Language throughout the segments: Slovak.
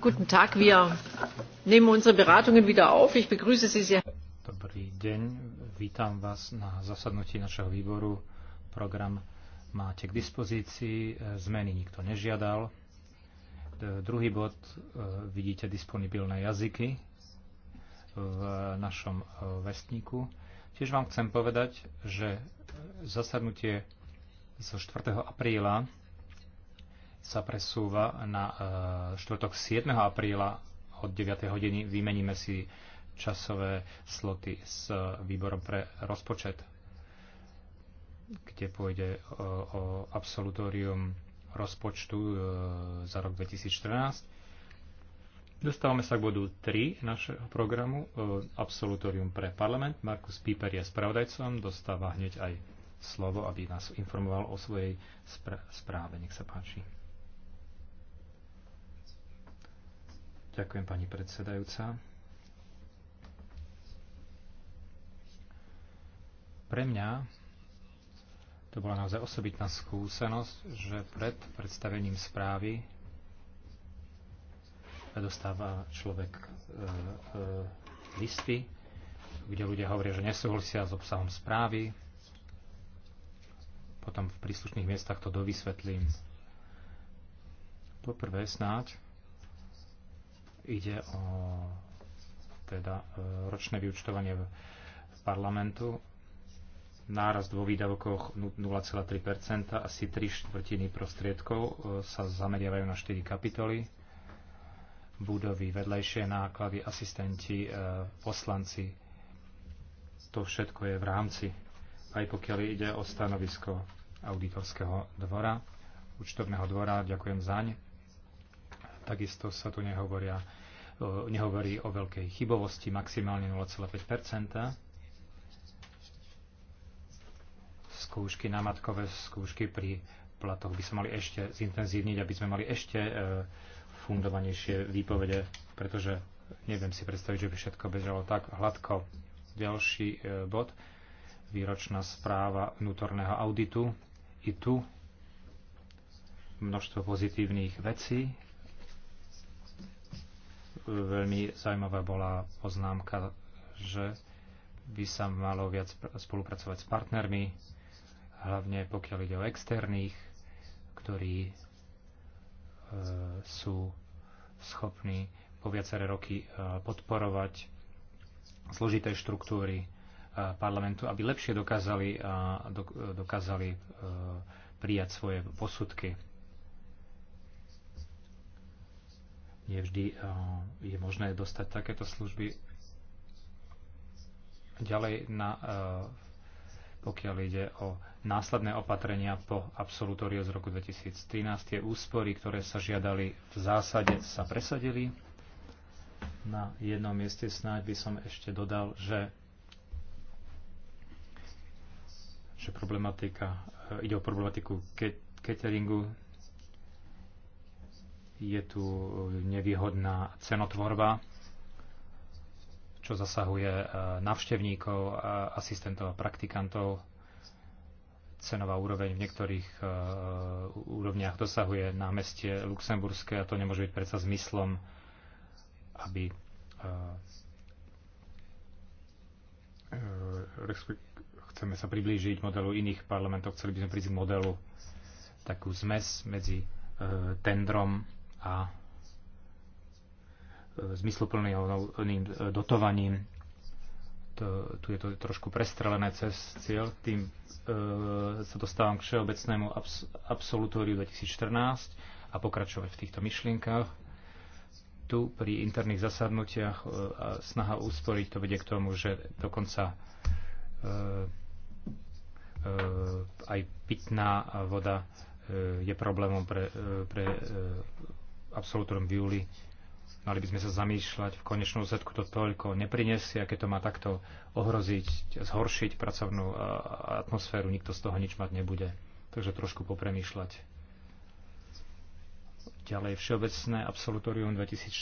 Guten Tag, wir nehmen unsere Beratungen wieder auf. Ich begrüße Sie sehr. Dobrý deň, vítam vás na zasadnutí našeho výboru. Program máte k dispozícii, zmeny nikto nežiadal. Druhý bod, e, vidíte disponibilné jazyky v našom e, vestníku. Tiež vám chcem povedať, že zasadnutie zo 4. apríla sa presúva na e, štvrtok 7. apríla od 9. hodiny. Vymeníme si časové sloty s výborom pre rozpočet, kde pôjde o, e, o absolutórium rozpočtu e, za rok 2014. Dostávame sa k bodu 3 našeho programu, absolutórium pre parlament. Markus Píper je spravodajcom, dostáva hneď aj slovo, aby nás informoval o svojej správe. Nech sa páči. Ďakujem, pani predsedajúca. Pre mňa to bola naozaj osobitná skúsenosť, že pred predstavením správy dostáva človek e, e, listy, kde ľudia hovoria, že nesúhlasia s obsahom správy. Potom v príslušných miestach to dovysvetlím. Poprvé snáď Ide o teda e, ročné vyučtovanie parlamentu. Nárast vo výdavkoch 0,3%, asi 3 štvrtiny prostriedkov e, sa zameriavajú na 4 kapitoly. Budovy, vedlejšie náklady, asistenti, e, poslanci. To všetko je v rámci. Aj pokiaľ ide o stanovisko auditorského dvora, účtovného dvora, ďakujem zaň Takisto sa tu nehovoria, nehovorí o veľkej chybovosti, maximálne 0,5 Skúšky na matkové skúšky pri platoch by sa mali ešte zintenzívniť, aby sme mali ešte e, fundovanejšie výpovede, pretože neviem si predstaviť, že by všetko bežalo tak hladko. Ďalší e, bod, výročná správa vnútorného auditu. I tu množstvo pozitívnych vecí, veľmi zaujímavá bola poznámka, že by sa malo viac spolupracovať s partnermi, hlavne pokiaľ ide o externých, ktorí e, sú schopní po viaceré roky e, podporovať zložité štruktúry e, parlamentu, aby lepšie dokázali, a, do, dokázali e, prijať svoje posudky nevždy eh, je možné dostať takéto služby. Ďalej, na, eh, pokiaľ ide o následné opatrenia po absolutóriu z roku 2013, tie úspory, ktoré sa žiadali, v zásade sa presadili. Na jednom mieste snáď by som ešte dodal, že že problematika, eh, ide o problematiku cateringu, je tu eh, nevýhodná cenotvorba, čo zasahuje eh, navštevníkov, asistentov a praktikantov. Cenová úroveň v niektorých eh, úrovniach dosahuje námestie luxemburské a to nemôže byť predsa zmyslom, aby chceme sa priblížiť modelu iných parlamentov, chceli by sme prísť k modelu takú zmes medzi tendrom a e, zmysluplným dotovaním. To, tu je to trošku prestrelené cez cieľ, tým e, sa dostávam k všeobecnému abs, absolutóriu 2014 a pokračovať v týchto myšlienkách. Tu pri interných zasadnutiach e, a snaha úsporiť to vedie k tomu, že dokonca e, e aj pitná voda e, je problémom pre, pre absolutorom v júli. Mali by sme sa zamýšľať, v konečnom úsledku to toľko neprinesie, aké to má takto ohroziť, zhoršiť pracovnú atmosféru, nikto z toho nič mať nebude. Takže trošku popremýšľať. Ďalej Všeobecné absolutorium 2014.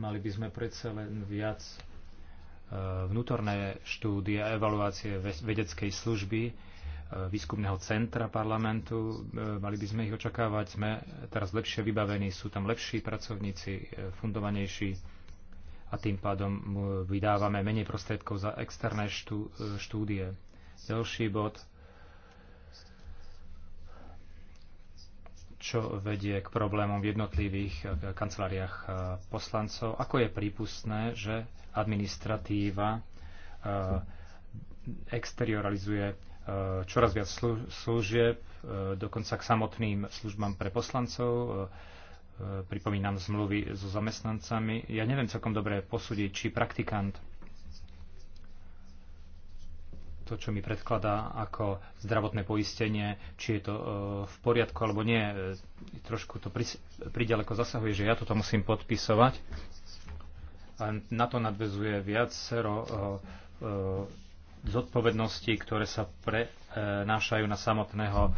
Mali by sme predsa len viac e, vnútorné štúdie a evaluácie vedeckej služby, výskumného centra parlamentu. E, mali by sme ich očakávať. Sme teraz lepšie vybavení, sú tam lepší pracovníci, e, fundovanejší a tým pádom vydávame menej prostriedkov za externé štú, e, štúdie. Ďalší bod, čo vedie k problémom v jednotlivých kanceláriách poslancov. Ako je prípustné, že administratíva exterioralizuje Eh, čoraz viac služieb, eh, dokonca k samotným službám pre poslancov. Eh, pripomínam zmluvy so zamestnancami. Ja neviem celkom dobre posúdiť, či praktikant to, čo mi predkladá ako zdravotné poistenie, či je to v poriadku alebo nie, trošku to priďaleko zasahuje, že ja toto musím podpisovať. A na to nadvezuje viacero zodpovednosti, ktoré sa prenášajú na samotného e,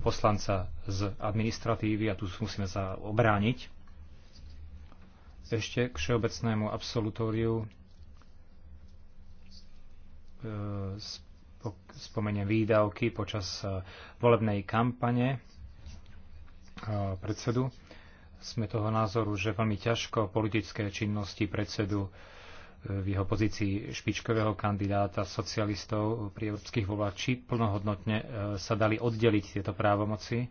poslanca z administratívy a tu musíme sa obrániť. Ešte k všeobecnému absolutóriu e, spomeniem výdavky počas e, volebnej kampane predsedu. Sme toho názoru, že veľmi ťažko politické činnosti predsedu v jeho pozícii špičkového kandidáta socialistov pri európskych voľbách, či plnohodnotne e, sa dali oddeliť tieto právomoci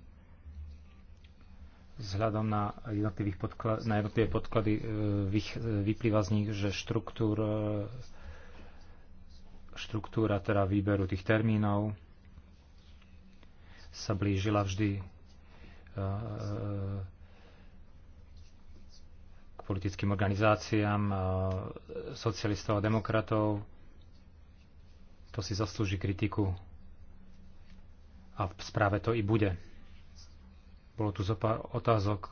vzhľadom na, jednotlivých podklad, na jednotlivé podklady e, e, vyplýva z nich, že štruktúr, štruktúra teda výberu tých termínov sa blížila vždy politickým organizáciám e, socialistov a demokratov. To si zaslúži kritiku a v správe to i bude. Bolo tu zopár otázok e,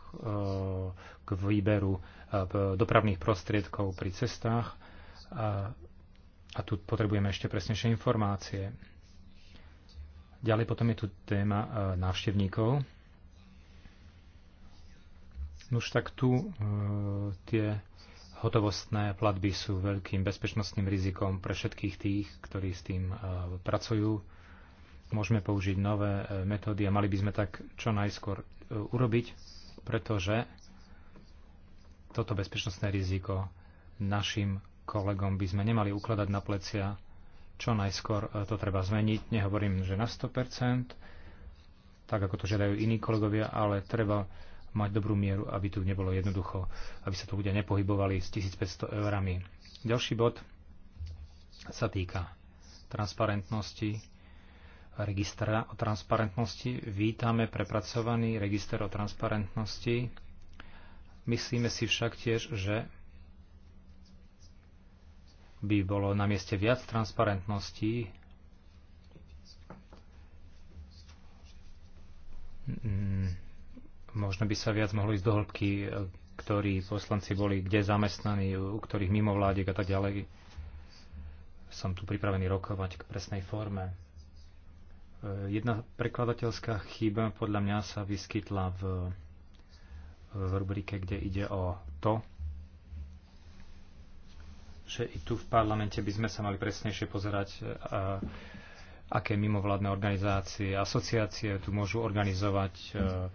k výberu e, dopravných prostriedkov pri cestách a, a tu potrebujeme ešte presnejšie informácie. Ďalej potom je tu téma návštevníkov Nuž tak tu e, tie hotovostné platby sú veľkým bezpečnostným rizikom pre všetkých tých, ktorí s tým e, pracujú. Môžeme použiť nové e, metódy a mali by sme tak čo najskôr e, urobiť, pretože toto bezpečnostné riziko našim kolegom by sme nemali ukladať na plecia. Čo najskôr e, to treba zmeniť. Nehovorím, že na 100%, tak ako to žiadajú iní kolegovia, ale treba mať dobrú mieru, aby tu nebolo jednoducho, aby sa tu ľudia nepohybovali s 1500 eurami. Ďalší bod sa týka transparentnosti, registra o transparentnosti. Vítame prepracovaný register o transparentnosti. Myslíme si však tiež, že by bolo na mieste viac transparentnosti mm možno by sa viac mohlo ísť do hĺbky, e, ktorí poslanci boli kde zamestnaní, u ktorých mimovládiek a tak ďalej. Som tu pripravený rokovať k presnej forme. E, jedna prekladateľská chyba podľa mňa sa vyskytla v, v rubrike, kde ide o to, že i tu v parlamente by sme sa mali presnejšie pozerať, e, a, aké mimovládne organizácie, asociácie tu môžu organizovať. A,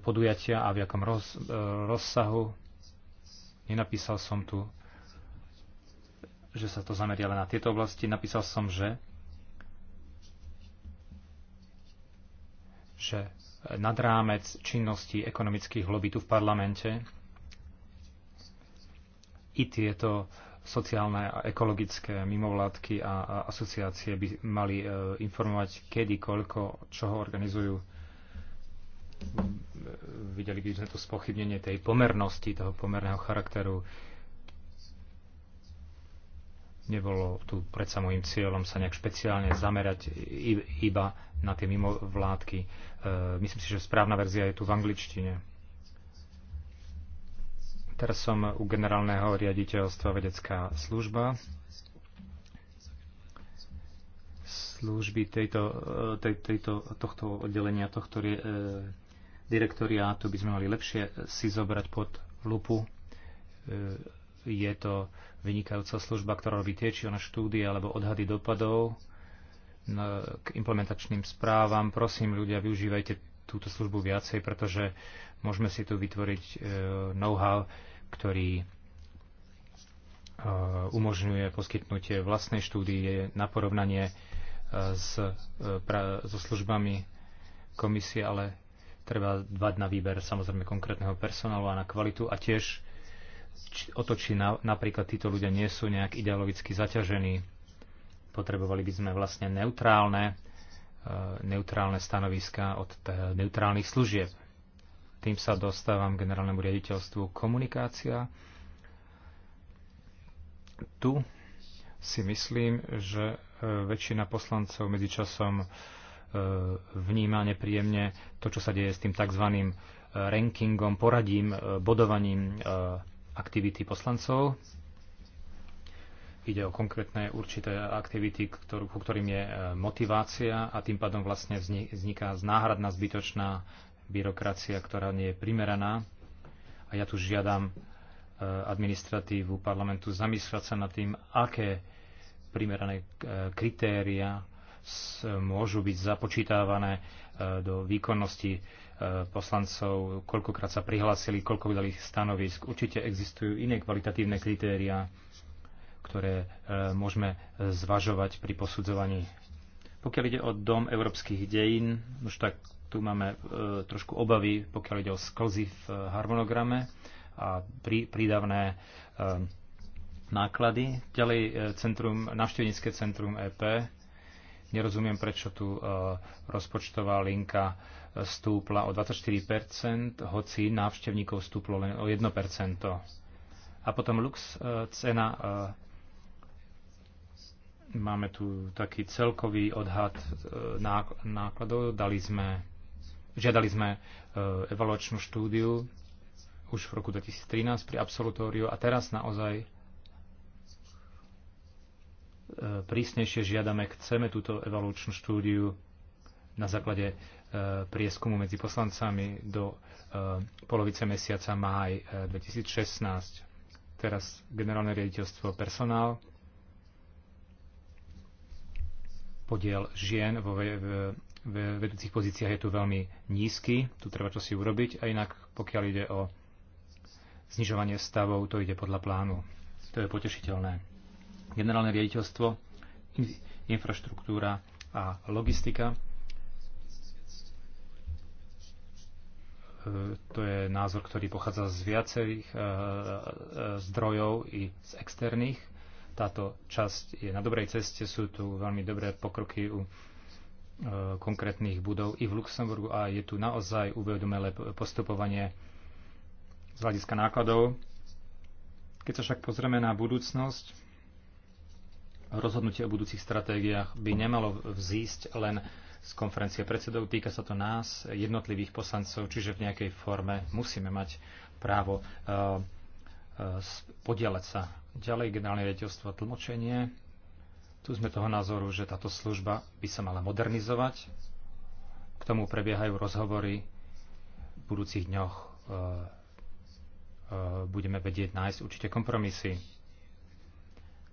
podujatia a v jakom roz, e, rozsahu. Nenapísal som tu, že sa to zameria len na tieto oblasti. Napísal som, že, že nad rámec činnosti ekonomických lobby tu v parlamente i tieto sociálne a ekologické mimovládky a, a asociácie by mali e, informovať kedy, koľko, čoho organizujú videli by sme tu spochybnenie tej pomernosti, toho pomerného charakteru. Nebolo tu predsa môjim cieľom sa nejak špeciálne zamerať iba na tie mimovládky. E, myslím si, že správna verzia je tu v angličtine. Teraz som u generálneho riaditeľstva vedecká služba. Služby tejto, e, tej, tejto, tohto oddelenia, tohto e, direktoriátu by sme mali lepšie e, si zobrať pod lupu. E, je to vynikajúca služba, ktorá robí tie či ona štúdie alebo odhady dopadov no, k implementačným správam. Prosím, ľudia, využívajte túto službu viacej, pretože môžeme si tu vytvoriť e, know-how, ktorý umožňuje poskytnutie vlastnej štúdie na porovnanie s, so službami komisie, ale Treba dbať na výber samozrejme konkrétneho personálu a na kvalitu a tiež o to, či na, napríklad títo ľudia nie sú nejak ideologicky zaťažení. Potrebovali by sme vlastne neutrálne, eh, neutrálne stanoviska od eh, neutrálnych služieb. Tým sa dostávam k generálnemu riaditeľstvu komunikácia. Tu si myslím, že eh, väčšina poslancov medzičasom E, vníma nepríjemne to, čo sa deje s tým tzv. E, rankingom, poradím, e, bodovaním aktivity poslancov. Ide o konkrétne určité aktivity, ktorú, ku ktorým je motivácia a tým pádom vlastne vzniká náhradná zbytočná byrokracia, ktorá nie je primeraná. A ja tu žiadam administratívu parlamentu zamýšľať sa nad tým, aké primerané kritéria môžu byť započítavané e, do výkonnosti e, poslancov, koľkokrát sa prihlásili, koľko dali stanovisk. Určite existujú iné kvalitatívne kritériá, ktoré e, môžeme zvažovať pri posudzovaní. Pokiaľ ide o Dom európskych dejín, už tak tu máme trošku obavy, pokiaľ ide o sklzy v harmonograme a prídavné náklady. Ďalej centrum, navštevnícke centrum EP, Nerozumiem, prečo tu e, rozpočtová linka e, stúpla o 24%, hoci návštevníkov stúplo len o 1%. A potom lux e, cena. Máme tu taký celkový odhad nákladov. Dali sme, žiadali sme evaluačnú štúdiu už v roku 2013 pri absolutóriu a teraz naozaj E, prísnejšie žiadame, chceme túto evolučnú štúdiu na základe e, prieskumu medzi poslancami do e, polovice mesiaca máj 2016. Teraz generálne riaditeľstvo personál, podiel žien vo vedúcich pozíciách je tu veľmi nízky, tu treba čo si urobiť a inak pokiaľ ide o znižovanie stavov, to ide podľa plánu. To je potešiteľné generálne riaditeľstvo, infraštruktúra a logistika. E, to je názor, ktorý pochádza z viacerých e, e, zdrojov i z externých. Táto časť je na dobrej ceste, sú tu veľmi dobré pokroky u konkrétnych budov i v Luxemburgu a je tu naozaj uvedomelé postupovanie z hľadiska nákladov. Keď sa však pozrieme na budúcnosť, rozhodnutie o budúcich stratégiách by nemalo vzísť len z konferencie predsedov. Týka sa to nás, jednotlivých poslancov, čiže v nejakej forme musíme mať právo e, e, podielať sa. Ďalej generálne riaditeľstvo tlmočenie. Tu sme toho názoru, že táto služba by sa mala modernizovať. K tomu prebiehajú rozhovory v budúcich dňoch. E, budeme vedieť nájsť určite kompromisy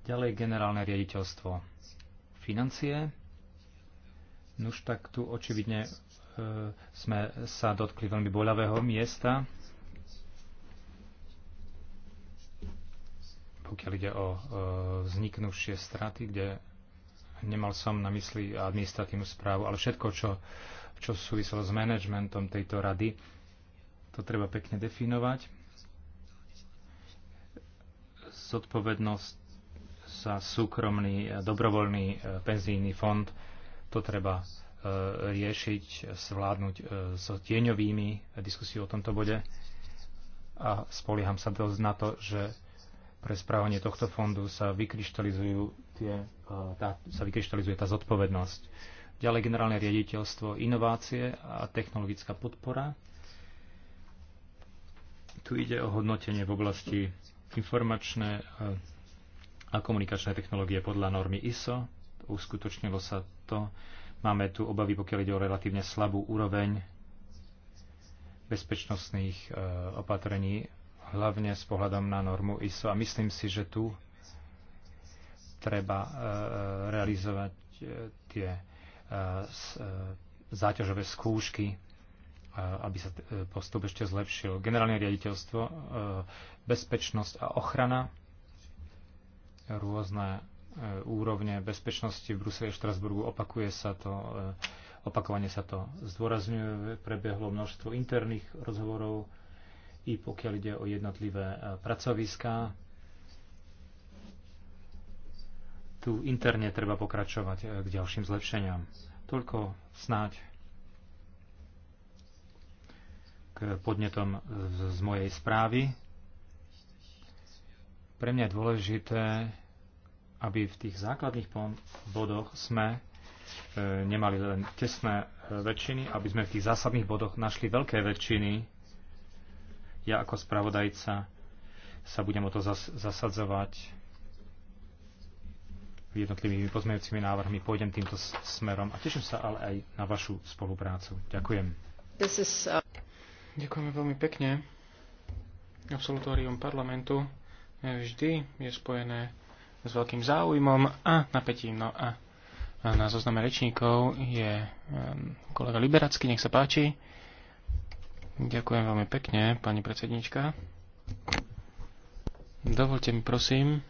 Ďalej generálne riaditeľstvo financie. Nuž tak tu očividne e, sme sa dotkli veľmi boľavého miesta. Pokiaľ ide o e, vzniknúšie straty, kde nemal som na mysli administratívnu správu, ale všetko, čo, čo súviselo s manažmentom tejto rady, to treba pekne definovať. Zodpovednosť sa súkromný dobrovoľný e, penzijný fond. To treba e, riešiť, svládnuť e, s tieňovými diskusiu o tomto bode. A spolieham sa dosť na to, že pre správanie tohto fondu sa, vykryštalizujú tie, tá, sa vykryštalizuje tá zodpovednosť. Ďalej generálne riaditeľstvo inovácie a technologická podpora. Tu ide o hodnotenie v oblasti informačné a komunikačné technológie podľa normy ISO. Uskutočnilo sa to. Máme tu obavy, pokiaľ ide o relatívne slabú úroveň bezpečnostných e, opatrení, hlavne s pohľadom na normu ISO. A myslím si, že tu treba e, e, realizovať tie záťažové skúšky, aby sa postup ešte zlepšil. Generálne riaditeľstvo, bezpečnosť a ochrana rôzne e, úrovne bezpečnosti v Bruseli a Štrasburgu. Opakuje sa to, e, opakovane sa to zdôrazňuje. Prebehlo množstvo interných rozhovorov i pokiaľ ide o jednotlivé e, pracoviská. Tu interne treba pokračovať k ďalším zlepšeniam. Toľko snáď k podnetom z mojej správy. Pre mňa je dôležité, aby v tých základných bodoch sme e, nemali len tesné e, väčšiny, aby sme v tých zásadných bodoch našli veľké väčšiny. Ja ako spravodajca sa budem o to zas- zasadzovať jednotlivými pozmejúcimi návrhmi. Pôjdem týmto smerom a teším sa ale aj na vašu spoluprácu. Ďakujem. Is, uh... Ďakujeme veľmi pekne. Absolutórium parlamentu vždy je spojené s veľkým záujmom a napätím. No a na zozname rečníkov je ehm, kolega Liberacký, nech sa páči. Ďakujem veľmi pekne, pani predsednička. Dovolte mi, prosím.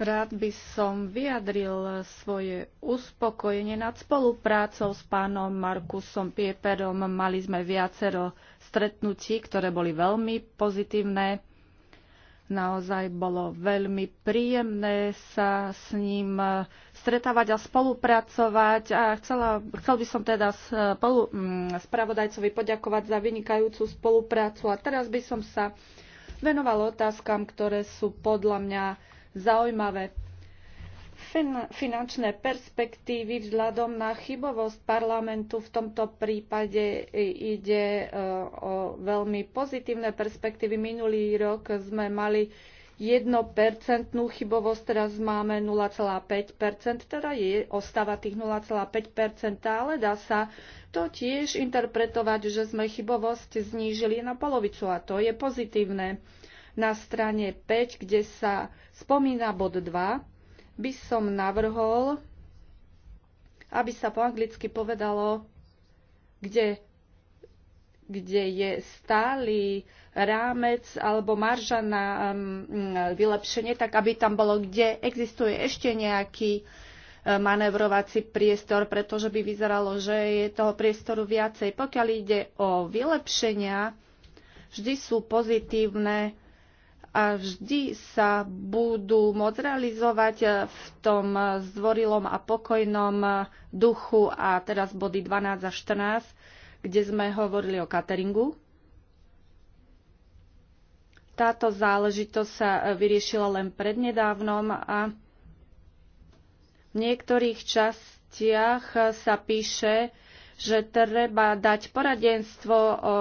Rád by som vyjadril svoje uspokojenie nad spoluprácou s pánom Markusom Pieperom. Mali sme viacero stretnutí, ktoré boli veľmi pozitívne Naozaj bolo veľmi príjemné sa s ním e, stretávať a spolupracovať. A chcela, chcel by som teda spolu, e, mm, spravodajcovi poďakovať za vynikajúcu spoluprácu. A teraz by som sa venoval otázkam, ktoré sú podľa mňa zaujímavé finančné perspektívy vzhľadom na chybovosť parlamentu. V tomto prípade ide e, o veľmi pozitívne perspektívy. Minulý rok sme mali 1% chybovosť, teraz máme 0,5%, teda je, ostáva tých 0,5%, ale dá sa to tiež interpretovať, že sme chybovosť znížili na polovicu a to je pozitívne. Na strane 5, kde sa spomína bod 2, by som navrhol, aby sa po anglicky povedalo, kde, kde je stály rámec alebo marža na um, mm, vylepšenie, tak aby tam bolo, kde existuje ešte nejaký um, manevrovací priestor, pretože by vyzeralo, že je toho priestoru viacej. Pokiaľ ide o vylepšenia, vždy sú pozitívne a vždy sa budú môcť realizovať eh, v tom eh, zdvorilom a pokojnom eh, duchu a teraz body 12 a 14, kde sme hovorili o cateringu. Táto záležitosť sa vyriešila len prednedávnom a v niektorých častiach sa píše, že treba dať poradenstvo o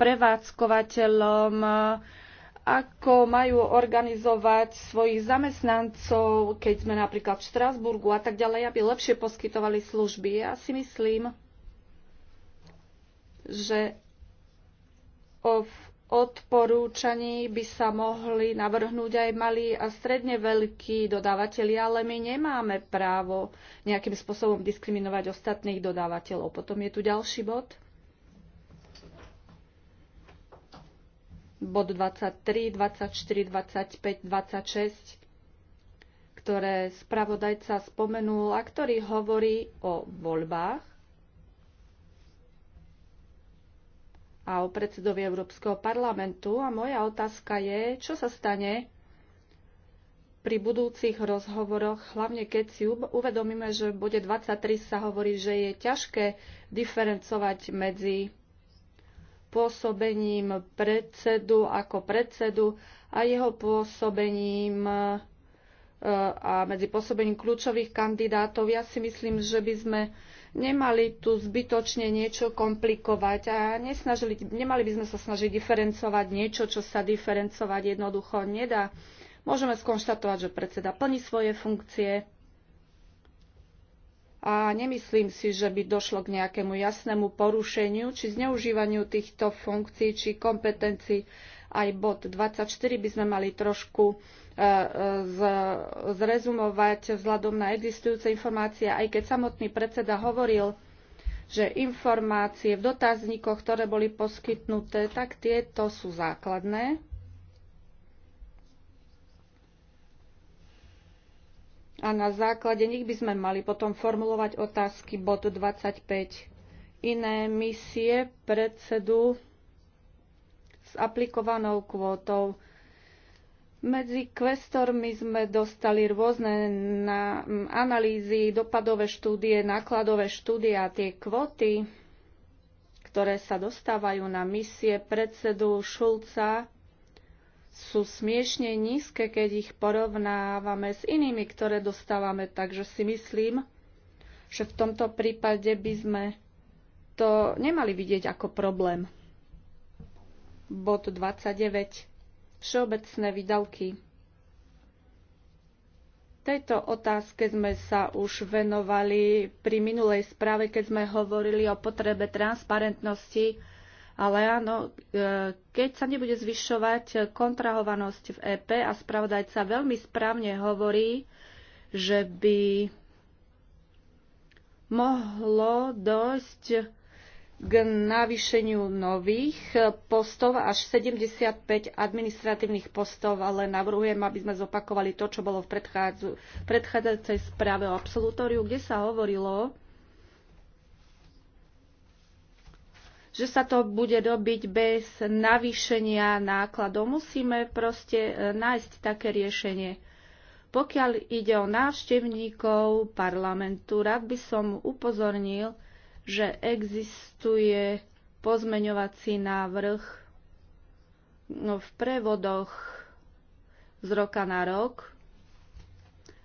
prevádzkovateľom, ako majú organizovať svojich zamestnancov, keď sme napríklad v Štrasburgu a tak ďalej, aby lepšie poskytovali služby. Ja si myslím, že v odporúčaní by sa mohli navrhnúť aj malí a stredne veľkí dodávateľi, ale my nemáme právo nejakým spôsobom diskriminovať ostatných dodávateľov. Potom je tu ďalší bod. bod 23, 24, 25, 26, ktoré spravodajca spomenul a ktorý hovorí o voľbách a o predsedovi Európskeho parlamentu. A moja otázka je, čo sa stane pri budúcich rozhovoroch, hlavne keď si uvedomíme, že v bode 23 sa hovorí, že je ťažké diferencovať medzi pôsobením predsedu ako predsedu a jeho pôsobením e, a medzi pôsobením kľúčových kandidátov. Ja si myslím, že by sme nemali tu zbytočne niečo komplikovať a nesnažili, nemali by sme sa snažiť diferencovať niečo, čo sa diferencovať jednoducho nedá. Môžeme skonštatovať, že predseda plní svoje funkcie, a nemyslím si, že by došlo k nejakému jasnému porušeniu či zneužívaniu týchto funkcií či kompetencií. Aj bod 24 by sme mali trošku e, e, zrezumovať vzhľadom na existujúce informácie, aj keď samotný predseda hovoril, že informácie v dotazníkoch, ktoré boli poskytnuté, tak tieto sú základné a na základe nich by sme mali potom formulovať otázky bod 25. Iné misie predsedu s aplikovanou kvótou. Medzi kvestormi sme dostali rôzne na, analýzy, dopadové štúdie, nákladové štúdie a tie kvóty, ktoré sa dostávajú na misie predsedu Šulca, sú smiešne nízke, keď ich porovnávame s inými, ktoré dostávame. Takže si myslím, že v tomto prípade by sme to nemali vidieť ako problém. Bod 29. Všeobecné výdavky. Tejto otázke sme sa už venovali pri minulej správe, keď sme hovorili o potrebe transparentnosti ale áno, e, keď sa nebude zvyšovať kontrahovanosť v EP a spravodajca veľmi správne hovorí, že by mohlo dojsť k navýšeniu nových postov až 75 administratívnych postov, ale navrhujem, aby sme zopakovali to, čo bolo v predchádzajúcej správe o absolutóriu, kde sa hovorilo, že sa to bude robiť bez navýšenia nákladov. Musíme proste e, nájsť také riešenie. Pokiaľ ide o návštevníkov parlamentu, rád by som upozornil, že existuje pozmeňovací návrh no, v prevodoch z roka na rok.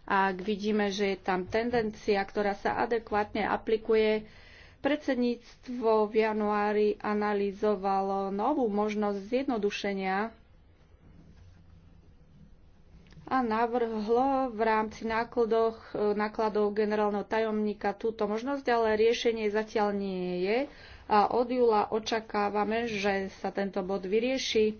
ak vidíme, že je tam tendencia, ktorá sa adekvátne aplikuje, Predsedníctvo v januári analyzovalo novú možnosť zjednodušenia a navrhlo v rámci nákladoch, nákladov generálneho tajomníka túto možnosť, ale riešenie zatiaľ nie je a od júla očakávame, že sa tento bod vyrieši.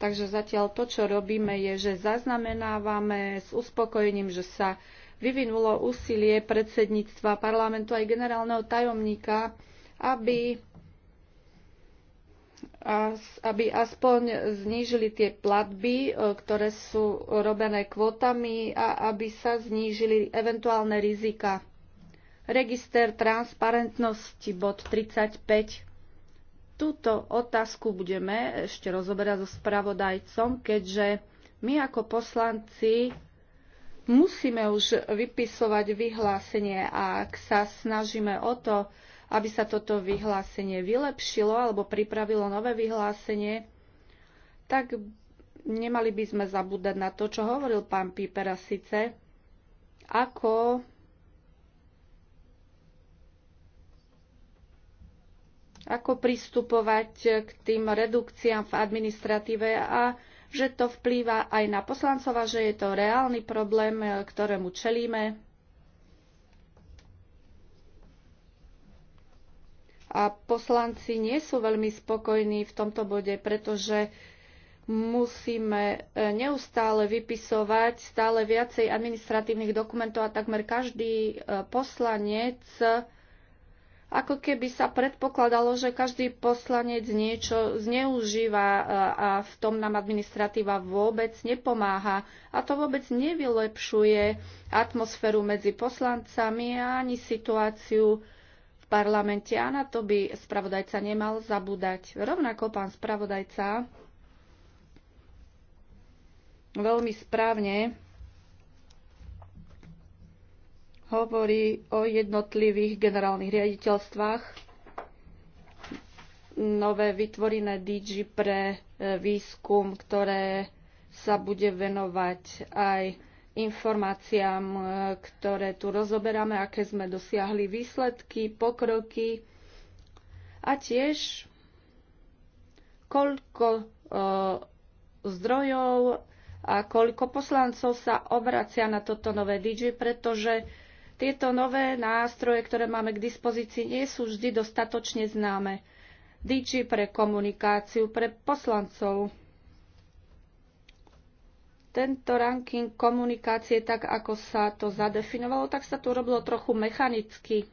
Takže zatiaľ to, čo robíme, je, že zaznamenávame s uspokojením, že sa vyvinulo úsilie predsedníctva parlamentu aj generálneho tajomníka, aby, aby aspoň znížili tie platby, e, ktoré sú robené kvótami a aby sa znížili eventuálne rizika. Register transparentnosti bod 35. Túto otázku budeme ešte rozoberať so spravodajcom, keďže my ako poslanci musíme už vypisovať vyhlásenie a ak sa snažíme o to, aby sa toto vyhlásenie vylepšilo alebo pripravilo nové vyhlásenie, tak nemali by sme zabúdať na to, čo hovoril pán Píper a síce, ako ako pristupovať k tým redukciám v administratíve a že to vplýva aj na poslancov a že je to reálny problém, e, ktorému čelíme. A poslanci nie sú veľmi spokojní v tomto bode, pretože musíme e, neustále vypisovať stále viacej administratívnych dokumentov a takmer každý e, poslanec ako keby sa predpokladalo, že každý poslanec niečo zneužíva e, a v tom nám administratíva vôbec nepomáha a to vôbec nevylepšuje atmosféru medzi poslancami ani situáciu v parlamente a na to by spravodajca nemal zabúdať. Rovnako pán spravodajca veľmi správne hovorí o jednotlivých generálnych riaditeľstvách. Nové vytvorené DG pre e, výskum, ktoré sa bude venovať aj informáciám, e, ktoré tu rozoberáme, aké sme dosiahli výsledky, pokroky a tiež koľko e, zdrojov a koľko poslancov sa obracia na toto nové DJ, pretože tieto nové nástroje, ktoré máme k dispozícii, nie sú vždy dostatočne známe. DG pre komunikáciu pre poslancov. Tento ranking komunikácie, tak ako sa to zadefinovalo, tak sa to robilo trochu mechanicky.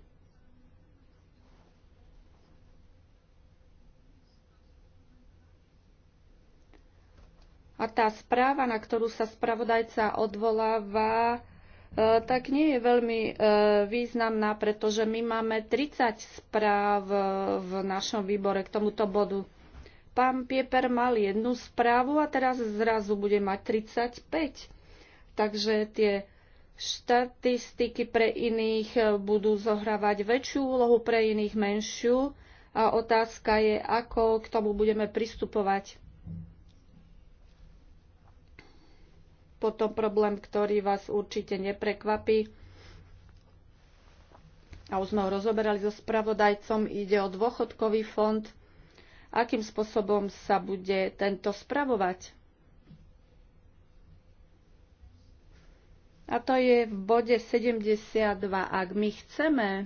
A tá správa, na ktorú sa spravodajca odvoláva, E, tak nie je veľmi e, významná, pretože my máme 30 správ e, v našom výbore k tomuto bodu. Pán Pieper mal jednu správu a teraz zrazu bude mať 35. Takže tie štatistiky pre iných budú zohrávať väčšiu úlohu, pre iných menšiu. A otázka je, ako k tomu budeme pristupovať. Potom problém, ktorý vás určite neprekvapí, a už sme ho rozoberali so spravodajcom, ide o dôchodkový fond, akým spôsobom sa bude tento spravovať. A to je v bode 72. Ak my chceme,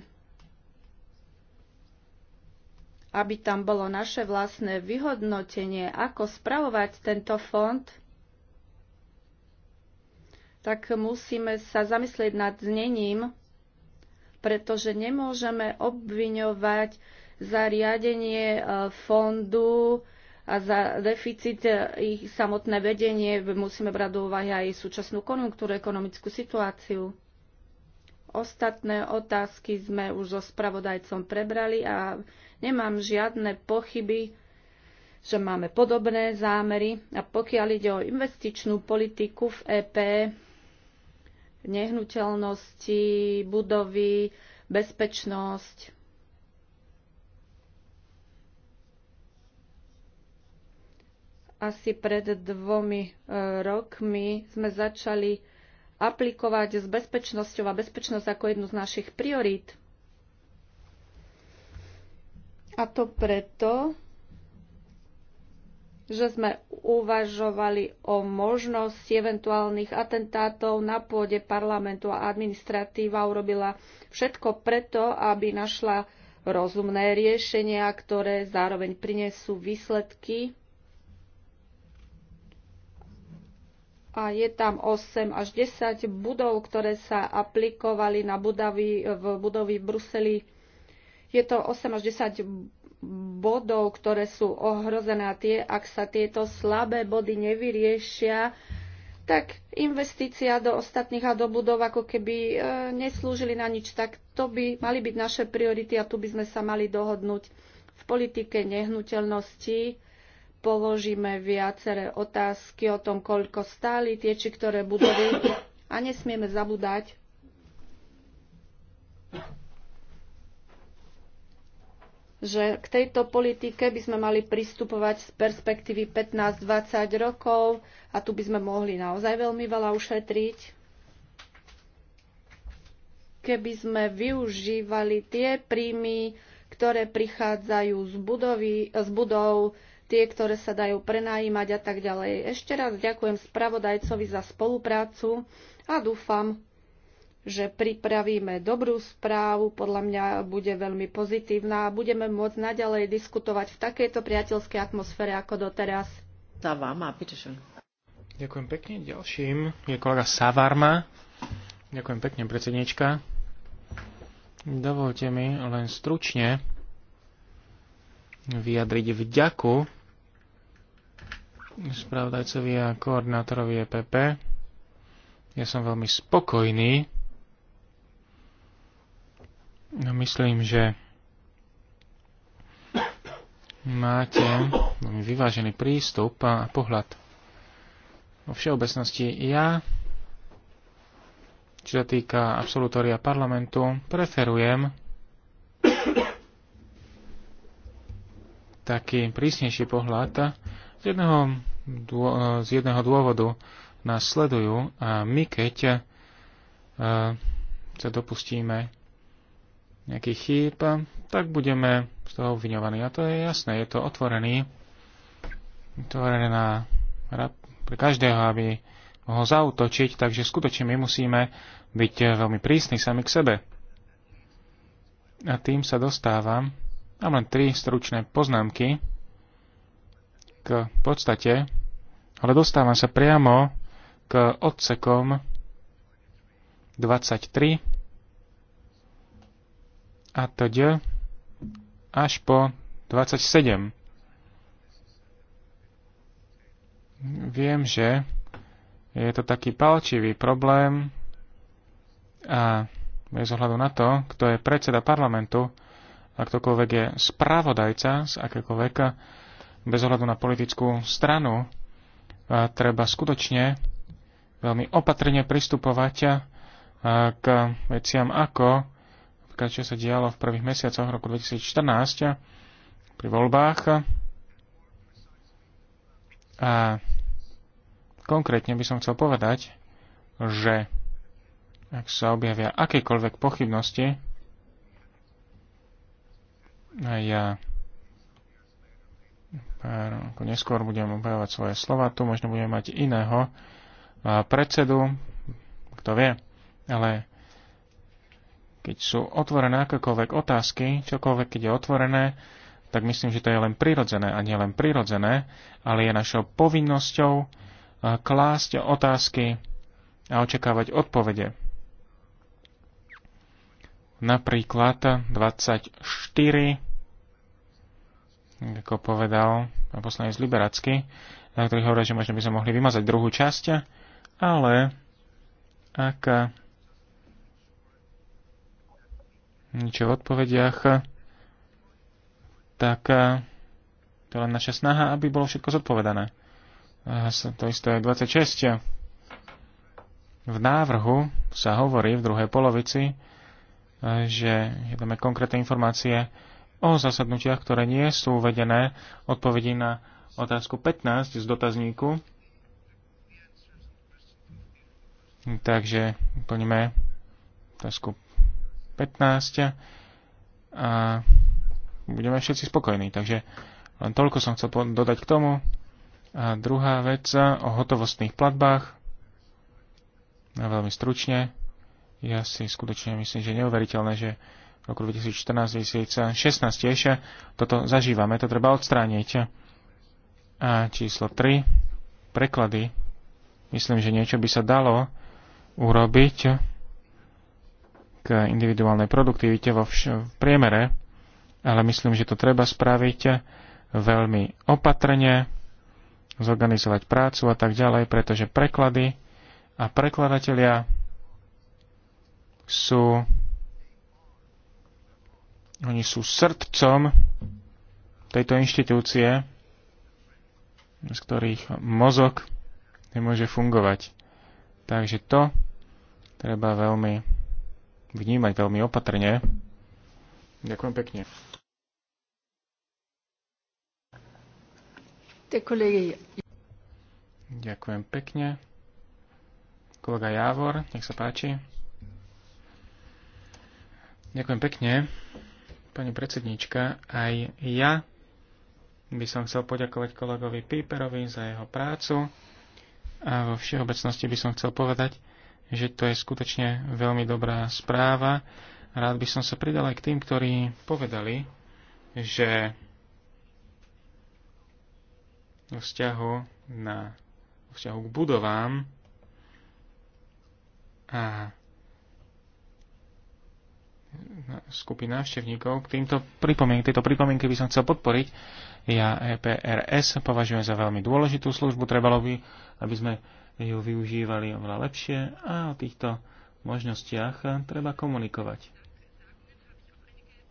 aby tam bolo naše vlastné vyhodnotenie, ako spravovať tento fond, tak musíme sa zamyslieť nad znením, pretože nemôžeme obviňovať za riadenie e, fondu a za deficit e, ich samotné vedenie. Musíme brať do úvahy aj súčasnú konjunktúru, ekonomickú situáciu. Ostatné otázky sme už so spravodajcom prebrali a nemám žiadne pochyby, že máme podobné zámery a pokiaľ ide o investičnú politiku v EP, nehnuteľnosti, budovy, bezpečnosť. Asi pred dvomi e, rokmi sme začali aplikovať s bezpečnosťou a bezpečnosť ako jednu z našich priorít. A to preto, že sme uvažovali o možnosti eventuálnych atentátov na pôde parlamentu a administratíva urobila všetko preto, aby našla rozumné riešenia, ktoré zároveň prinesú výsledky. A je tam 8 až 10 budov, ktoré sa aplikovali na budovy v, budovy v Bruseli. Je to 8 až 10 bodov, ktoré sú ohrozené a tie, ak sa tieto slabé body nevyriešia, tak investícia do ostatných a do budov ako keby e, neslúžili na nič. Tak to by mali byť naše priority a tu by sme sa mali dohodnúť. V politike nehnuteľnosti položíme viaceré otázky o tom, koľko stáli tie či ktoré budovy a nesmieme zabúdať že k tejto politike by sme mali pristupovať z perspektívy 15-20 rokov a tu by sme mohli naozaj veľmi veľa ušetriť, keby sme využívali tie príjmy, ktoré prichádzajú z, budovy, z budov, tie, ktoré sa dajú prenajímať a tak ďalej. Ešte raz ďakujem spravodajcovi za spoluprácu a dúfam, že pripravíme dobrú správu, podľa mňa bude veľmi pozitívna a budeme môcť naďalej diskutovať v takejto priateľskej atmosfére ako doteraz. Savarma, bitteschön. Ďakujem pekne. Ďalším je kolega Savarma. Ďakujem pekne, predsednička. Dovolte mi len stručne vyjadriť vďaku spravodajcovi a koordinátorovi EPP. Ja som veľmi spokojný No myslím, že máte veľmi vyvážený prístup a pohľad. Vo všeobecnosti ja, čo sa týka absolutória parlamentu, preferujem taký prísnejší pohľad z jedného, z jedného dôvodu nás sledujú a my keď eh, sa dopustíme nejakých chýb, tak budeme z toho obviňovaní. A to je jasné, je to otvorený, otvorené na, pre každého, aby mohol zautočiť, takže skutočne my musíme byť veľmi prísni sami k sebe. A tým sa dostávam, mám len tri stručné poznámky k podstate, ale dostávam sa priamo k odsekom 23 a td. až po 27. Viem, že je to taký palčivý problém a bez ohľadu na to, kto je predseda parlamentu a ktokoľvek je spravodajca z akékoľvek, bez ohľadu na politickú stranu, a treba skutočne veľmi opatrne pristupovať k veciam ako čo sa dialo v prvých mesiacoch roku 2014 pri voľbách. A konkrétne by som chcel povedať, že ak sa objavia akékoľvek pochybnosti, a ja neskôr budem objavovať svoje slova, tu možno budeme mať iného predsedu, kto vie, ale keď sú otvorené akékoľvek otázky, čokoľvek, keď je otvorené, tak myslím, že to je len prirodzené a nie len prirodzené, ale je našou povinnosťou eh, klásť otázky a očakávať odpovede. Napríklad 24, ako povedal pán poslanec Liberacky, na eh, ktorý hovorí, že možno by sme mohli vymazať druhú časť, ale ak niečo v odpovediach, tak eh, to je len naša snaha, aby bolo všetko zodpovedané. Eh, to isté je 26. V návrhu sa hovorí v druhej polovici, eh, že jedeme konkrétne informácie o zasadnutiach, ktoré nie sú uvedené, odpovedi na otázku 15 z dotazníku. Takže plníme otázku 15 a budeme všetci spokojní. Takže len toľko som chcel dodať k tomu. A druhá vec o hotovostných platbách. A veľmi stručne. Ja si skutočne myslím, že neuveriteľné, že v roku 2014-2016 tiež toto zažívame, to treba odstrániť. A číslo 3, preklady. Myslím, že niečo by sa dalo urobiť k individuálnej produktivite vo vš- v priemere, ale myslím, že to treba spraviť veľmi opatrne, zorganizovať prácu a tak ďalej, pretože preklady a prekladatelia sú oni sú srdcom tejto inštitúcie, z ktorých mozog nemôže fungovať. Takže to treba veľmi vnímať veľmi opatrne. Ďakujem pekne. Ďakujem pekne. Kolega Jávor, nech sa páči. Ďakujem pekne. Pani predsedníčka, aj ja by som chcel poďakovať kolegovi Píperovi za jeho prácu a vo všeobecnosti by som chcel povedať, že to je skutočne veľmi dobrá správa. Rád by som sa pridal aj k tým, ktorí povedali, že vo vzťahu, na, vo vzťahu k budovám a skupina návštevníkov. K týmto pripomien- tejto pripomienky by som chcel podporiť. Ja EPRS považujem za veľmi dôležitú službu. Trebalo by, aby sme ju využívali oveľa lepšie a o týchto možnostiach treba komunikovať.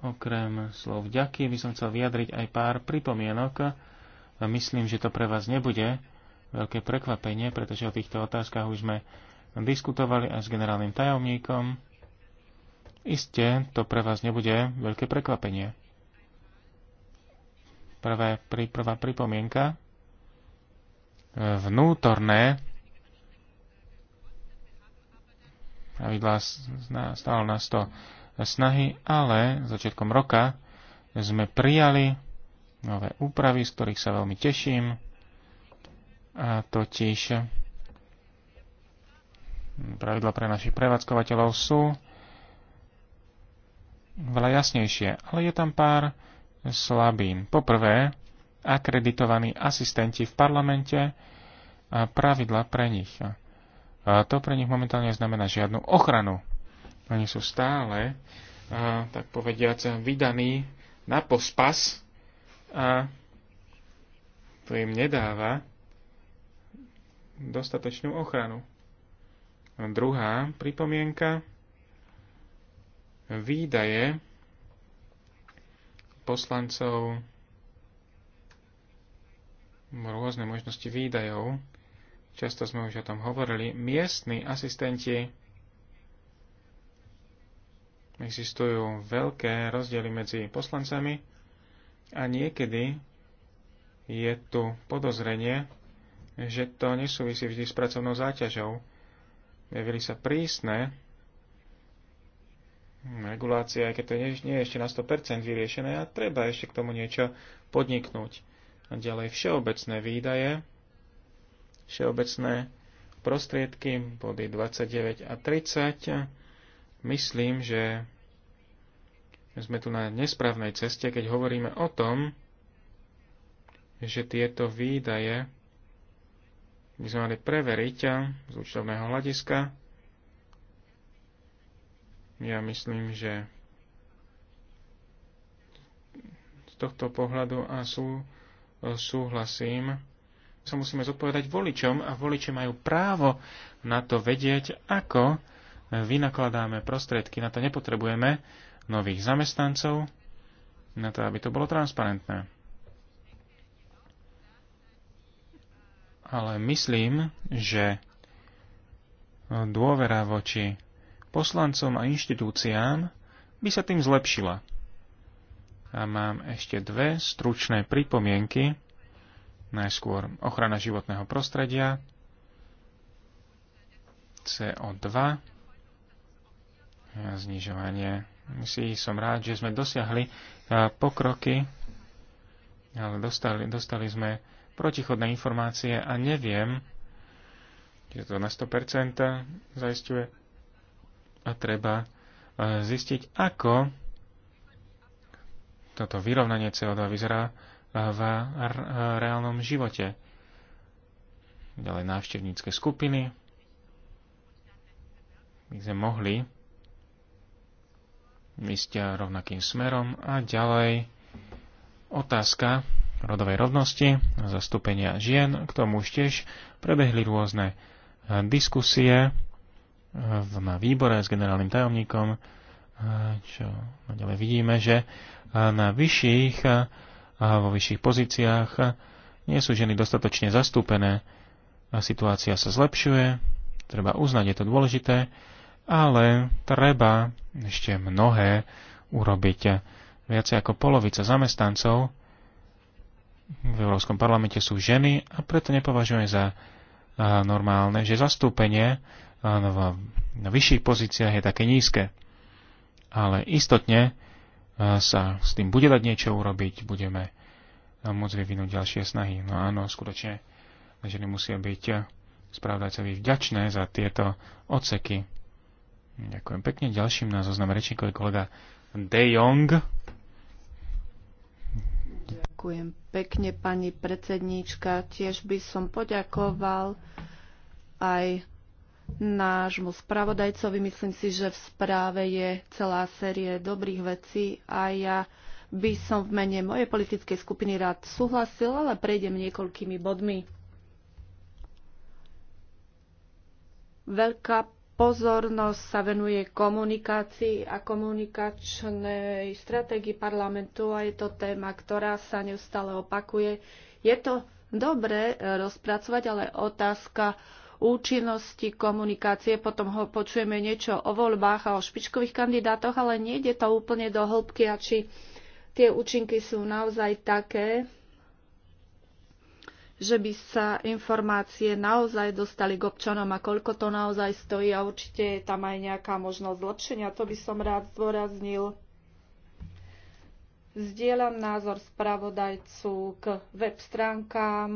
Okrem slov vďaky by som chcel vyjadriť aj pár pripomienok. Myslím, že to pre vás nebude veľké prekvapenie, pretože o týchto otázkach už sme diskutovali aj s generálnym tajomníkom. Isté, to pre vás nebude veľké prekvapenie. Prvé, prvá pripomienka. Vnútorné pravidlá, stálo nás to snahy, ale začiatkom roka sme prijali nové úpravy, z ktorých sa veľmi teším, a totiž pravidla pre našich prevádzkovateľov sú veľa jasnejšie, ale je tam pár slabín. Poprvé, akreditovaní asistenti v parlamente a pravidla pre nich. A to pre nich momentálne znamená žiadnu ochranu. Oni sú stále, a, tak povediať, vydaní na pospas a to im nedáva dostatočnú ochranu. A druhá pripomienka. Výdaje poslancov rôzne možnosti výdajov často sme už o tom hovorili, miestni asistenti existujú veľké rozdiely medzi poslancami a niekedy je tu podozrenie, že to nesúvisí vždy s pracovnou záťažou. Javili sa prísne regulácie, aj keď to nie je ešte na 100% vyriešené a treba ešte k tomu niečo podniknúť. A ďalej všeobecné výdaje všeobecné prostriedky, body 29 a 30. Myslím, že sme tu na nesprávnej ceste, keď hovoríme o tom, že tieto výdaje by sme mali preveriť z účtovného hľadiska. Ja myslím, že z tohto pohľadu a sú, súhlasím sa musíme zodpovedať voličom a voliči majú právo na to vedieť, ako vynakladáme prostriedky. Na to nepotrebujeme nových zamestnancov, na to, aby to bolo transparentné. Ale myslím, že dôvera voči poslancom a inštitúciám by sa tým zlepšila. A mám ešte dve stručné pripomienky najskôr ochrana životného prostredia, CO2, znižovanie. Si som rád, že sme dosiahli e, pokroky, ale dostali, dostali sme protichodné informácie a neviem, či to na 100% zaistuje a treba e, zistiť, ako toto vyrovnanie CO2 vyzerá v reálnom živote. Ďalej návštevnícke skupiny. My sme mohli ísť rovnakým smerom a ďalej otázka rodovej rovnosti, zastúpenia žien, k tomu už tiež prebehli rôzne eh, diskusie eh, na výbore s generálnym tajomníkom, eh, čo ďalej vidíme, že na vyšších vo vyšších pozíciách, nie sú ženy dostatočne zastúpené. A situácia sa zlepšuje, treba uznať, je to dôležité, ale treba ešte mnohé urobiť. Viacej ako polovica zamestnancov v Európskom parlamente sú ženy a preto nepovažujem za normálne, že zastúpenie no, na vyšších pozíciách je také nízke. Ale istotne sa s tým bude dať niečo urobiť, budeme môcť vyvinúť ďalšie snahy. No áno, skutočne ženy musia byť správdajcovi vďačné za tieto odseky. Ďakujem pekne. Ďalším na zoznam rečníkov je kolega De Jong. Ďakujem pekne, pani predsedníčka. Tiež by som poďakoval aj nášmu spravodajcovi. Myslím si, že v správe je celá série dobrých vecí a ja by som v mene mojej politickej skupiny rád súhlasil, ale prejdem niekoľkými bodmi. Veľká pozornosť sa venuje komunikácii a komunikačnej stratégii parlamentu a je to téma, ktorá sa neustále opakuje. Je to dobre eh, rozpracovať, ale otázka účinnosti komunikácie, potom ho počujeme niečo o voľbách a o špičkových kandidátoch, ale nejde to úplne do hĺbky a či tie účinky sú naozaj také, že by sa informácie naozaj dostali k občanom a koľko to naozaj stojí a určite je tam aj nejaká možnosť zlepšenia. To by som rád zdôraznil. Zdieľam názor spravodajcu k web stránkám,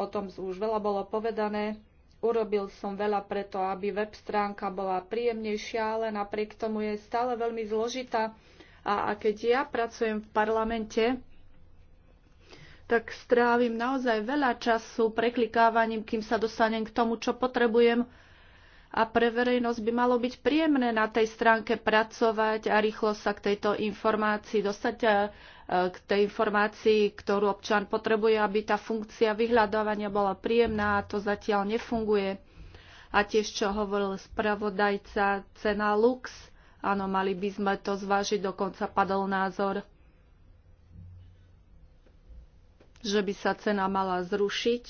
o tom už veľa bolo povedané. Urobil som veľa preto, aby web stránka bola príjemnejšia, ale napriek tomu je stále veľmi zložitá. A, a keď ja pracujem v parlamente, tak strávim naozaj veľa času preklikávaním, kým sa dostanem k tomu, čo potrebujem. A pre verejnosť by malo byť príjemné na tej stránke pracovať a rýchlo sa k tejto informácii dostať k tej informácii, ktorú občan potrebuje, aby tá funkcia vyhľadávania bola príjemná a to zatiaľ nefunguje. A tiež, čo hovoril spravodajca, cena lux, áno, mali by sme to zvážiť, dokonca padol názor, že by sa cena mala zrušiť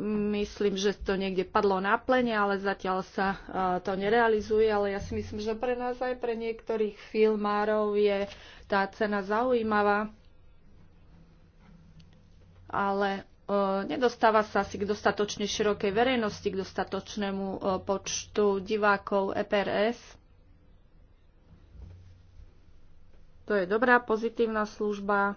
Myslím, že to niekde padlo na plene, ale zatiaľ sa e, to nerealizuje, ale ja si myslím, že pre nás aj pre niektorých filmárov je tá cena zaujímavá. Ale e, nedostáva sa asi k dostatočne širokej verejnosti, k dostatočnému e, počtu divákov EPRS. To je dobrá, pozitívna služba.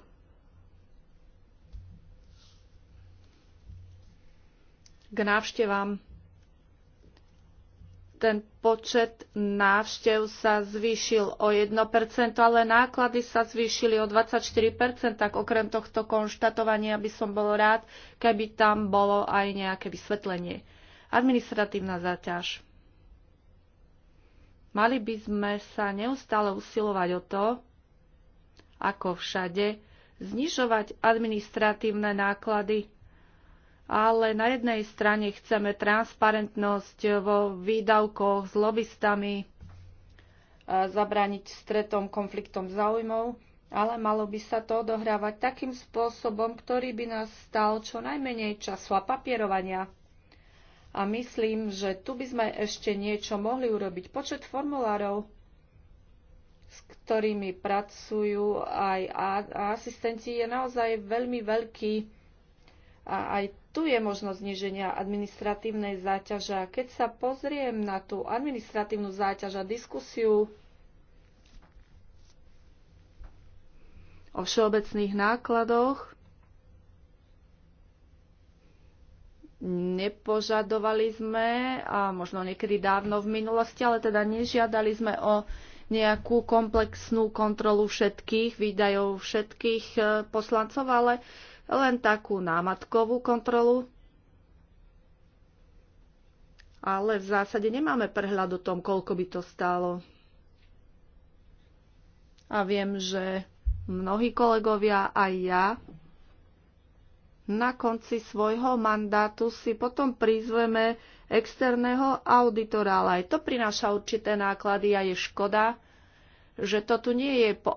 k návštevám. Ten počet návštev sa zvýšil o 1%, ale náklady sa zvýšili o 24%, tak okrem tohto konštatovania by som bol rád, keby tam bolo aj nejaké vysvetlenie. Administratívna záťaž. Mali by sme sa neustále usilovať o to, ako všade, znižovať administratívne náklady ale na jednej strane chceme transparentnosť vo výdavkoch s lobbystami, e, zabrániť stretom, konfliktom záujmov, ale malo by sa to odohrávať takým spôsobom, ktorý by nás stal čo najmenej času a papierovania. A myslím, že tu by sme ešte niečo mohli urobiť. Počet formulárov, s ktorými pracujú aj asistenti, je naozaj veľmi veľký a aj tu je možnosť zniženia administratívnej záťaže. Keď sa pozriem na tú administratívnu záťaž a diskusiu o všeobecných nákladoch, nepožadovali sme, a možno niekedy dávno v minulosti, ale teda nežiadali sme o nejakú komplexnú kontrolu všetkých výdajov všetkých e, poslancov, ale len takú námatkovú kontrolu, ale v zásade nemáme prehľad o tom, koľko by to stálo. A viem, že mnohí kolegovia aj ja na konci svojho mandátu si potom prizveme externého auditora, ale aj to prináša určité náklady a je škoda, že to tu nie je po,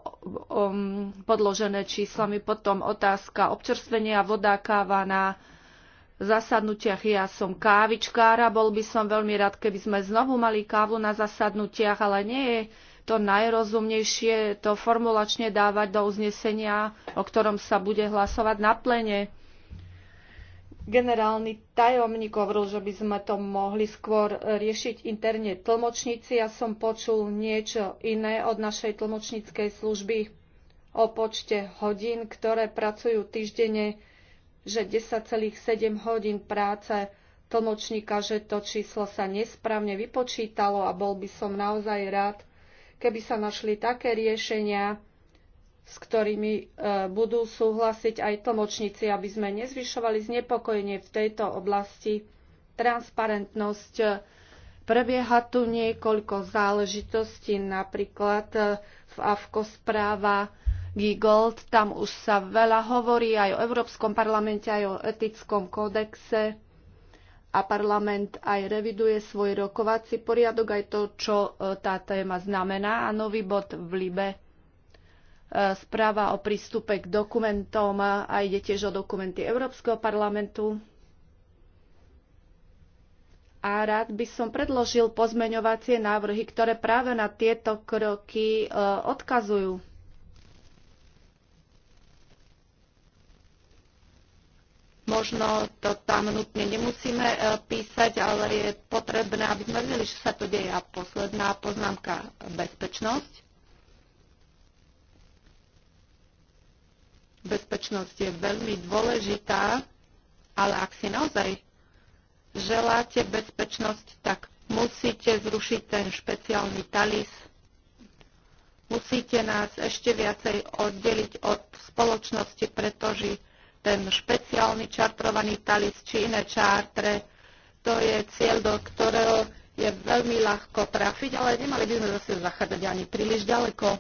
um, podložené číslami. Potom otázka občerstvenia voda, káva na zasadnutiach. Ja som kávičkára, bol by som veľmi rád, keby sme znovu mali kávu na zasadnutiach, ale nie je to najrozumnejšie to formulačne dávať do uznesenia, o ktorom sa bude hlasovať na plene generálny tajomník hovoril, že by sme to mohli skôr riešiť interne tlmočníci. Ja som počul niečo iné od našej tlmočníckej služby o počte hodín, ktoré pracujú týždenne, že 10,7 hodín práce tlmočníka, že to číslo sa nesprávne vypočítalo a bol by som naozaj rád, keby sa našli také riešenia, s ktorými e, budú súhlasiť aj tlmočníci, aby sme nezvyšovali znepokojenie v tejto oblasti. Transparentnosť. E, prebieha tu niekoľko záležitostí, napríklad e, v AFKO správa Gigold, tam už sa veľa hovorí aj o Európskom parlamente, aj o etickom kódexe a parlament aj reviduje svoj rokovací poriadok, aj to, čo tá téma znamená a nový bod v Libe E, správa o prístupe k dokumentom a ide tiež o dokumenty Európskeho parlamentu. A rád by som predložil pozmeňovacie návrhy, ktoré práve na tieto kroky e, odkazujú. Možno to tam nutne nemusíme e, písať, ale je potrebné, aby sme vedeli, že sa to deje. A posledná poznámka, bezpečnosť Bezpečnosť je veľmi dôležitá, ale ak si naozaj želáte bezpečnosť, tak musíte zrušiť ten špeciálny talis. Musíte nás ešte viacej oddeliť od spoločnosti, pretože ten špeciálny čartrovaný talis či iné čártre, to je cieľ, do ktorého je veľmi ľahko trafiť, ale nemali by sme zase zachádzať ani príliš ďaleko.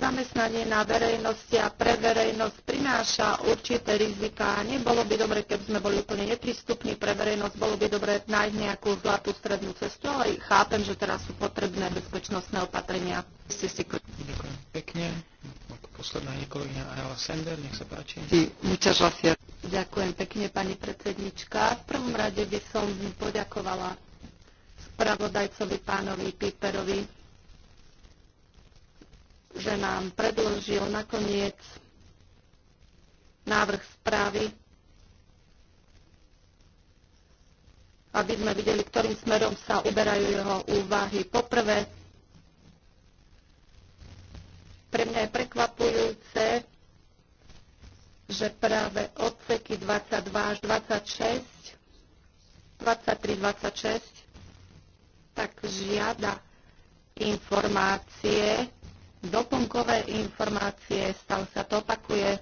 zamestnanie na verejnosti a pre verejnosť prináša určité rizika. Nebolo by dobre, keby sme boli úplne neprístupní pre verejnosť, bolo by dobre nájsť nejakú zlatú strednú cestu, ale chápem, že teraz sú potrebné bezpečnostné opatrenia. Ďakujem pekne. Posledná je kolegyňa Ayala Sender, nech sa páči. Ďakujem pekne, pani predsednička. V prvom rade by som poďakovala spravodajcovi pánovi Piperovi že nám predložil nakoniec návrh správy, aby sme videli, ktorým smerom sa uberajú jeho úvahy. Poprvé, pre mňa je prekvapujúce, že práve odseky 22 až 26, 23, 26, tak žiada informácie doplnkové informácie, stále sa to opakuje.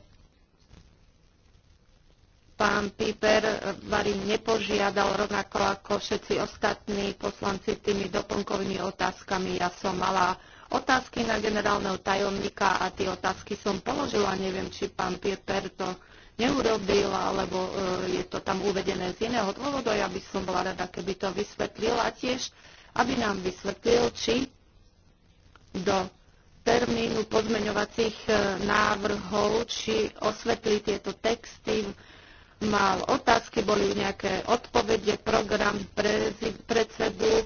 Pán Piper Vary nepožiadal rovnako ako všetci ostatní poslanci tými doplnkovými otázkami. Ja som mala otázky na generálneho tajomníka a tie otázky som položila. Neviem, či pán Piper to neurobil, alebo e, je to tam uvedené z iného dôvodu. Ja by som bola rada, keby to vysvetlila tiež, aby nám vysvetlil, či do termínu pozmeňovacích e, návrhov, či osvetli tieto texty, mal otázky, boli nejaké odpovede, program predsedu,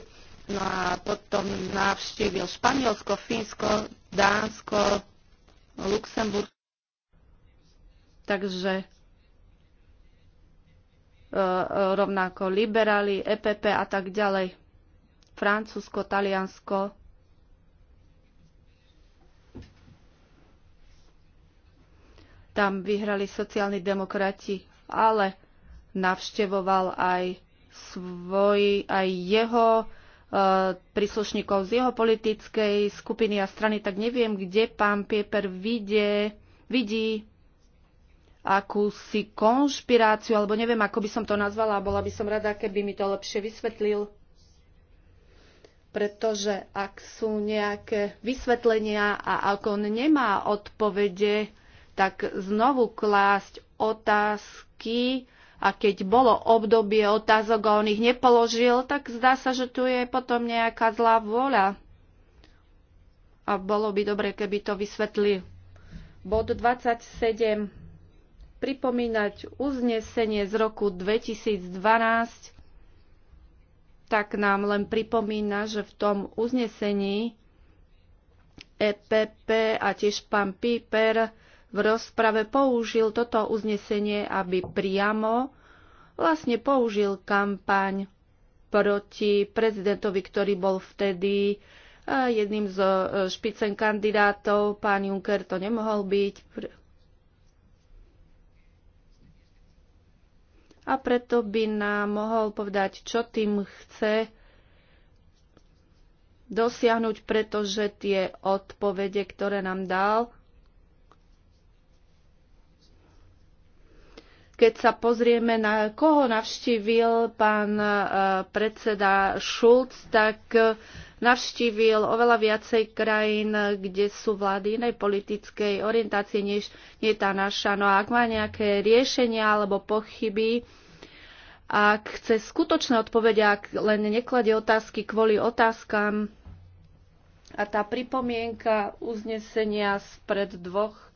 no a potom navštívil Španielsko, Fínsko, Dánsko, Luxemburg. Takže e, e, rovnako liberáli, EPP a tak ďalej. Francúzsko, Taliansko, Tam vyhrali sociálni demokrati, ale navštevoval aj svoj, aj jeho e, príslušníkov z jeho politickej skupiny a strany, tak neviem, kde pán Pieper vidie, vidí akúsi konšpiráciu, alebo neviem, ako by som to nazvala, bola by som rada, keby mi to lepšie vysvetlil. Pretože ak sú nejaké vysvetlenia a ak on nemá odpovede, tak znovu klásť otázky a keď bolo obdobie otázok a on ich nepoložil, tak zdá sa, že tu je potom nejaká zlá vôľa. A bolo by dobre, keby to vysvetli. Bod 27. Pripomínať uznesenie z roku 2012 tak nám len pripomína, že v tom uznesení EPP a tiež pán Píper v rozprave použil toto uznesenie, aby priamo vlastne použil kampaň proti prezidentovi, ktorý bol vtedy eh, jedným z eh, špicen kandidátov. Pán Juncker to nemohol byť. A preto by nám mohol povedať, čo tým chce dosiahnuť, pretože tie odpovede, ktoré nám dal, Keď sa pozrieme na koho navštívil pán e, predseda Schulz, tak e, navštívil oveľa viacej krajín, kde sú vlády inej politickej orientácie, než nie tá naša. No a ak má nejaké riešenia alebo pochyby, ak chce skutočné odpovede, ak len nekladie otázky kvôli otázkam. A tá pripomienka uznesenia spred dvoch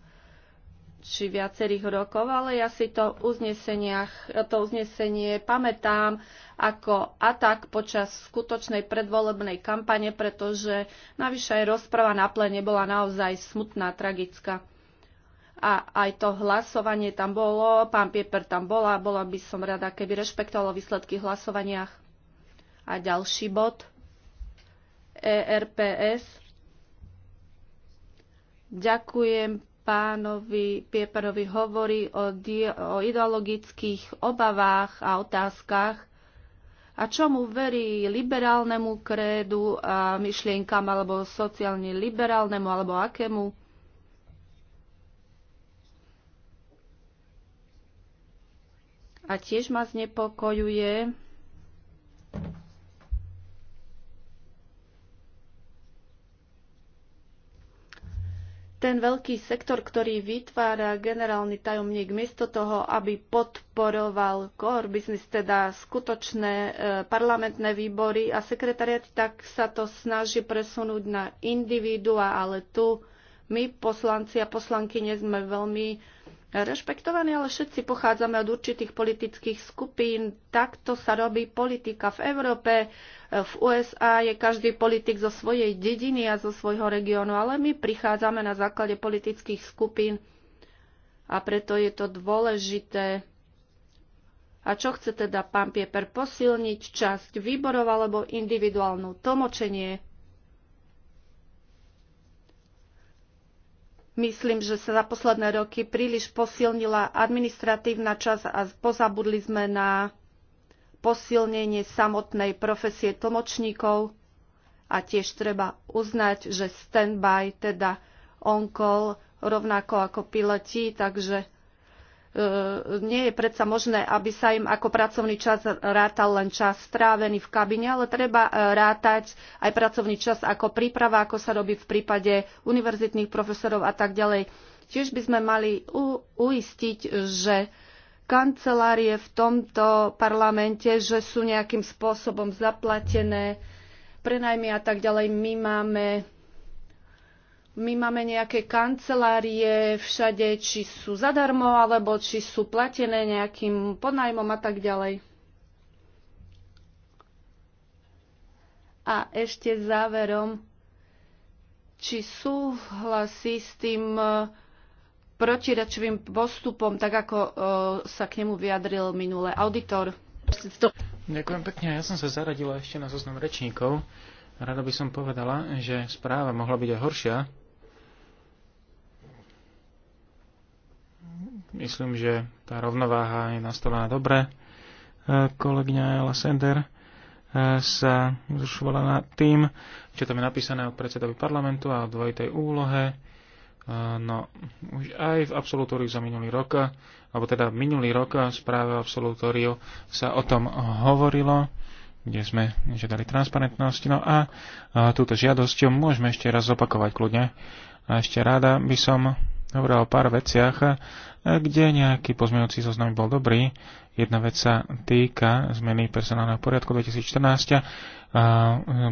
či viacerých rokov, ale ja si to, to uznesenie pamätám ako atak počas skutočnej predvolebnej kampane, pretože navyše aj rozprava na plene bola naozaj smutná, tragická. A aj to hlasovanie tam bolo, pán Pieper tam bola, bola by som rada, keby rešpektovalo výsledky v hlasovaniach. A ďalší bod, ERPS. Ďakujem pánovi Pieperovi hovorí o, o ideologických obavách a otázkach a čomu verí liberálnemu krédu a myšlienkam alebo sociálne liberálnemu alebo akému. A tiež ma znepokojuje, ten veľký sektor, ktorý vytvára generálny tajomník, miesto toho, aby podporoval core business, teda skutočné e, parlamentné výbory a sekretariat, tak sa to snaží presunúť na individua, ale tu my, poslanci a poslanky, nie sme veľmi rešpektovaní, ale všetci pochádzame od určitých politických skupín. Takto sa robí politika v Európe. V USA je každý politik zo svojej dediny a zo svojho regiónu, ale my prichádzame na základe politických skupín a preto je to dôležité. A čo chce teda pán Pieper posilniť? Časť výborov alebo individuálnu tomočenie? Myslím, že sa za posledné roky príliš posilnila administratívna časť a pozabudli sme na posilnenie samotnej profesie tlmočníkov a tiež treba uznať, že stand-by, teda on-call, rovnako ako piloti, takže E, nie je predsa možné, aby sa im ako pracovný čas rátal len čas strávený v kabine, ale treba e, rátať aj pracovný čas ako príprava, ako sa robí v prípade univerzitných profesorov a tak ďalej. Tiež by sme mali u- uistiť, že kancelárie v tomto parlamente, že sú nejakým spôsobom zaplatené, prenajmy a tak ďalej. My máme my máme nejaké kancelárie všade, či sú zadarmo, alebo či sú platené nejakým podnajmom a tak ďalej. A ešte záverom, či súhlasí s tým e, protiračovým postupom, tak ako e, sa k nemu vyjadril minule auditor. Ďakujem pekne. Ja som sa zaradila ešte na zoznam rečníkov. Rada by som povedala, že správa mohla byť aj horšia, Myslím, že tá rovnováha je nastavená dobre. E, kolegyňa Ela Sender e, sa zrušovala nad tým, čo tam je napísané od predsedovi parlamentu a o dvojitej úlohe. E, no, už aj v absolutóriu za minulý rok, alebo teda minulý rok v správe absolutóriu sa o tom hovorilo, kde sme žiadali transparentnosť. No a túto žiadosť môžeme ešte raz opakovať kľudne. A ešte ráda by som hovorila o pár veciach, eh, kde nejaký pozmeňujúci zoznam bol dobrý. Jedna vec sa týka zmeny personálneho poriadku 2014. Eh,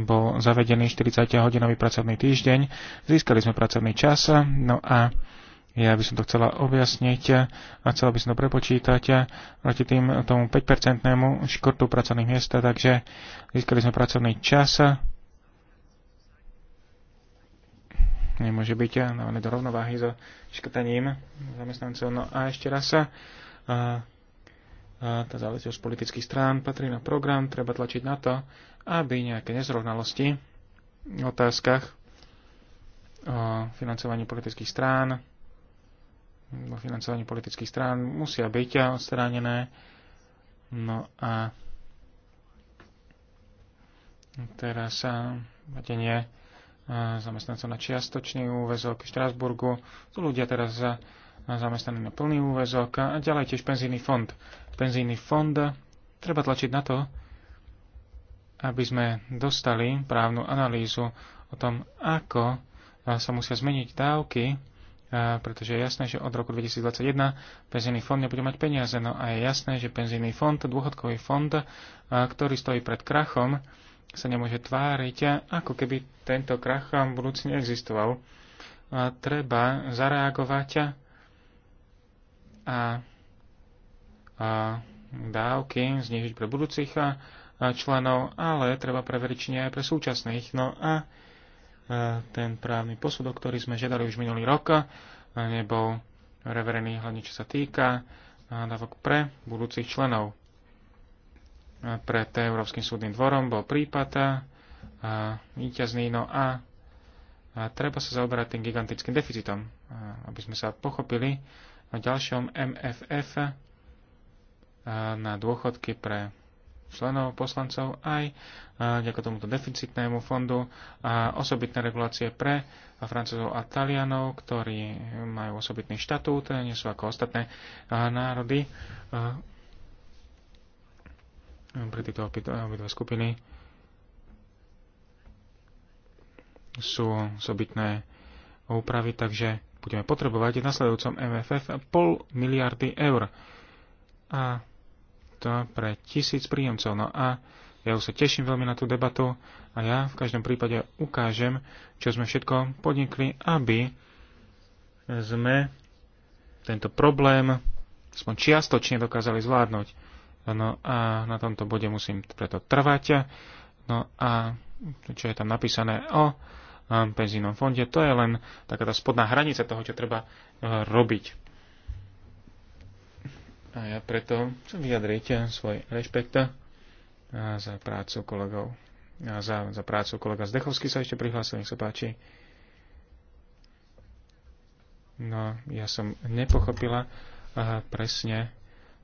bol zavedený 40-hodinový pracovný týždeň. Získali sme pracovný čas. Eh, no a ja by som to chcela objasniť a chcela by som to prepočítať proti tým tomu 5-percentnému škortu pracovných miest, takže získali sme pracovný čas nemôže byť dávané do rovnováhy so škrtaním zamestnancov. No a ešte raz sa a, a tá záležitosť politických strán patrí na program, treba tlačiť na to, aby nejaké nezrovnalosti v otázkach o financovaní politických strán, o financovaní politických strán musia byť odstránené. No a teraz sa vedenie E, zamestnancov na čiastočný úvezok v Štrásburgu. Sú ľudia teraz e, zamestnaní na plný úvezok a ďalej tiež penzíny fond. Penzíny fond e, treba tlačiť na to, aby sme dostali právnu analýzu o tom, ako sa musia zmeniť dávky, pretože je jasné, že od roku 2021 penzijný fond nebude mať peniaze. No a je jasné, že penzijný fond, dôchodkový fond, ktorý stojí pred krachom, sa nemôže tváriť, ako keby tento krach v budúci neexistoval. A treba zareagovať a, a dávky znižiť pre budúcich členov, ale treba preveriť, či nie aj pre súčasných. No a ten právny posudok, ktorý sme žiadali už minulý rok, nebol reverený hlavne čo sa týka dávok pre budúcich členov pred Európskym súdnym dvorom bol prípad víťazný, no a a treba sa zaoberať tým gigantickým deficitom, aby sme sa pochopili o ďalšom MFF na dôchodky pre členov, poslancov aj ďakujem tomuto deficitnému fondu a osobitné regulácie pre Francúzov a Talianov, ktorí majú osobitný štatút, nie sú ako ostatné národy pre tieto obidve skupiny sú sobitné úpravy, takže budeme potrebovať v nasledujúcom MFF pol miliardy eur. A to pre tisíc príjemcov. No a ja už sa teším veľmi na tú debatu a ja v každom prípade ukážem, čo sme všetko podnikli, aby sme tento problém aspoň čiastočne dokázali zvládnuť. No a na tomto bode musím preto trvať. No a čo je tam napísané o um, penzínom fonde, to je len taká tá spodná hranica toho, čo treba uh, robiť. A ja preto chcem vyjadriť uh, svoj rešpekt uh, za prácu kolegov. A za, za prácu kolega Zdechovský sa ešte prihlásil, nech sa páči. No, ja som nepochopila presne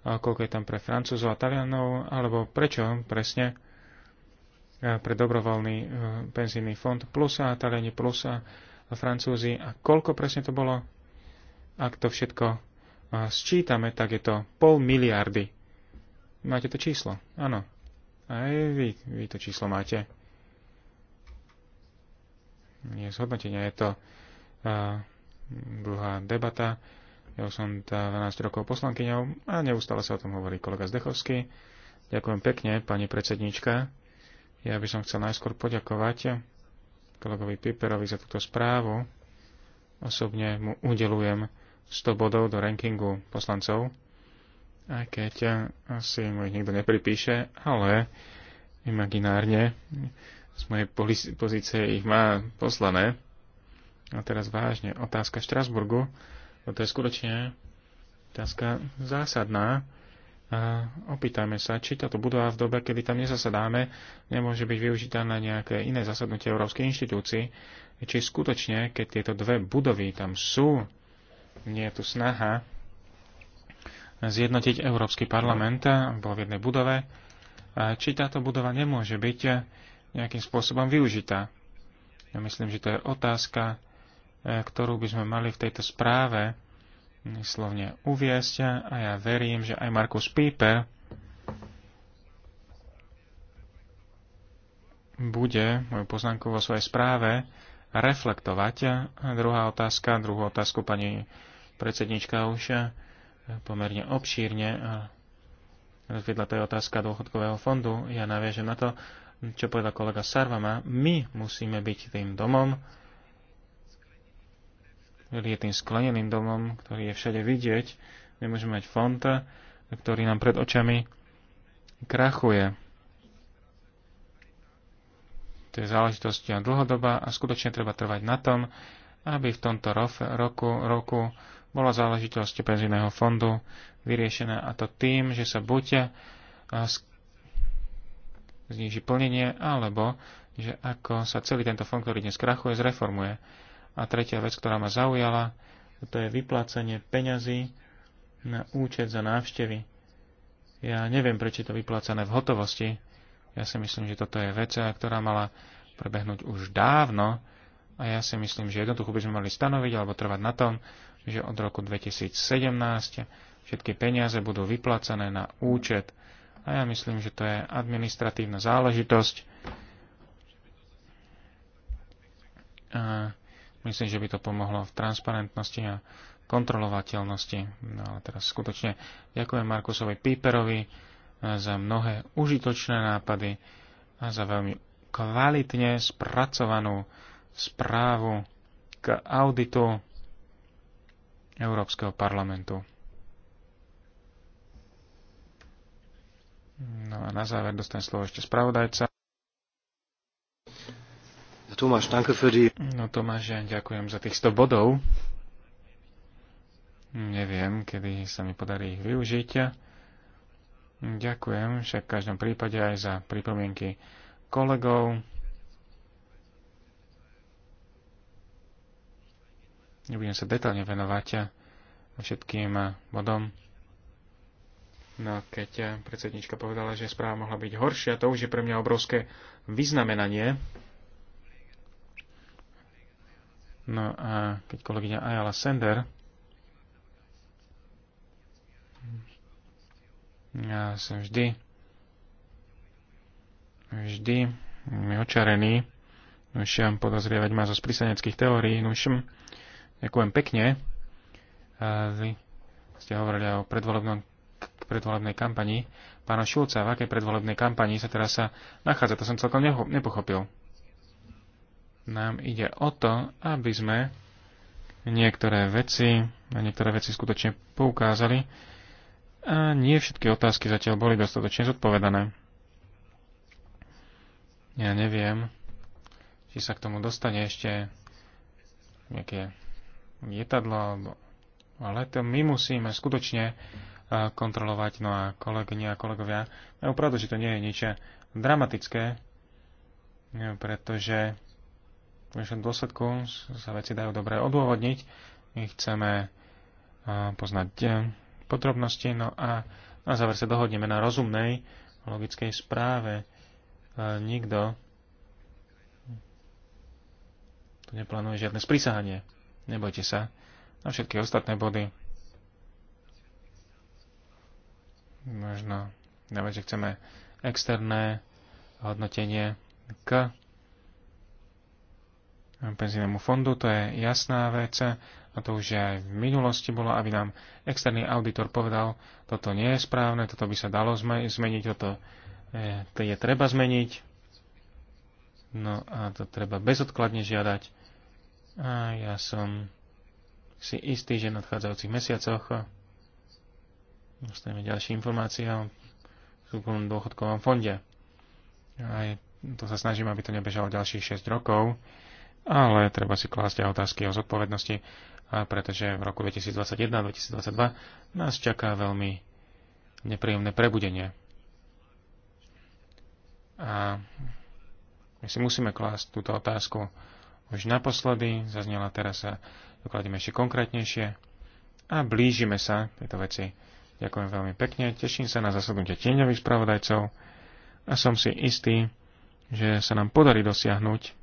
koľko je tam pre Francúzov a Talianov, alebo prečo presne pre dobrovoľný e, penzijný fond plus a Taliani plus a Francúzi a koľko presne to bolo. Ak to všetko e, sčítame, tak je to pol miliardy. Máte to číslo? Áno. Aj vy, vy to číslo máte. Nie, zhodnotenia je to uh, dlhá debata ja už som 12 rokov poslankyňou a neustále sa o tom hovorí kolega Zdechovský. Ďakujem pekne, pani predsedníčka. Ja by som chcel najskôr poďakovať kolegovi Piperovi za túto správu. Osobne mu udelujem 100 bodov do rankingu poslancov, aj keď asi mu ich nikto nepripíše, ale imaginárne z mojej pozície ich má poslané. A teraz vážne, otázka Štrasburgu No to je skutočne otázka zásadná. A opýtajme sa, či táto budova v dobe, kedy tam nezasadáme, nemôže byť využitá na nejaké iné zasadnutie Európskej inštitúcii, či skutočne, keď tieto dve budovy tam sú, nie je tu snaha zjednotiť Európsky parlament, bol v jednej budove, či táto budova nemôže byť nejakým spôsobom využitá. Ja myslím, že to je otázka E, ktorú by sme mali v tejto správe slovne uviesť a ja verím, že aj Markus Píper bude moju poznámku vo svojej správe reflektovať. A druhá otázka, druhú otázku pani predsednička už e, pomerne obšírne rozviedla to je otázka dôchodkového fondu. Ja naviažem na to, čo povedal kolega Sarvama. My musíme byť tým domom, je tým skleneným domom, ktorý je všade vidieť. Nemôžeme mať fond, ktorý nám pred očami krachuje. To je záležitosť a dlhodobá a skutočne treba trvať na tom, aby v tomto roku, roku bola záležitosť penzijného fondu vyriešená a to tým, že sa buď eh, zniží plnenie, alebo že ako sa celý tento fond, ktorý dnes krachuje, zreformuje. A tretia vec, ktorá ma zaujala, to je vyplácanie peňazí na účet za návštevy. Ja neviem, prečo je to vyplácané v hotovosti. Ja si myslím, že toto je vec, ktorá mala prebehnúť už dávno a ja si myslím, že jednoducho by sme mali stanoviť alebo trvať na tom, že od roku 2017 všetky peniaze budú vyplácané na účet. A ja myslím, že to je administratívna záležitosť. A Myslím, že by to pomohlo v transparentnosti a kontrolovateľnosti. No ale teraz skutočne ďakujem Markusovi Píperovi eh, za mnohé užitočné nápady a za veľmi kvalitne spracovanú správu k auditu Európskeho parlamentu. No a na záver dostane slovo ešte spravodajca. Tomáš, danke für die... No Tomáš, ja ďakujem za tých 100 bodov. Neviem, kedy sa mi podarí ich využiť. Ďakujem však v každom prípade aj za pripomienky kolegov. Nebudem sa detálne venovať všetkým bodom. No keď predsednička povedala, že správa mohla byť horšia, to už je pre mňa obrovské vyznamenanie. No a keď kolegyňa Ayala Sender ja som vždy vždy očarený nušam podozrievať ma zo sprisaneckých teórií nušam ďakujem pekne a vy ste hovorili o predvolebnom predvolebnej kampani pána Šulca, v akej predvolebnej kampani sa teraz sa nachádza, to som celkom nepochopil nám ide o to, aby sme niektoré veci, na niektoré veci skutočne poukázali a nie všetky otázky zatiaľ boli dostatočne zodpovedané. Ja neviem, či sa k tomu dostane ešte nejaké lietadlo alebo ale to my musíme skutočne kontrolovať. No a kolegyne a kolegovia, majú že to nie je nič dramatické, pretože konečnom dôsledku sa veci dajú dobre odôvodniť. My chceme poznať e, podrobnosti, no a na záver sa dohodneme na rozumnej logickej správe. E, nikto tu neplánuje žiadne sprísahanie. Nebojte sa na všetky ostatné body. Možno na že chceme externé hodnotenie k penzijnému fondu, to je jasná vec a to už aj v minulosti bolo, aby nám externý auditor povedal, toto nie je správne, toto by sa dalo zmeniť, toto je, to je treba zmeniť, no a to treba bezodkladne žiadať. A ja som si istý, že v nadchádzajúcich mesiacoch dostaneme ďalšie informácie o súkromnom dôchodkovom fonde. Aj to sa snažím, aby to nebežalo ďalších 6 rokov, ale treba si klásť aj otázky o zodpovednosti, pretože v roku 2021-2022 nás čaká veľmi nepríjemné prebudenie. A my si musíme klásť túto otázku už naposledy, zaznela teraz sa dokladíme ešte konkrétnejšie a blížime sa tejto veci. Ďakujem veľmi pekne, teším sa na zasadnutie tieňových spravodajcov a som si istý, že sa nám podarí dosiahnuť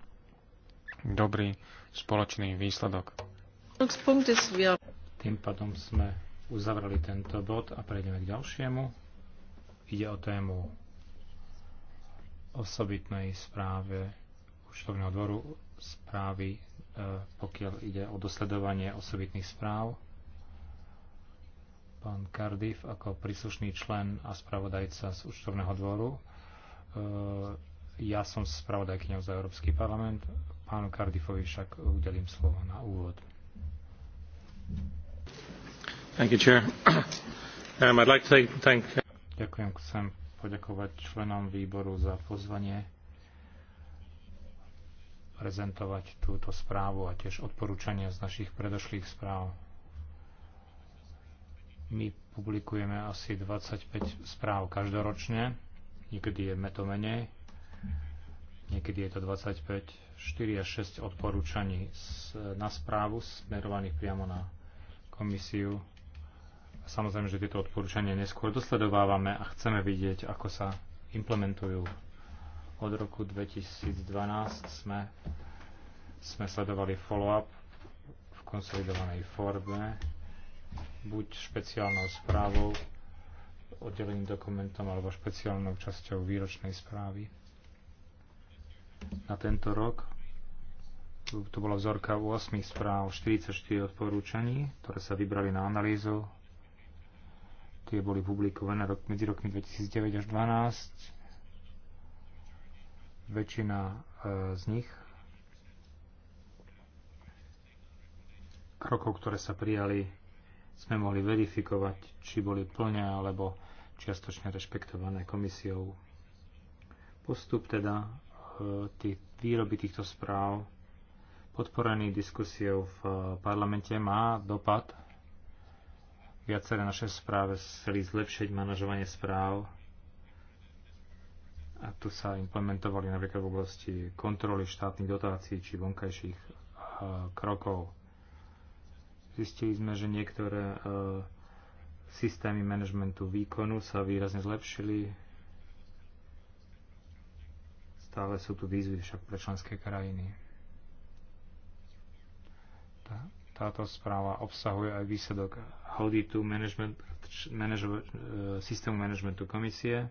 dobrý spoločný výsledok. Tým pádom sme uzavrali tento bod a prejdeme k ďalšiemu. Ide o tému osobitnej správe účtovného dvoru správy, e, pokiaľ ide o dosledovanie osobitných správ. Pán Cardiff ako príslušný člen a spravodajca z účtovného dvoru. E, ja som spravodajkyňou za Európsky parlament. Pánu Cardiffovi však udelím slovo na úvod. Thank you, Chair. Um, I'd like to thank, Ďakujem, chcem poďakovať členom výboru za pozvanie prezentovať túto správu a tiež odporúčania z našich predošlých správ. My publikujeme asi 25 správ každoročne, niekedy je to menej niekedy je to 25, 4 až 6 odporúčaní na správu smerovaných priamo na komisiu. samozrejme, že tieto odporúčania neskôr dosledovávame a chceme vidieť, ako sa implementujú. Od roku 2012 sme, sme sledovali follow-up v konsolidovanej forme, buď špeciálnou správou, oddeleným dokumentom alebo špeciálnou časťou výročnej správy na tento rok. To bola vzorka 8 správ, 44 odporúčaní, ktoré sa vybrali na analýzu. Tie boli publikované rok, medzi rokmi 2009 až 2012. Väčšina e, z nich krokov, ktoré sa prijali, sme mohli verifikovať, či boli plne alebo čiastočne rešpektované komisiou. Postup teda E, tých, výroby týchto správ podporený diskusiou v e, parlamente má dopad. Viaceré naše správe chceli zlepšiť manažovanie správ a tu sa implementovali napríklad v oblasti kontroly štátnych dotácií či vonkajších e, krokov. Zistili sme, že niektoré systémy manažmentu výkonu sa výrazne zlepšili, Stále sú tu výzvy však pre členské krajiny. Tá, táto správa obsahuje aj výsledok auditu management, manage, systému managementu komisie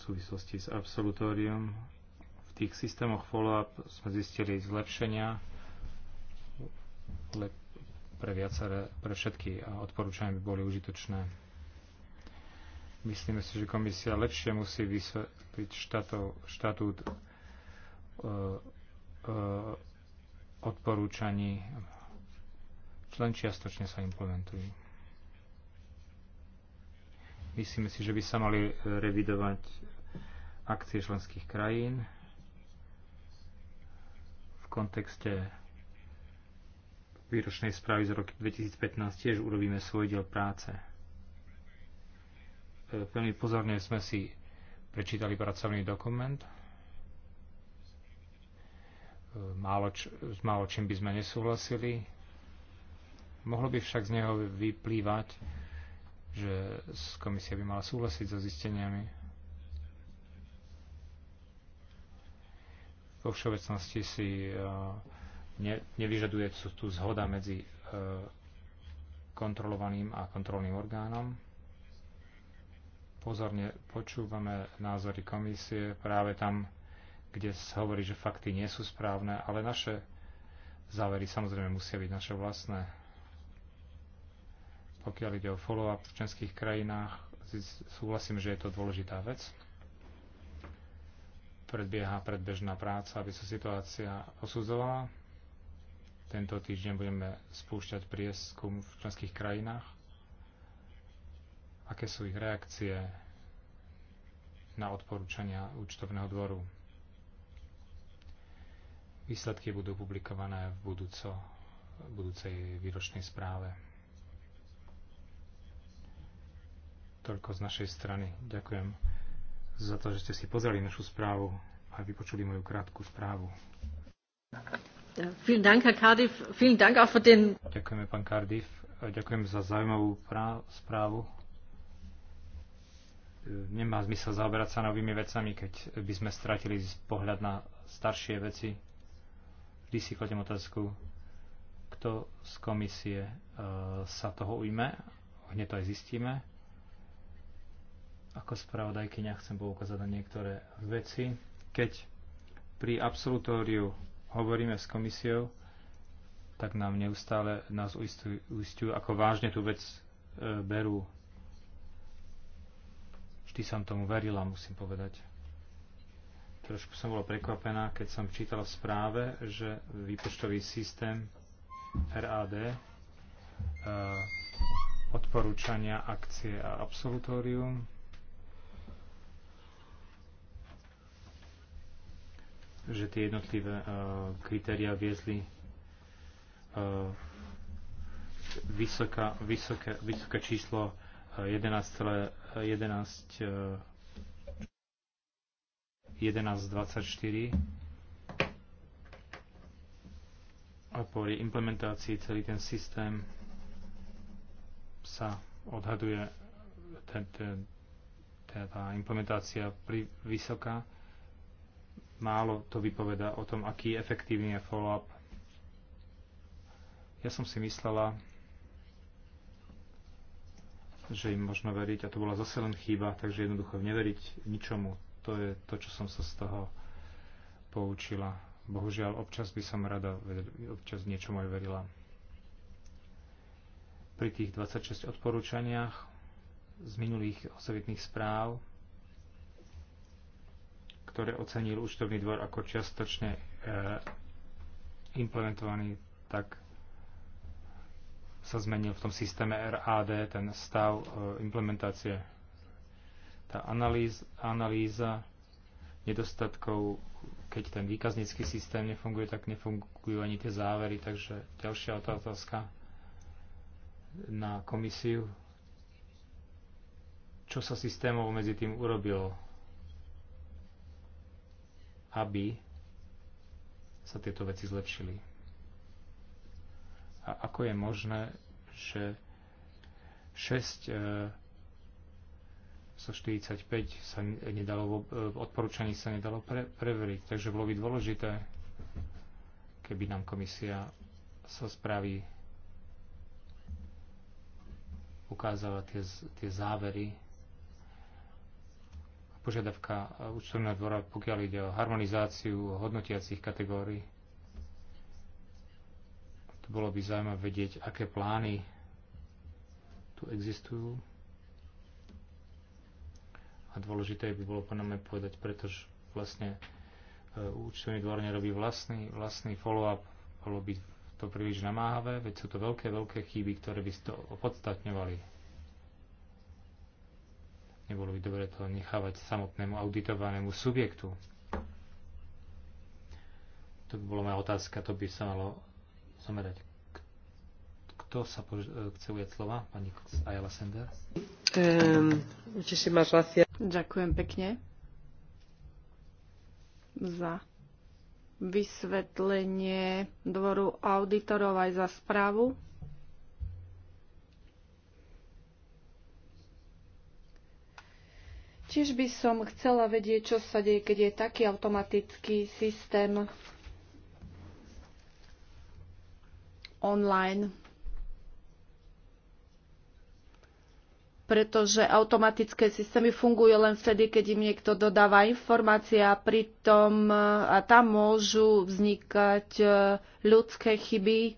v súvislosti s absolutórium. V tých systémoch follow-up sme zistili zlepšenia pre, viaceré, pre všetky odporúčania by boli užitočné. Myslíme si, že komisia lepšie musí vysvetliť štatov, štatút e, e, odporúčaní, len čiastočne sa implementujú. Myslíme si, že by sa mali revidovať akcie členských krajín v kontekste výročnej správy z roku 2015 tiež urobíme svoj diel práce veľmi pozorne sme si prečítali pracovný dokument. Málo, s málo čím by sme nesúhlasili. Mohlo by však z neho vyplývať, že komisia by mala súhlasiť so zisteniami. Vo všeobecnosti si e, ne, nevyžaduje tu zhoda medzi e, kontrolovaným a kontrolným orgánom. Pozorne počúvame názory komisie práve tam, kde sa hovorí, že fakty nie sú správne, ale naše závery samozrejme musia byť naše vlastné. Pokiaľ ide o follow-up v členských krajinách, súhlasím, že je to dôležitá vec predbieha predbežná práca, aby sa situácia osudzovala. Tento týždeň budeme spúšťať prieskum v členských krajinách aké sú ich reakcie na odporúčania účtovného dvoru. Výsledky budú publikované v budúco, v budúcej výročnej správe. Toľko z našej strany. Ďakujem za to, že ste si pozreli našu správu a vypočuli moju krátku správu. Ďakujeme, pán Cardiff. Ďakujem za zaujímavú správu nemá zmysel zaoberať sa novými vecami, keď by sme stratili pohľad na staršie veci. Vždy si kladem otázku, kto z komisie e, sa toho ujme, hneď to aj zistíme. Ako spravodajkyňa chcem poukázať na niektoré veci. Keď pri absolutóriu hovoríme s komisiou, tak nám neustále nás uistujú, uistujú ako vážne tú vec e, berú vždy som tomu verila, musím povedať. Trošku som bola prekvapená, keď som čítala v správe, že výpočtový systém RAD e, odporúčania akcie a absolutórium že tie jednotlivé e, kritéria viezli e, vysoká, vysoké, vysoké číslo 11, 11.24 eh, a po implementácii celý ten systém sa odhaduje tá implementácia vysoká. Málo to vypoveda o tom, aký je efektívny je follow-up. Ja som si myslela, že im možno veriť a to bola zase len chyba, takže jednoducho neveriť ničomu. To je to, čo som sa z toho poučila. Bohužiaľ, občas by som rada, občas niečomu aj verila. Pri tých 26 odporúčaniach z minulých osobitných správ, ktoré ocenil účtovný dvor ako čiastočne e, implementovaný, tak sa zmenil v tom systéme RAD, ten stav e, implementácie. Tá analýza, analýza nedostatkov, keď ten výkaznícky systém nefunguje, tak nefungujú ani tie závery. Takže ďalšia otázka na komisiu. Čo sa systémov medzi tým urobilo, aby sa tieto veci zlepšili? a ako je možné, že 6 e, so 45 sa nedalo, e, odporúčaní sa nedalo pre, preveriť. Takže bolo by dôležité, keby nám komisia sa spraví ukázala tie, tie závery požiadavka účtovného dvora, pokiaľ ide o harmonizáciu hodnotiacich kategórií to bolo by zaujímavé vedieť, aké plány tu existujú. A dôležité by bolo po mňa povedať, pretože vlastne e, účtovný dvor nerobí vlastný, vlastný follow-up, bolo by to príliš namáhavé, veď sú to veľké, veľké chyby, ktoré by to opodstatňovali. Nebolo by dobre to nechávať samotnému auditovanému subjektu. To by bola moja otázka, to by sa malo zamerať. Kto sa pož- e, chce ujať slova? Pani Ayala Sender. Um, Ďakujem pekne za vysvetlenie dvoru auditorov aj za správu. Tiež by som chcela vedieť, čo sa deje, keď je taký automatický systém online, pretože automatické systémy fungujú len vtedy, keď im niekto dodáva informácie a pritom a tam môžu vznikať e, ľudské chyby.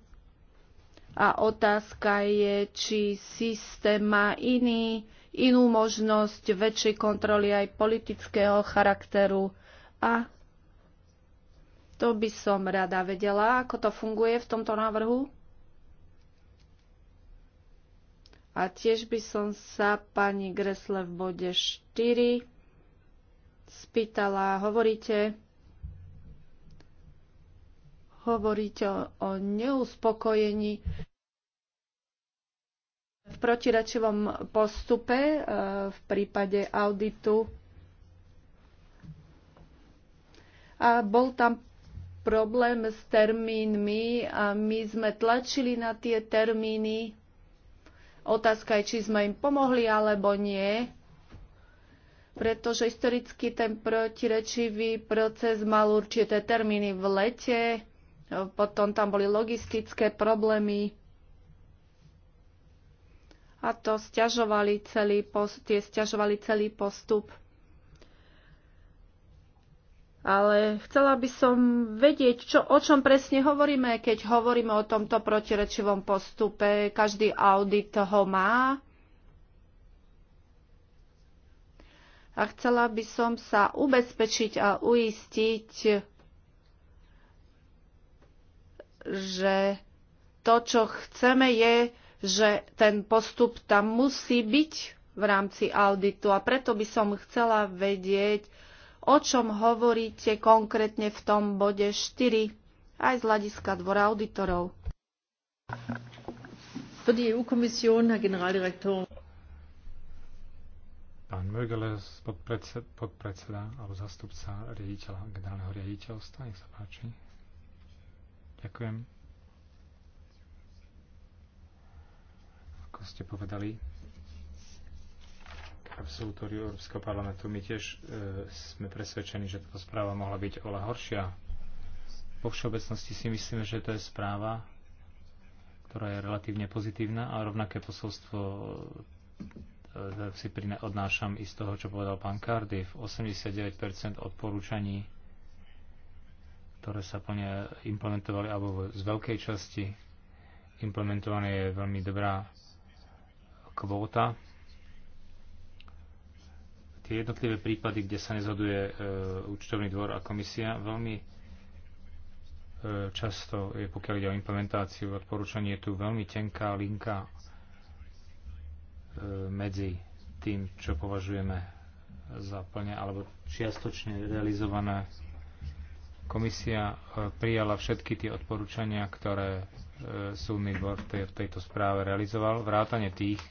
A otázka je, či systém má iný, inú možnosť väčšej kontroly aj politického charakteru a to by som rada vedela, ako to funguje v tomto návrhu. A tiež by som sa pani Gresle v bode 4 spýtala, hovoríte, hovoríte o, o neuspokojení v protiračivom postupe e, v prípade auditu. A bol tam problém s termínmi a my sme tlačili na tie termíny. Otázka je, či sme im pomohli alebo nie, pretože historicky ten protirečivý proces mal určité termíny v lete, potom tam boli logistické problémy a to stiažovali celý post, tie stiažovali celý postup ale chcela by som vedieť, čo, o čom presne hovoríme, keď hovoríme o tomto protirečivom postupe. Každý audit ho má. A chcela by som sa ubezpečiť a uistiť, že to, čo chceme, je, že ten postup tam musí byť v rámci auditu. A preto by som chcela vedieť, o čom hovoríte konkrétne v tom bode 4 aj z hľadiska dvora auditorov. Pán Mögele, podpredseda alebo zastupca riaditeľa, generálneho riaditeľstva, nech sa páči. Ďakujem. Ako ste povedali, absolutóriu Európskeho parlamentu. My tiež e, sme presvedčení, že táto správa mohla byť oľa horšia. Vo všeobecnosti si myslíme, že to je správa, ktorá je relatívne pozitívna a rovnaké posolstvo e, si prine, odnášam i z toho, čo povedal pán Cardiff. 89% odporúčaní, ktoré sa plne implementovali, alebo z veľkej časti implementované je veľmi dobrá kvóta tie jednotlivé prípady, kde sa nezhoduje e, účtovný dvor a komisia, veľmi e, často, je, pokiaľ ide o implementáciu odporúčaní, je tu veľmi tenká linka e, medzi tým, čo považujeme za plne alebo čiastočne realizované. Komisia e, prijala všetky tie odporúčania, ktoré e, súdny dvor v, tej, v tejto správe realizoval, vrátane tých,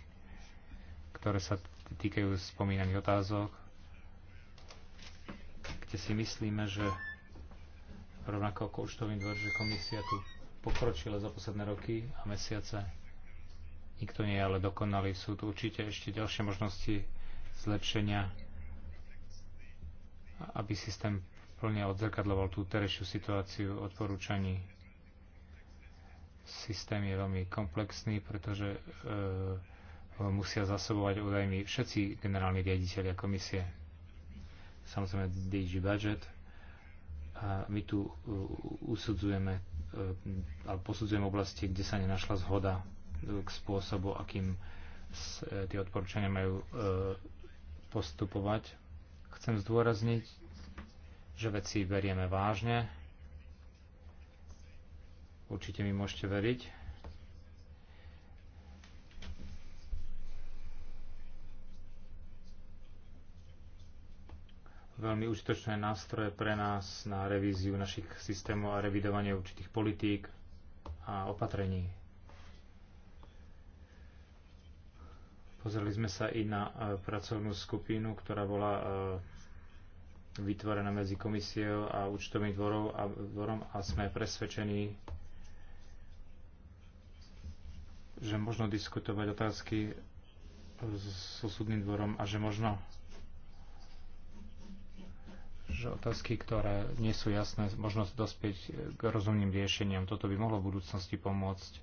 ktoré sa týkajú spomínaných otázok, kde si myslíme, že rovnako ako to dvor, že komisia tu pokročila za posledné roky a mesiace. Nikto nie je ale dokonalý. Sú tu určite ešte ďalšie možnosti zlepšenia, aby systém plne odzrkadloval tú terejšiu situáciu odporúčaní. Systém je veľmi komplexný, pretože e, musia zasobovať údajmi všetci generálni riaditeľia komisie. Samozrejme DG Budget. A my tu uh, usudzujeme uh, alebo posudzujeme oblasti, kde sa nenašla zhoda uh, k spôsobu, akým tie odporúčania majú postupovať. Chcem zdôrazniť, že veci berieme vážne. Určite mi môžete veriť. veľmi užitočné nástroje pre nás na revíziu našich systémov a revidovanie určitých politík a opatrení. Pozreli sme sa i na e, pracovnú skupinu, ktorá bola e, vytvorená medzi komisiou a účtovým dvorom a, dvorom a sme presvedčení, že možno diskutovať otázky so súdnym dvorom a že možno že otázky, ktoré nie sú jasné, možnosť dospieť k rozumným riešeniam. Toto by mohlo v budúcnosti pomôcť.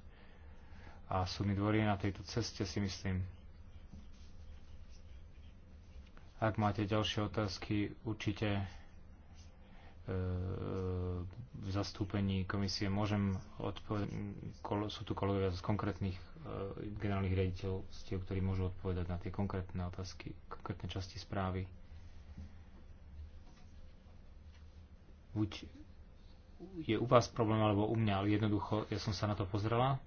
A súdny dvor je na tejto ceste, si myslím. Ak máte ďalšie otázky, určite e, v zastúpení komisie môžem odpovedať. Sú tu kolegovia z konkrétnych e, generálnych riaditeľstiev, ktorí môžu odpovedať na tie konkrétne otázky, konkrétne časti správy. buď je u vás problém, alebo u mňa, ale jednoducho, ja som sa na to pozrela.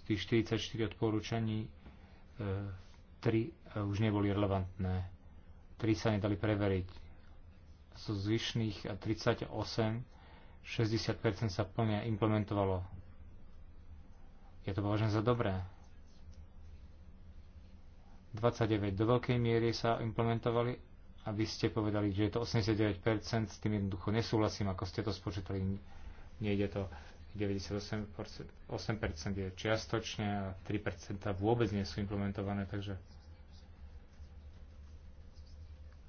Z tých 44 odporúčaní 3 e, e, už neboli relevantné. 3 sa nedali preveriť. Zo zvyšných 38 e, 60% sa plne implementovalo. Ja to považujem za dobré. 29 do veľkej miery sa implementovali aby ste povedali, že je to 89%, s tým jednoducho nesúhlasím, ako ste to spočítali, nejde to 98% 8% je čiastočne a 3% vôbec nie sú implementované, takže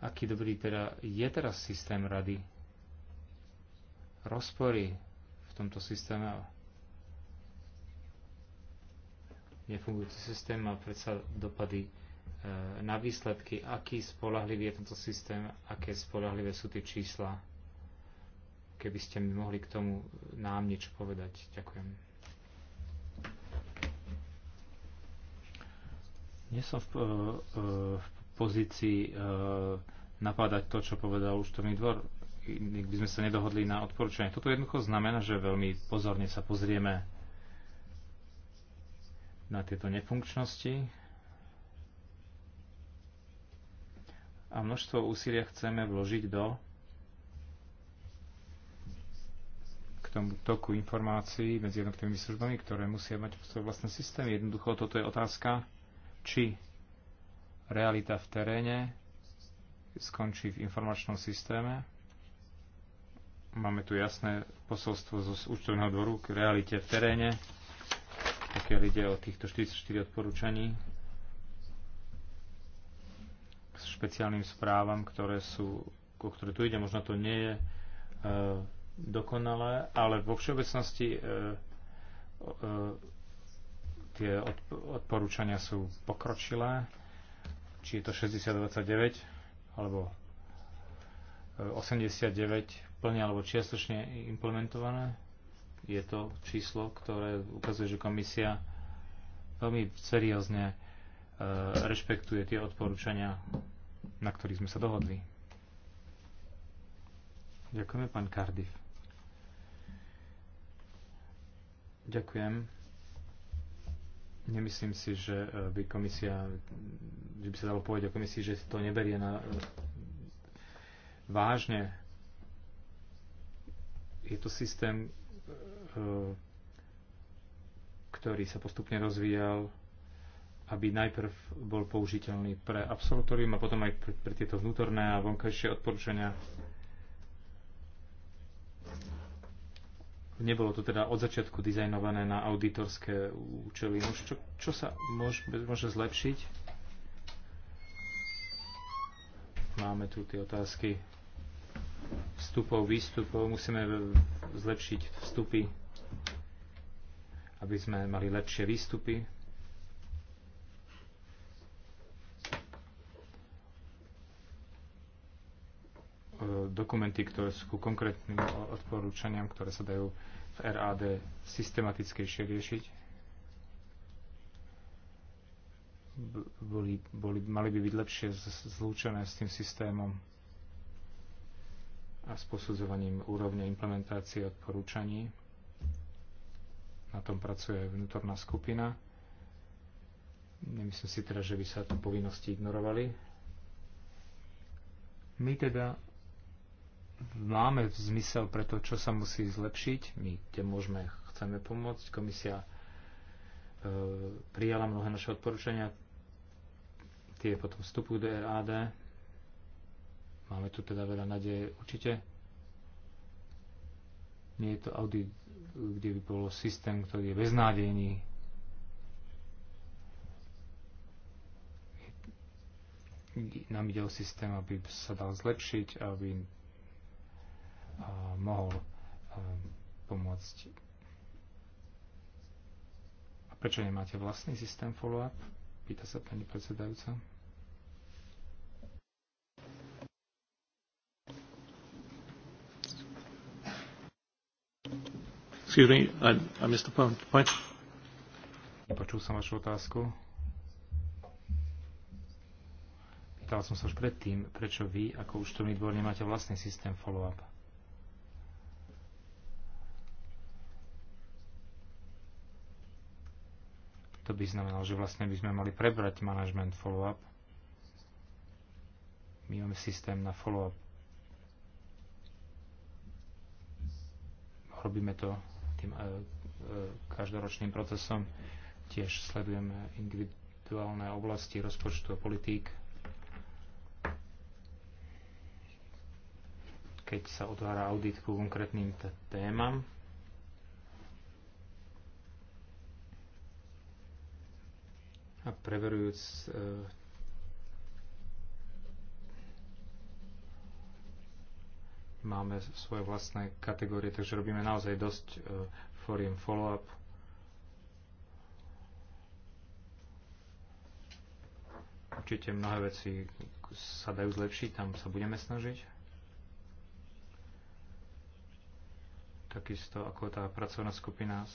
aký dobrý teda je teraz systém rady? Rozpory v tomto systéme nefungujúci systém má predsa dopady E, na výsledky, aký spolahlivý je tento systém, aké spolahlivé sú tie čísla. Keby ste mi mohli k tomu nám niečo povedať. Ďakujem. Nie som v, e, e, v pozícii napadať to, čo povedal už Tomý dvor. Nik by sme sa nedohodli na odporúčanie. Toto jednoducho znamená, že veľmi pozorne sa pozrieme na tieto nefunkčnosti, a množstvo úsilia chceme vložiť do k tomu toku informácií medzi jednotlivými službami, ktoré musia mať svoje vlastné systémy. Jednoducho toto je otázka, či realita v teréne skončí v informačnom systéme. Máme tu jasné posolstvo zo účtovného dvoru k realite v teréne, pokiaľ ide o týchto 44 odporúčaní špeciálnym správam, ktoré sú, ko ktoré tu ide. Možno to nie je e, dokonalé, ale vo všeobecnosti e, e, tie odporúčania sú pokročilé. Či je to 6029 alebo 89 e, plne alebo čiastočne implementované. Je to číslo, ktoré ukazuje, že komisia veľmi seriózne E, rešpektuje tie odporúčania, na ktorých sme sa dohodli. Ďakujeme, pán Cardiff. Ďakujem. Nemyslím si, že e, by komisia, že by sa dalo povedať o komisii, že to neberie na e, vážne. Je to systém, ktorý sa postupne rozvíjal aby najprv bol použiteľný pre absolutorium a potom aj pre, pre tieto vnútorné a vonkajšie odporúčania. Nebolo to teda od začiatku dizajnované na auditorské účely. No, čo, čo sa môže, môže zlepšiť? Máme tu tie otázky vstupov, výstupov. Musíme zlepšiť vstupy, aby sme mali lepšie výstupy E, dokumenty, ktoré sú ku konkrétnym odporúčaniam, ktoré sa dajú v RAD systematickejšie riešiť. Boli, boli, mali by byť lepšie zlúčené s tým systémom a s posudzovaním úrovne implementácie odporúčaní. Na tom pracuje vnútorná skupina. Nemyslím si teda, že by sa tu povinnosti ignorovali. My teda máme zmysel pre to, čo sa musí zlepšiť. My, kde môžeme, chceme pomôcť. Komisia e, prijala mnohé naše odporúčania. Tie potom vstupujú do RAD. Máme tu teda veľa nádeje, určite. Nie je to audit, kde by bolo systém, ktorý je beznádejný. Nám ide o systém, aby sa dal zlepšiť, aby mohol pomôcť. A prečo nemáte vlastný systém follow-up? Pýta sa pani predsedajúca. Excuse me, I, I missed the point. som vašu otázku. Pýtal som sa už predtým, prečo vy, ako účtovný dvor, nemáte vlastný systém follow-up. To by znamenalo, že vlastne by sme mali prebrať management follow-up. My máme systém na follow-up. Robíme to tým e, e, každoročným procesom. Tiež sledujeme individuálne oblasti rozpočtu a politík. Keď sa otvára audit ku konkrétnym témam, a preverujúc e, máme svoje vlastné kategórie, takže robíme naozaj dosť uh, e, foriem follow-up. Určite mnohé veci sa dajú zlepšiť, tam sa budeme snažiť. Takisto ako tá pracovná skupina e,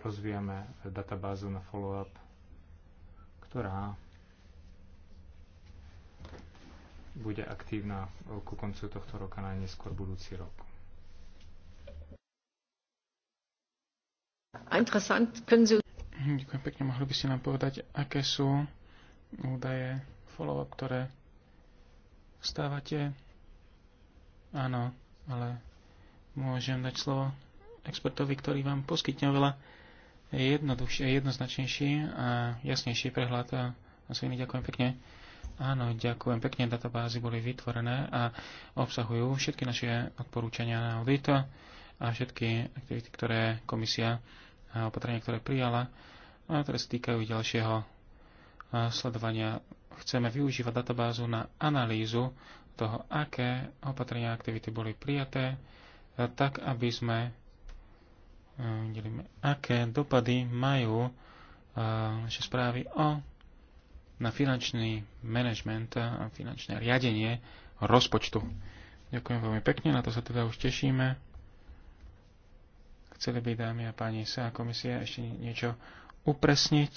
rozvíjame databázu na follow-up ktorá bude aktívna eh, ku koncu tohto roka, najneskôr budúci rok. Ďakujem pekne. Mohli by ste nám povedať, aké sú údaje follow-up, ktoré vstávate? Áno, ale môžem dať slovo expertovi, ktorý vám poskytne veľa jednoduchšie jednoznačnejší a jasnejší prehľad. Sviny, ďakujem pekne. Áno, ďakujem pekne. Databázy boli vytvorené a obsahujú všetky naše odporúčania na audit a všetky aktivity, ktoré komisia a opatrenia, ktoré prijala a ktoré sa týkajú ďalšieho sledovania. Chceme využívať databázu na analýzu toho, aké opatrenia a aktivity boli prijaté, tak aby sme Vidíme, aké dopady majú naše správy o, na finančný manažment a finančné riadenie rozpočtu. Ďakujem veľmi pekne, na to sa teda už tešíme. Chceli by dámy a páni sa komisia ešte niečo upresniť.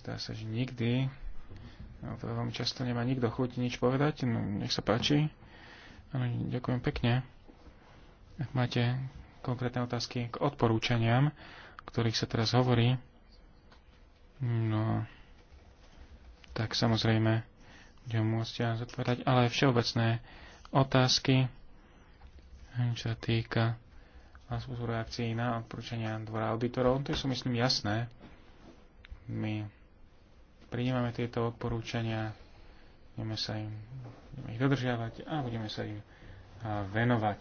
Zdá sa, že nikdy, no, veľmi často nemá nikto chuť nič povedať, no, nech sa páči. Áno, ďakujem pekne. Ak máte konkrétne otázky k odporúčaniam, o ktorých sa teraz hovorí, no tak samozrejme budem môcť ja zodpovedať, ale aj všeobecné otázky, čo sa týka spôsobu reakcií na odporúčania dvora auditorov. To sú, myslím, jasné. My prijímame tieto odporúčania, budeme sa im budeme ich dodržiavať a budeme sa im venovať.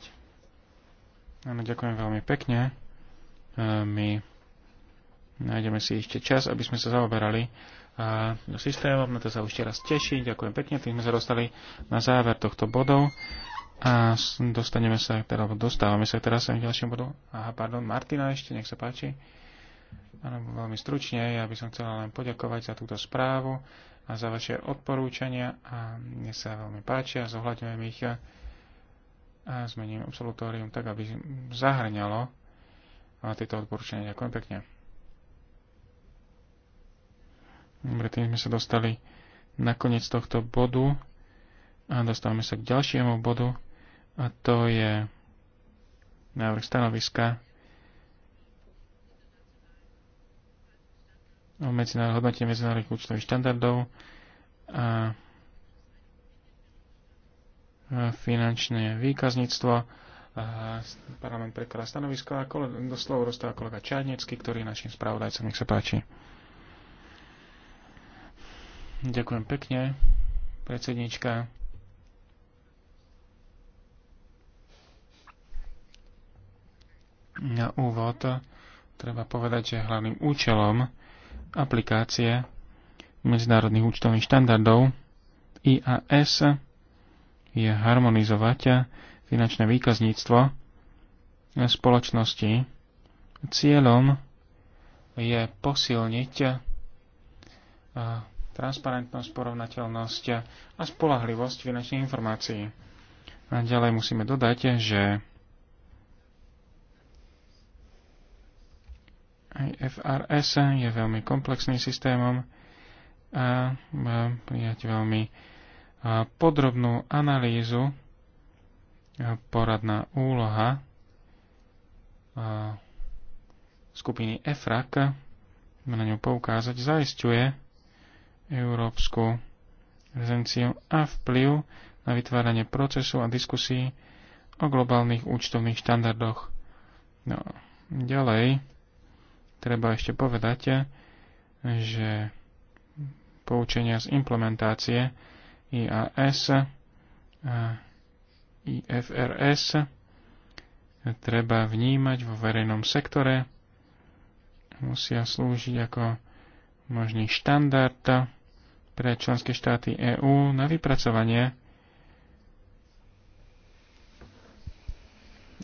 Áno, ďakujem veľmi pekne. My nájdeme si ešte čas, aby sme sa zaoberali do systémom. Na to sa už teraz teší. Ďakujem pekne. Tým sme sa dostali na záver tohto bodov. A dostaneme sa, teda, dostávame sa teraz k ďalším bodu. Aha, pardon, Martina ešte, nech sa páči. Áno, veľmi stručne, ja by som chcela len poďakovať za túto správu a za vaše odporúčania a mne sa veľmi páčia, zohľadňujem ich a zmením absolutórium tak, aby zahrňalo tieto odporúčania. Ďakujem pekne. Dobre, tým sme sa dostali na koniec tohto bodu a dostávame sa k ďalšiemu bodu a to je návrh stanoviska o no, medzinár- hodnote medzinárodných účtových štandardov a finančné výkazníctvo. A parlament prekladá stanovisko a do slov dostáva kolega Čarnecký, ktorý je našim spravodajcom. Nech sa páči. Ďakujem pekne, predsednička. Na úvod treba povedať, že hlavným účelom aplikácie medzinárodných účtovných štandardov IAS je harmonizovať finančné výkazníctvo spoločnosti. Cieľom je posilniť transparentnosť, porovnateľnosť a spolahlivosť finančných informácií. A ďalej musíme dodať, že FRS je veľmi komplexným systémom a má prijať veľmi podrobnú analýzu poradná úloha skupiny EFRAK na ňu poukázať, zaisťuje európsku rezenciu a vplyv na vytváranie procesu a diskusí o globálnych účtovných štandardoch. No, ďalej treba ešte povedať, že poučenia z implementácie IAS a IFRS treba vnímať vo verejnom sektore, musia slúžiť ako možný štandard pre členské štáty EÚ na vypracovanie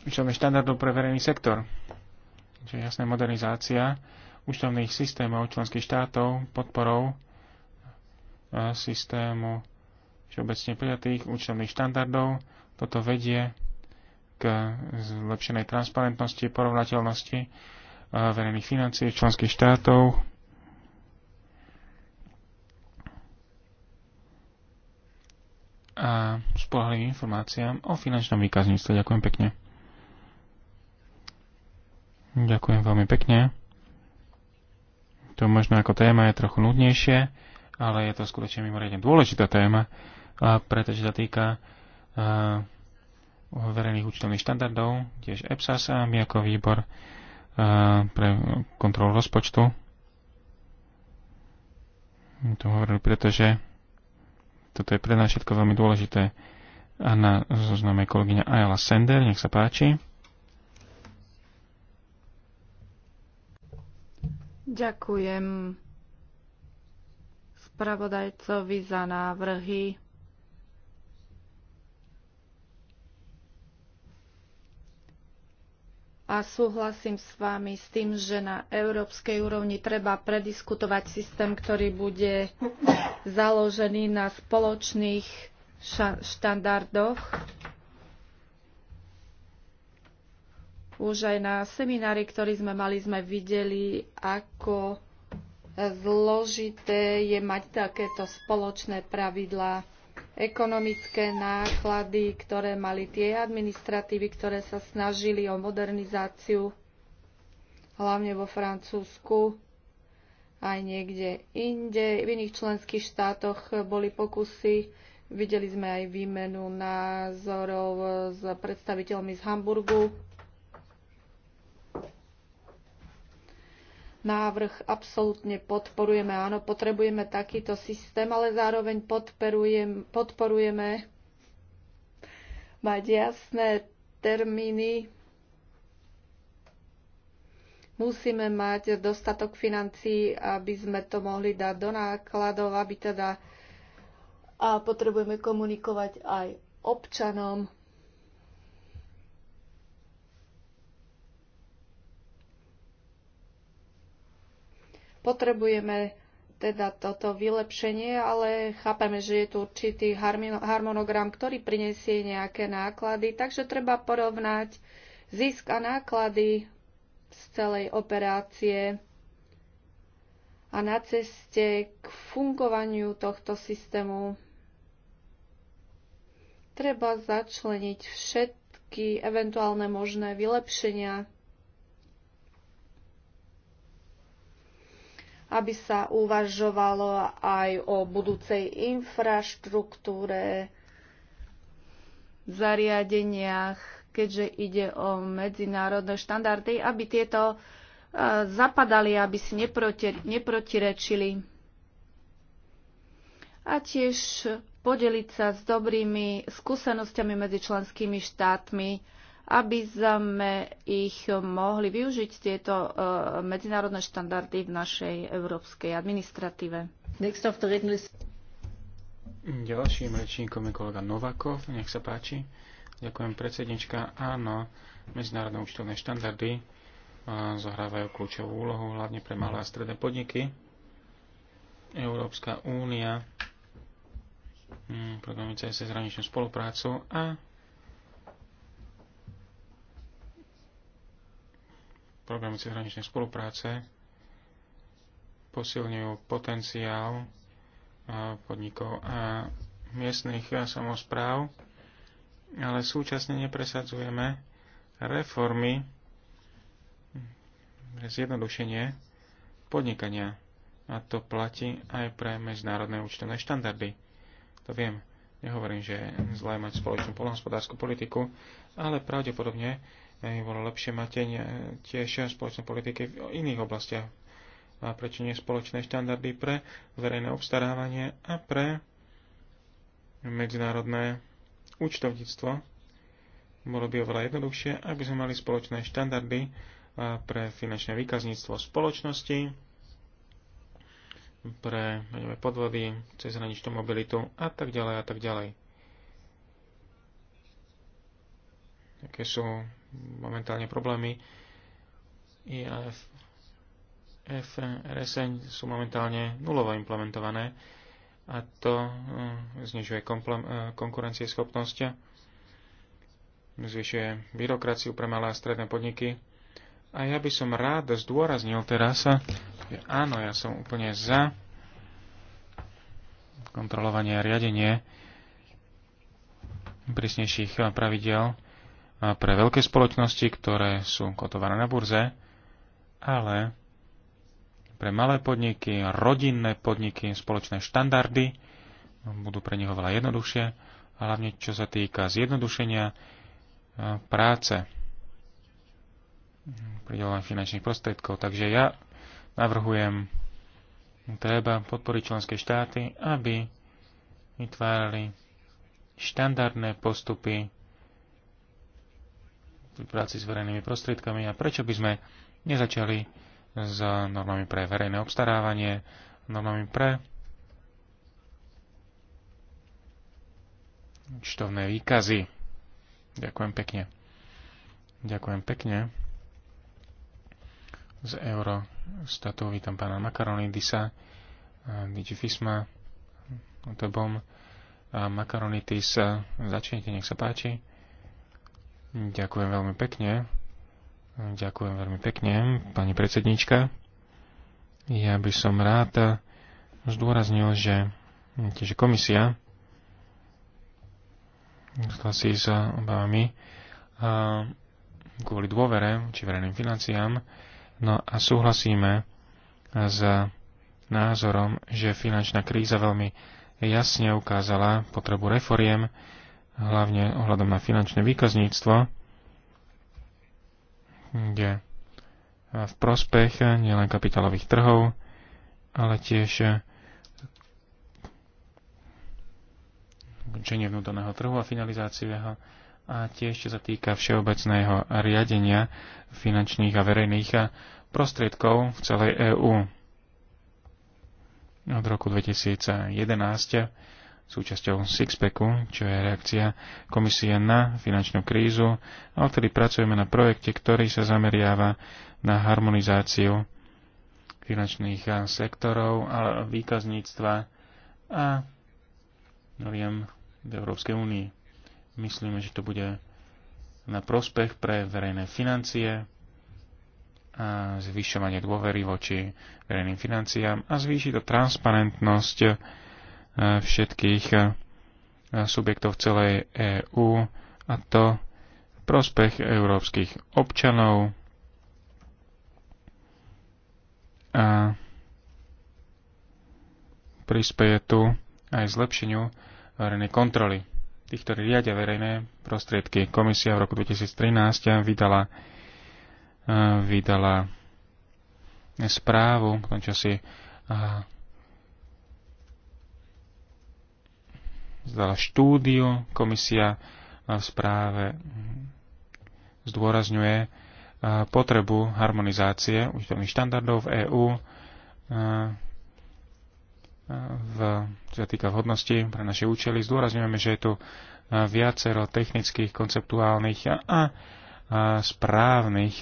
štandardov pre verejný sektor čiže jasná modernizácia účtovných systémov členských štátov podporou e, systému všeobecne prijatých účtovných štandardov. Toto vedie k zlepšenej transparentnosti, porovnateľnosti e, verejných financií členských štátov. a spolahlivým informáciám o finančnom výkazníctve. Ďakujem pekne. Ďakujem veľmi pekne. To možno ako téma je trochu nudnejšie, ale je to skutočne mimoriadne dôležitá téma, pretože sa týka verejných účtovných štandardov, tiež EPSAS a my ako výbor pre kontrolu rozpočtu. To hovorili, pretože toto je pre nás všetko veľmi dôležité. A na zozname kolegyňa Ayala Sender, nech sa páči. Ďakujem spravodajcovi za návrhy. A súhlasím s vami s tým, že na európskej úrovni treba prediskutovať systém, ktorý bude založený na spoločných štandardoch Už aj na seminári, ktorý sme mali, sme videli, ako zložité je mať takéto spoločné pravidlá ekonomické náklady, ktoré mali tie administratívy, ktoré sa snažili o modernizáciu, hlavne vo Francúzsku, aj niekde inde. V iných členských štátoch boli pokusy. Videli sme aj výmenu názorov s predstaviteľmi z Hamburgu. návrh absolútne podporujeme. Áno, potrebujeme takýto systém, ale zároveň podporujeme mať jasné termíny. Musíme mať dostatok financií, aby sme to mohli dať do nákladov, aby teda a potrebujeme komunikovať aj občanom Potrebujeme teda toto vylepšenie, ale chápame, že je tu určitý harmonogram, ktorý prinesie nejaké náklady, takže treba porovnať zisk a náklady z celej operácie a na ceste k fungovaniu tohto systému treba začleniť všetky eventuálne možné vylepšenia aby sa uvažovalo aj o budúcej infraštruktúre, zariadeniach, keďže ide o medzinárodné štandardy, aby tieto e, zapadali, aby si neprotirečili. A tiež podeliť sa s dobrými skúsenostiami medzi členskými štátmi, aby sme ich mohli využiť tieto e, medzinárodné štandardy v našej európskej administratíve. Ďalším rečníkom je kolega Novakov, nech sa páči. Ďakujem predsednička. Áno, medzinárodné účtovné štandardy e, zohrávajú kľúčovú úlohu, hlavne pre malé a stredné podniky. Európska únia mm, programuje cez zahraničnú spoluprácu a programy cezhraničnej spolupráce posilňujú potenciál eh, podnikov a miestnych eh, samozpráv, ale súčasne nepresadzujeme reformy pre zjednodušenie podnikania. A to platí aj pre medzinárodné účtovné štandardy. To viem. Nehovorím, že je zlé mať spoločnú polnohospodárskú politiku, ale pravdepodobne by bolo lepšie mať tiež spoločné politiky v iných oblastiach. A prečo nie spoločné štandardy pre verejné obstarávanie a pre medzinárodné účtovníctvo? Bolo by oveľa jednoduchšie, aby sme mali spoločné štandardy pre finančné výkazníctvo spoločnosti, pre neviem, podvody, cezhraničnú mobilitu a tak ďalej a tak ďalej. Aké sú momentálne problémy. IAF, RSN sú momentálne nulovo implementované a to hm, znižuje e, konkurencieschopnosť, zvyšuje byrokraciu pre malé a stredné podniky. A ja by som rád zdôraznil teraz, že áno, ja som úplne za kontrolovanie a riadenie prísnejších pravidel pre veľké spoločnosti, ktoré sú kotované na burze, ale pre malé podniky, rodinné podniky, spoločné štandardy budú pre nich oveľa jednoduchšie, a hlavne čo sa týka zjednodušenia práce pridelovania finančných prostriedkov. Takže ja navrhujem, treba podporiť členské štáty, aby vytvárali štandardné postupy pri práci s verejnými prostriedkami a prečo by sme nezačali s normami pre verejné obstarávanie, normami pre čtovné výkazy. Ďakujem pekne. Ďakujem pekne. Z Eurostatu vítam pána Makarony Disa, Digifisma, Otobom a Makaronitis. Začnite, nech sa páči. Ďakujem veľmi pekne. Ďakujem veľmi pekne, pani predsednička. Ja by som rád zdôraznil, že tiež komisia súhlasí s obavami a kvôli dôvere či verejným financiám. No a súhlasíme s názorom, že finančná kríza veľmi jasne ukázala potrebu reforiem hlavne ohľadom na finančné výkazníctvo, kde v prospech nielen kapitálových trhov, ale tiež ukončenie vnútorného trhu a finalizáciu jeho a tiež čo sa týka všeobecného riadenia finančných a verejných prostriedkov v celej EÚ. Od roku 2011 súčasťou Sixpacku, čo je reakcia komisie na finančnú krízu, ale vtedy pracujeme na projekte, ktorý sa zameriava na harmonizáciu finančných eh, sektorov a výkazníctva a noriem v Európskej únii. Myslíme, že to bude na prospech pre verejné financie a zvyšovanie dôvery voči verejným financiám a zvýši to transparentnosť všetkých eh, subjektov celej EÚ a to v prospech európskych občanov a prispieje tu aj zlepšeniu verejnej kontroly. Tých, ktorí riadia verejné prostriedky. Komisia v roku 2013 vydala, eh, vydala správu, v tom časi zdala štúdiu, komisia eh, v správe hm, zdôrazňuje eh, potrebu harmonizácie účtovných štandardov v EÚ eh, v, čo sa týka vhodnosti pre naše účely. Zdôrazňujeme, že je tu viacero technických, konceptuálnych a, a správnych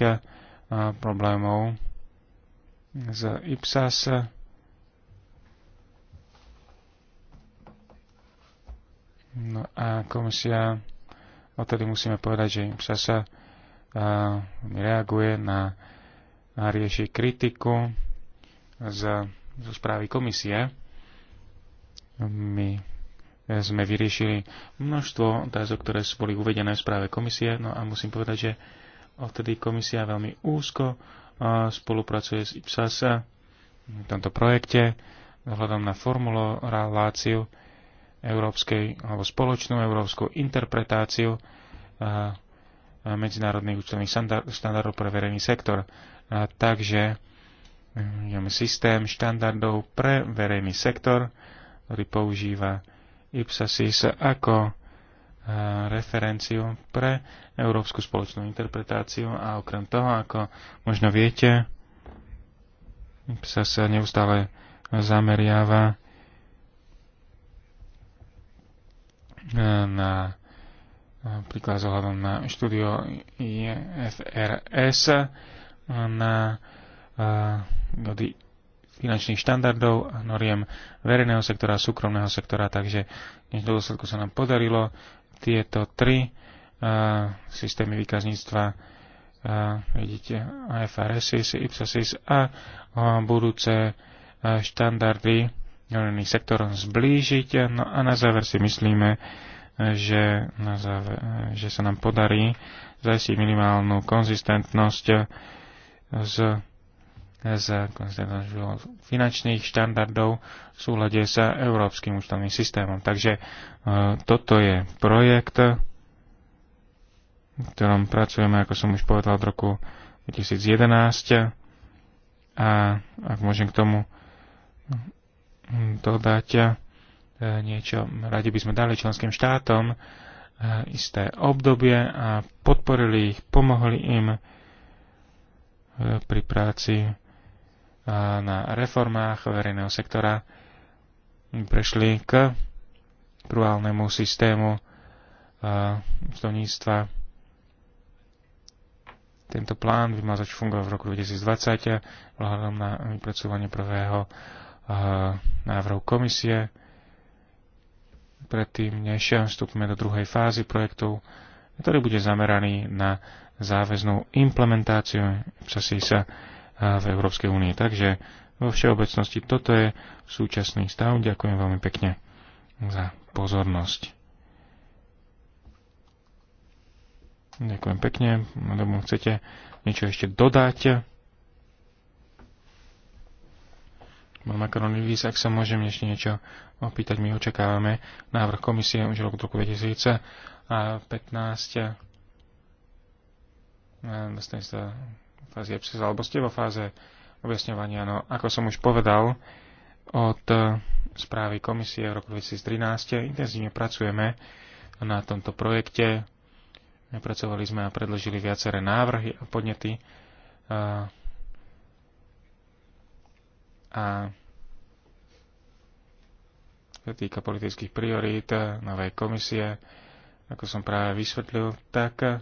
problémov z IPSAS No a komisia, odtedy musíme povedať, že sa sa reaguje na na rieši kritiku za zo správy komisie. My sme vyriešili množstvo otázok, ktoré boli uvedené v správe komisie, no a musím povedať, že odtedy komisia veľmi úzko spolupracuje s IPSASA v tomto projekte, vzhľadom na formuláciu európskej alebo spoločnú európsku interpretáciu eh, eh, medzinárodných účtovných štandardov pre verejný sektor. A takže eh, máme systém štandardov pre verejný sektor, ktorý používa IPSASIS ako referenciu pre európsku spoločnú interpretáciu a okrem toho, ako možno viete, sa sa neustále zameriava na príklad z ohľadom na štúdio IFRS na finančných štandardov a noriem verejného sektora a súkromného sektora, takže než do dôsledku sa nám podarilo tieto tri systémy výkazníctva vidíte IFRS, IPSASIS a, a budúce štandardy zelený sektor zblížiť. No a na záver si myslíme, že, na záver, že sa nám podarí zajistiť minimálnu konzistentnosť z z finančných štandardov v súhľade s európskym účtovným systémom. Takže e, toto je projekt, v ktorom pracujeme, ako som už povedal, od roku 2011 a ak môžem k tomu dodať e, niečo. Radi by sme dali členským štátom e, isté obdobie a podporili ich, pomohli im e, pri práci na reformách verejného sektora. Prešli k kruálnemu systému účtovníctva. Tento plán by mal začať fungovať v roku 2020 vzhľadom na vypracovanie prvého návrhu komisie. Predtým, než vstupme do druhej fázy projektov, ktorý bude zameraný na záväznú implementáciu sa v Európskej únii. Takže vo všeobecnosti toto je súčasný stav. Ďakujem veľmi pekne za pozornosť. Ďakujem pekne. chcete niečo ešte dodať? Makaronidis, ak sa môžem ešte niečo opýtať, my očakávame návrh komisie už v roku 2015. Vlastne sa fáze EPSIS, alebo ste vo fáze objasňovania. No, ako som už povedal, od e, správy komisie v roku 2013 intenzívne pracujeme na tomto projekte. Pracovali sme a predložili viaceré návrhy a podnety a sa týka politických priorít novej komisie, ako som práve vysvetlil, tak eh,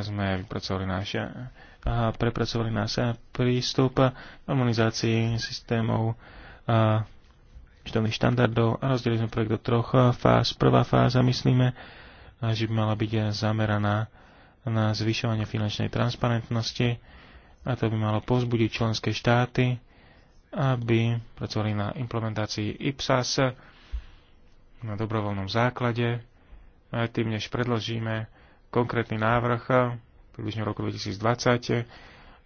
sme vypracovali náš eh, a prepracovali nás eh, prístup k harmonizácii systémov a štandardov štandardov a rozdelili sme projekt do troch fáz. Prvá fáza, myslíme, že by mala byť zameraná na zvyšovanie finančnej transparentnosti a to by malo povzbudiť členské štáty, aby pracovali na implementácii IPSAS na dobrovoľnom základe. A tým, než predložíme konkrétny návrh približne v roku 2020,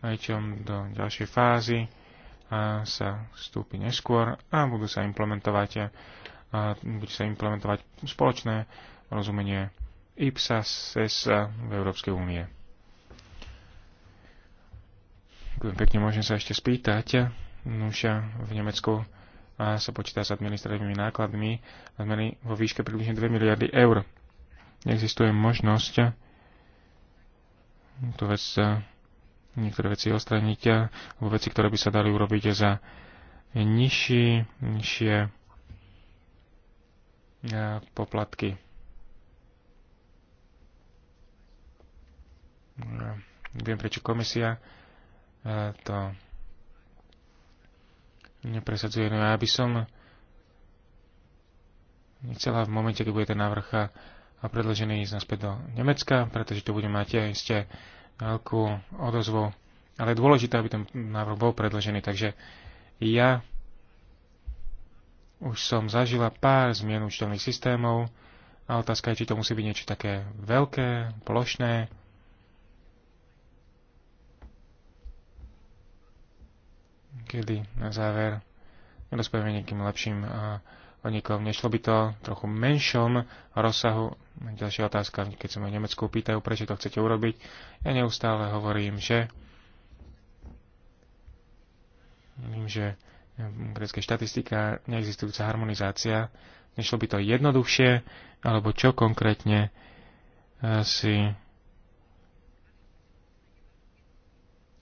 pričom do ďalšej fázy a sa vstúpi neskôr a budú sa implementovať a bude sa implementovať spoločné rozumenie IPSAS v Európskej únie. Ďakujem pekne, môžem sa ešte spýtať, Nuša v Nemecku a sa počíta s administratívnymi nákladmi zmeny vo výške približne 2 miliardy eur. Neexistuje možnosť tú vec, e, niektoré veci ostraniť e, a veci, ktoré by sa dali urobiť za nižší, nižšie e, poplatky. No, viem, prečo komisia to nepresadzuje. No ja by som nechcela v momente, keď bude ten návrh a, predložený ísť naspäť do Nemecka, pretože to bude mať ste veľkú odozvu. Ale je dôležité, aby ten návrh bol predložený. Takže ja už som zažila pár zmien účtovných systémov a otázka je, či to musí byť niečo také veľké, plošné, kedy na záver nedospieme nejakým lepším odnikom. Nešlo by to trochu menšom rozsahu. Ďalšia otázka, keď sa ma v Nemecku pýtajú, prečo to chcete urobiť, ja neustále hovorím, že vím, že grecké štatistika, neexistujúca harmonizácia, nešlo by to jednoduchšie, alebo čo konkrétne e, si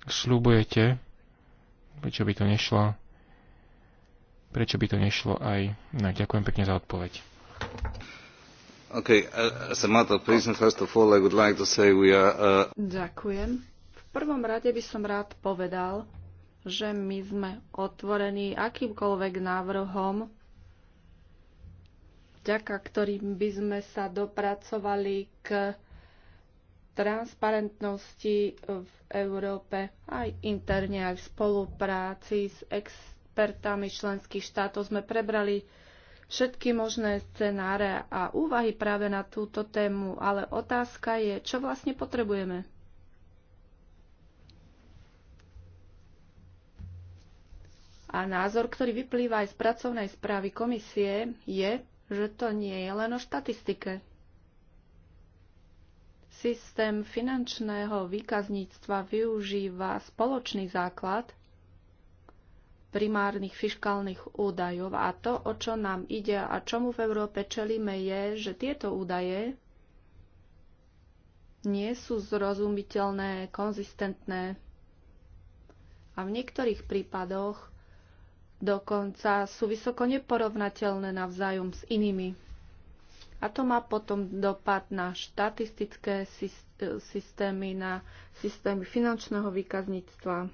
slúbujete Prečo by to nešlo? Prečo by to nešlo aj... No, ďakujem pekne za odpoveď. Uh, uh, ďakujem. V prvom rade by som rád povedal, že my sme otvorení akýmkoľvek návrhom, vďaka ktorým by sme sa dopracovali k transparentnosti v Európe aj interne, aj v spolupráci s expertami členských štátov sme prebrali všetky možné scenáre a úvahy práve na túto tému, ale otázka je, čo vlastne potrebujeme. A názor, ktorý vyplýva aj z pracovnej správy komisie, je, že to nie je len o štatistike systém finančného výkazníctva využíva spoločný základ primárnych fiškálnych údajov a to, o čo nám ide a čomu v Európe čelíme, je, že tieto údaje nie sú zrozumiteľné, konzistentné a v niektorých prípadoch dokonca sú vysoko neporovnateľné navzájom s inými. A to má potom dopad na štatistické e, systémy, na systémy finančného výkazníctva.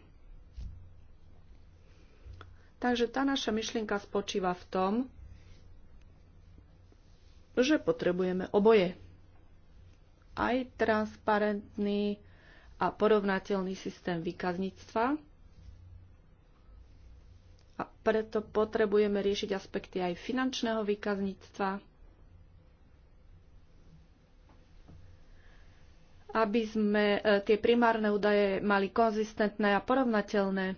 Takže tá naša myšlienka spočíva v tom, že potrebujeme oboje. Aj transparentný a porovnateľný systém výkazníctva. A preto potrebujeme riešiť aspekty aj finančného výkazníctva aby sme e, tie primárne údaje mali konzistentné a porovnateľné.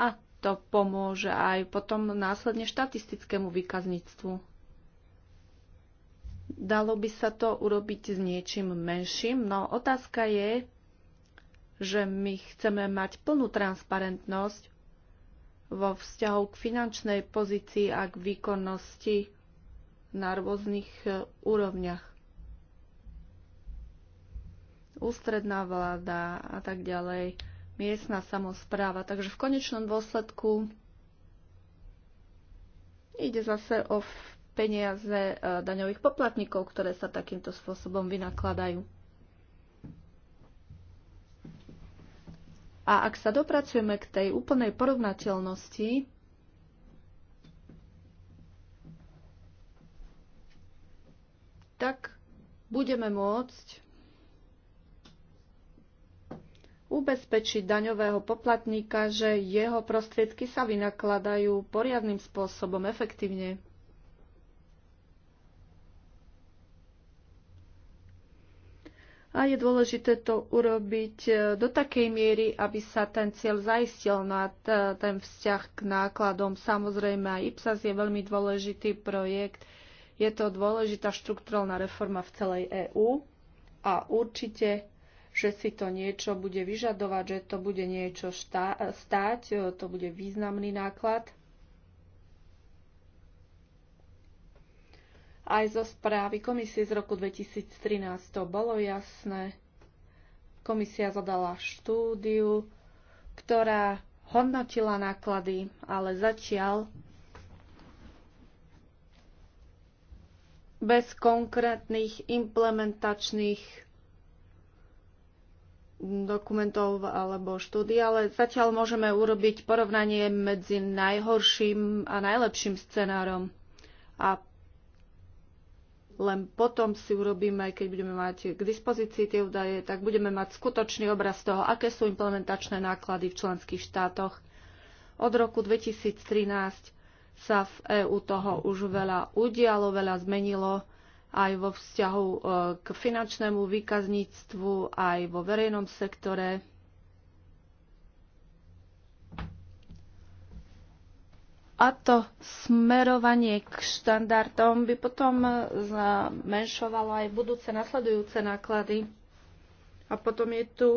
A to pomôže aj potom následne štatistickému výkazníctvu. Dalo by sa to urobiť s niečím menším, no otázka je, že my chceme mať plnú transparentnosť vo vzťahu k finančnej pozícii a k výkonnosti na rôznych e, úrovniach ústredná vláda a tak ďalej, miestna samozpráva. Takže v konečnom dôsledku ide zase o peniaze e, daňových poplatníkov, ktoré sa takýmto spôsobom vynakladajú. A ak sa dopracujeme k tej úplnej porovnateľnosti, tak budeme môcť ubezpečiť daňového poplatníka, že jeho prostriedky sa vynakladajú poriadnym spôsobom efektívne. A je dôležité to urobiť e, do takej miery, aby sa ten cieľ zaistil na e, ten vzťah k nákladom. Samozrejme, aj IPSAS je veľmi dôležitý projekt. Je to dôležitá štrukturálna reforma v celej EÚ a určite že si to niečo bude vyžadovať, že to bude niečo štá, stáť, e, to bude významný náklad. Aj zo správy komisie z roku 2013 to bolo jasné. Komisia zadala štúdiu, ktorá hodnotila náklady, ale zatiaľ bez konkrétnych implementačných dokumentov alebo štúdí, ale zatiaľ môžeme urobiť porovnanie medzi najhorším a najlepším scenárom. A len potom si urobíme, keď budeme mať k dispozícii tie údaje, tak budeme mať skutočný obraz toho, aké sú implementačné náklady v členských štátoch. Od roku 2013 sa v EÚ toho už veľa udialo, veľa zmenilo aj vo vzťahu e, k finančnému výkazníctvu, aj vo verejnom sektore. A to smerovanie k štandardom by potom e, zmenšovalo aj budúce nasledujúce náklady. A potom je tu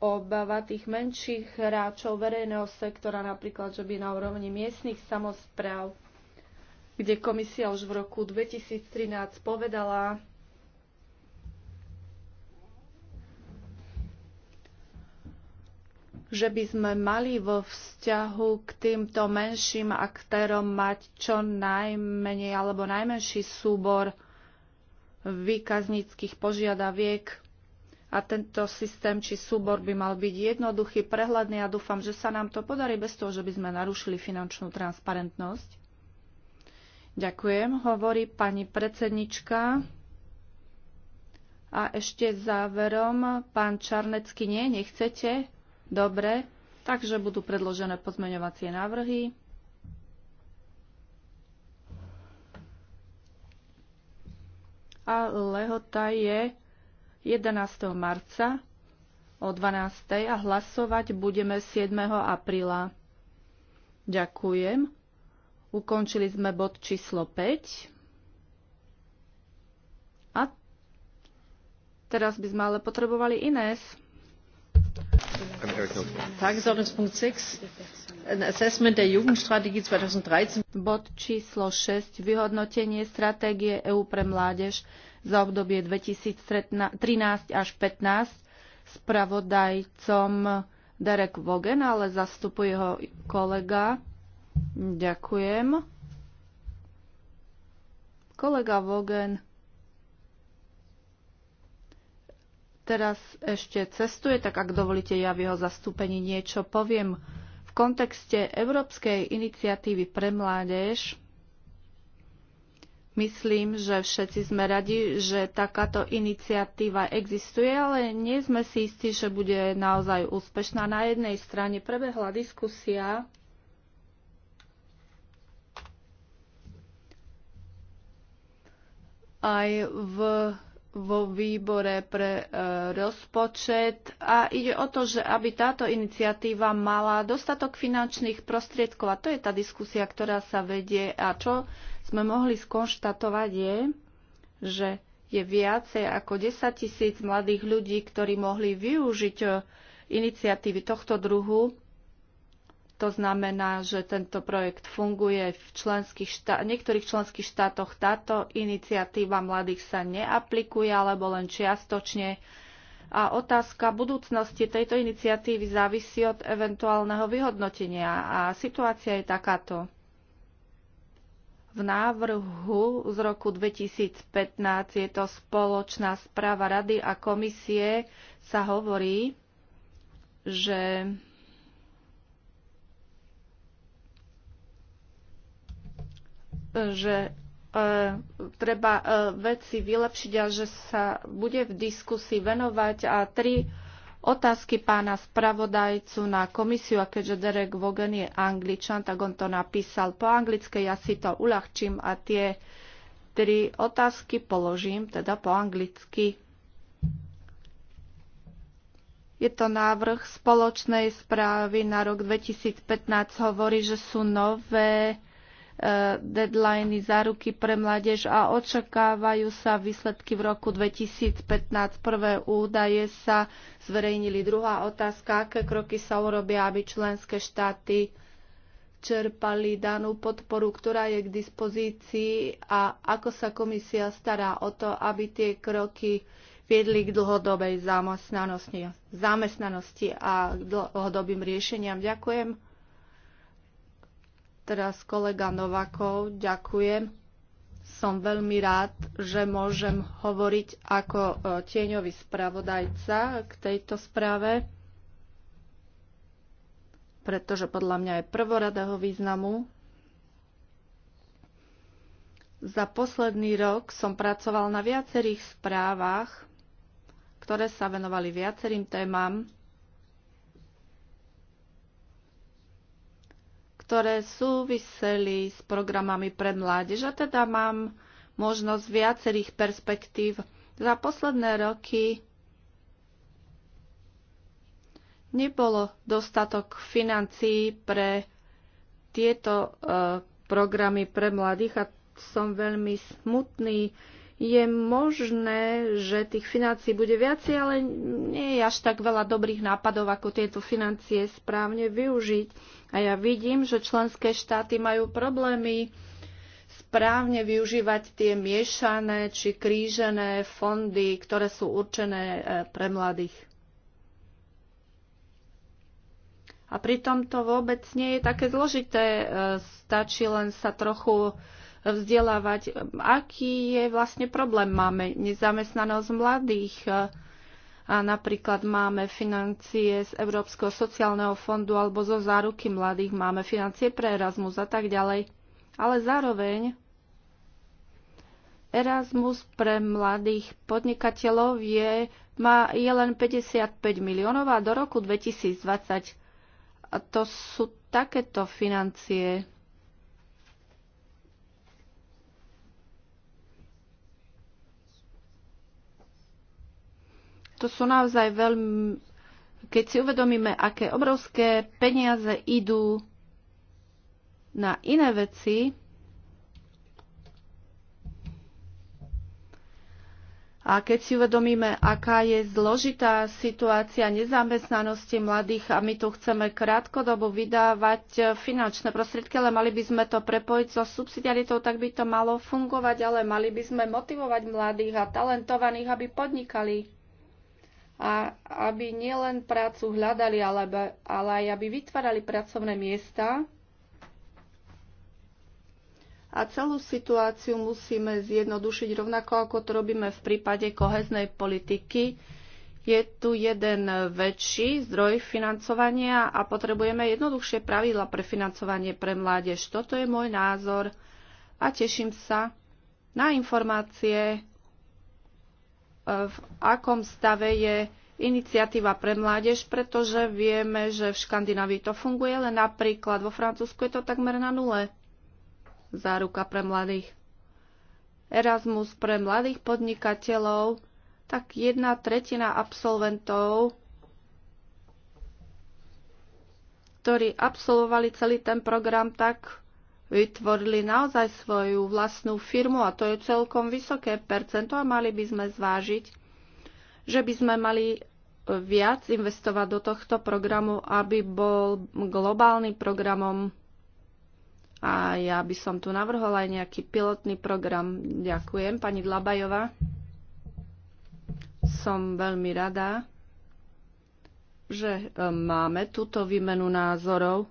obava tých menších hráčov verejného sektora, napríklad, že by na úrovni miestnych samozpráv kde komisia už v roku 2013 povedala, že by sme mali vo vzťahu k týmto menším aktérom mať čo najmenej alebo najmenší súbor výkazníckých požiadaviek a tento systém či súbor by mal byť jednoduchý, prehľadný a dúfam, že sa nám to podarí bez toho, že by sme narušili finančnú transparentnosť. Ďakujem, hovorí pani predsednička. A ešte záverom, pán Čarnecký, nie, nechcete? Dobre, takže budú predložené pozmeňovacie návrhy. A lehota je 11. marca o 12. a hlasovať budeme 7. apríla. Ďakujem. Ukončili sme bod číslo 5. A teraz by sme ale potrebovali Inés. Tagesordnungspunkt 6. assessment der Jugendstrategie 2013. Bod číslo 6. Vyhodnotenie stratégie EÚ pre mládež za obdobie 2013 až 15. Spravodajcom Derek Vogen, ale zastupuje ho kolega Ďakujem. Kolega Vogen teraz ešte cestuje, tak ak dovolíte, ja v jeho zastúpení niečo poviem. V kontexte Európskej iniciatívy pre mládež myslím, že všetci sme radi, že takáto iniciatíva existuje, ale nie sme si istí, že bude naozaj úspešná. Na jednej strane prebehla diskusia aj v, vo výbore pre e, rozpočet a ide o to, že aby táto iniciatíva mala dostatok finančných prostriedkov a to je tá diskusia, ktorá sa vedie a čo sme mohli skonštatovať je, že je viacej ako 10 tisíc mladých ľudí, ktorí mohli využiť e, iniciatívy tohto druhu to znamená, že tento projekt funguje v členských štá- niektorých členských štátoch. Táto iniciatíva mladých sa neaplikuje alebo len čiastočne. A otázka budúcnosti tejto iniciatívy závisí od eventuálneho vyhodnotenia. A situácia je takáto. V návrhu z roku 2015 je to spoločná správa Rady a komisie sa hovorí, že že e, treba e, veci vylepšiť a že sa bude v diskusii venovať. A tri otázky pána spravodajcu na komisiu, a keďže Derek Vogan je angličan, tak on to napísal po anglicky, ja si to uľahčím a tie tri otázky položím, teda po anglicky. Je to návrh spoločnej správy na rok 2015, hovorí, že sú nové E, deadliny záruky pre mládež a očakávajú sa výsledky v roku 2015. Prvé údaje sa zverejnili. Druhá otázka, aké kroky sa urobia, aby členské štáty čerpali danú podporu, ktorá je k dispozícii a ako sa komisia stará o to, aby tie kroky viedli k dlhodobej zamestnanosti a k dlhodobým riešeniam. Ďakujem. Teraz kolega Novakov, ďakujem. Som veľmi rád, že môžem hovoriť ako e, tieňový spravodajca k tejto správe, pretože podľa mňa je prvoradého významu. Za posledný rok som pracoval na viacerých správach, ktoré sa venovali viacerým témam ktoré súviseli s programami pre mládež a teda mám možnosť viacerých perspektív. Za posledné roky nebolo dostatok financií pre tieto e, programy pre mladých a som veľmi smutný, je možné, že tých financií bude viacej, ale nie je až tak veľa dobrých nápadov, ako tieto financie správne využiť. A ja vidím, že členské štáty majú problémy správne využívať tie miešané či krížené fondy, ktoré sú určené e, pre mladých. A pritom to vôbec nie je také zložité. E, stačí len sa trochu vzdelávať. Aký je vlastne problém? Máme nezamestnanosť mladých a napríklad máme financie z Európskeho sociálneho fondu alebo zo záruky mladých, máme financie pre Erasmus a tak ďalej. Ale zároveň Erasmus pre mladých podnikateľov je, má, je len 55 miliónov a do roku 2020 a to sú takéto financie. To sú naozaj veľmi... Keď si uvedomíme, aké obrovské peniaze idú na iné veci, A keď si uvedomíme, aká je zložitá situácia nezamestnanosti mladých a my tu chceme krátkodobo vydávať finančné prostriedky, ale mali by sme to prepojiť so subsidiaritou, tak by to malo fungovať, ale mali by sme motivovať mladých a talentovaných, aby podnikali a aby nielen prácu hľadali, ale, ale aj aby vytvárali pracovné miesta. A celú situáciu musíme zjednodušiť rovnako, ako to robíme v prípade koheznej politiky. Je tu jeden väčší zdroj financovania a potrebujeme jednoduchšie pravidla pre financovanie pre mládež. Toto je môj názor a teším sa na informácie v akom stave je iniciatíva pre mládež, pretože vieme, že v Škandinávii to funguje, ale napríklad vo Francúzsku je to takmer na nule. Záruka pre mladých. Erasmus pre mladých podnikateľov, tak jedna tretina absolventov, ktorí absolvovali celý ten program, tak vytvorili naozaj svoju vlastnú firmu a to je celkom vysoké percento a mali by sme zvážiť, že by sme mali viac investovať do tohto programu, aby bol globálnym programom a ja by som tu navrhol aj nejaký pilotný program. Ďakujem, pani Dlabajová. Som veľmi rada, že e, máme túto výmenu názorov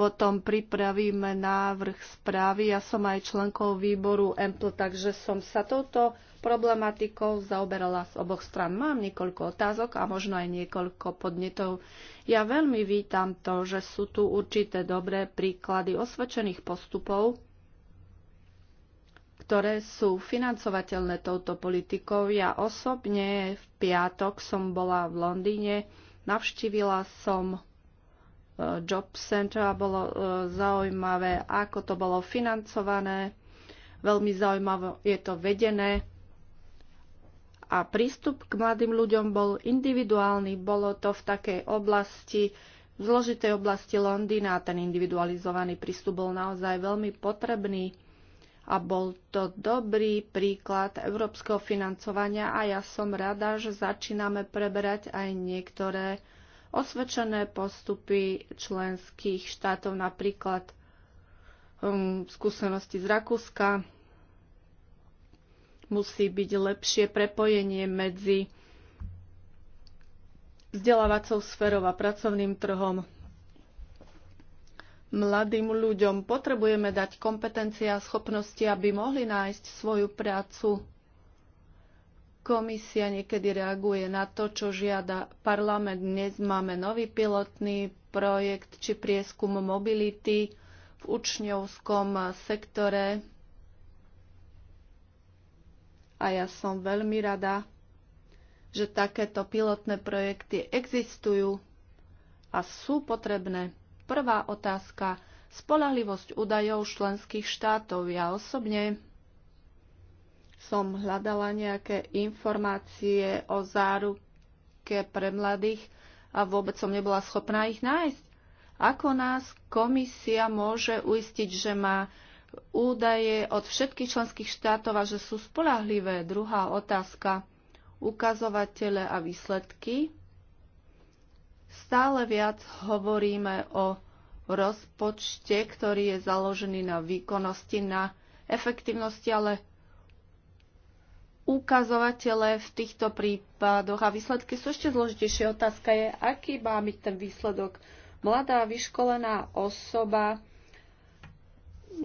potom pripravíme návrh správy. Ja som aj členkou výboru EMPL, takže som sa touto problematikou zaoberala z oboch stran. Mám niekoľko otázok a možno aj niekoľko podnetov. Ja veľmi vítam to, že sú tu určité dobré príklady osvedčených postupov, ktoré sú financovateľné touto politikou. Ja osobne v piatok som bola v Londýne, navštívila som Job Center a bolo e, zaujímavé, ako to bolo financované. Veľmi zaujímavé je to vedené. A prístup k mladým ľuďom bol individuálny. Bolo to v takej oblasti, v zložitej oblasti Londýna ten individualizovaný prístup bol naozaj veľmi potrebný a bol to dobrý príklad európskeho financovania a ja som rada, že začíname preberať aj niektoré osvedčené postupy členských štátov, napríklad um, skúsenosti z Rakúska. Musí byť lepšie prepojenie medzi vzdelávacou sférou a pracovným trhom. Mladým ľuďom potrebujeme dať kompetencie a schopnosti, aby mohli nájsť svoju prácu Komisia niekedy reaguje na to, čo žiada parlament. Dnes máme nový pilotný projekt či prieskum mobility v učňovskom sektore. A ja som veľmi rada, že takéto pilotné projekty existujú a sú potrebné. Prvá otázka. Spolahlivosť údajov členských štátov. Ja osobne som hľadala nejaké informácie o záruke pre mladých a vôbec som nebola schopná ich nájsť. Ako nás komisia môže uistiť, že má údaje od všetkých členských štátov a že sú spolahlivé? Druhá otázka. Ukazovatele a výsledky. Stále viac hovoríme o rozpočte, ktorý je založený na výkonnosti, na efektivnosti, ale ukazovatele v týchto prípadoch a výsledky sú ešte zložitejšie. Otázka je, aký má byť ten výsledok. Mladá vyškolená osoba,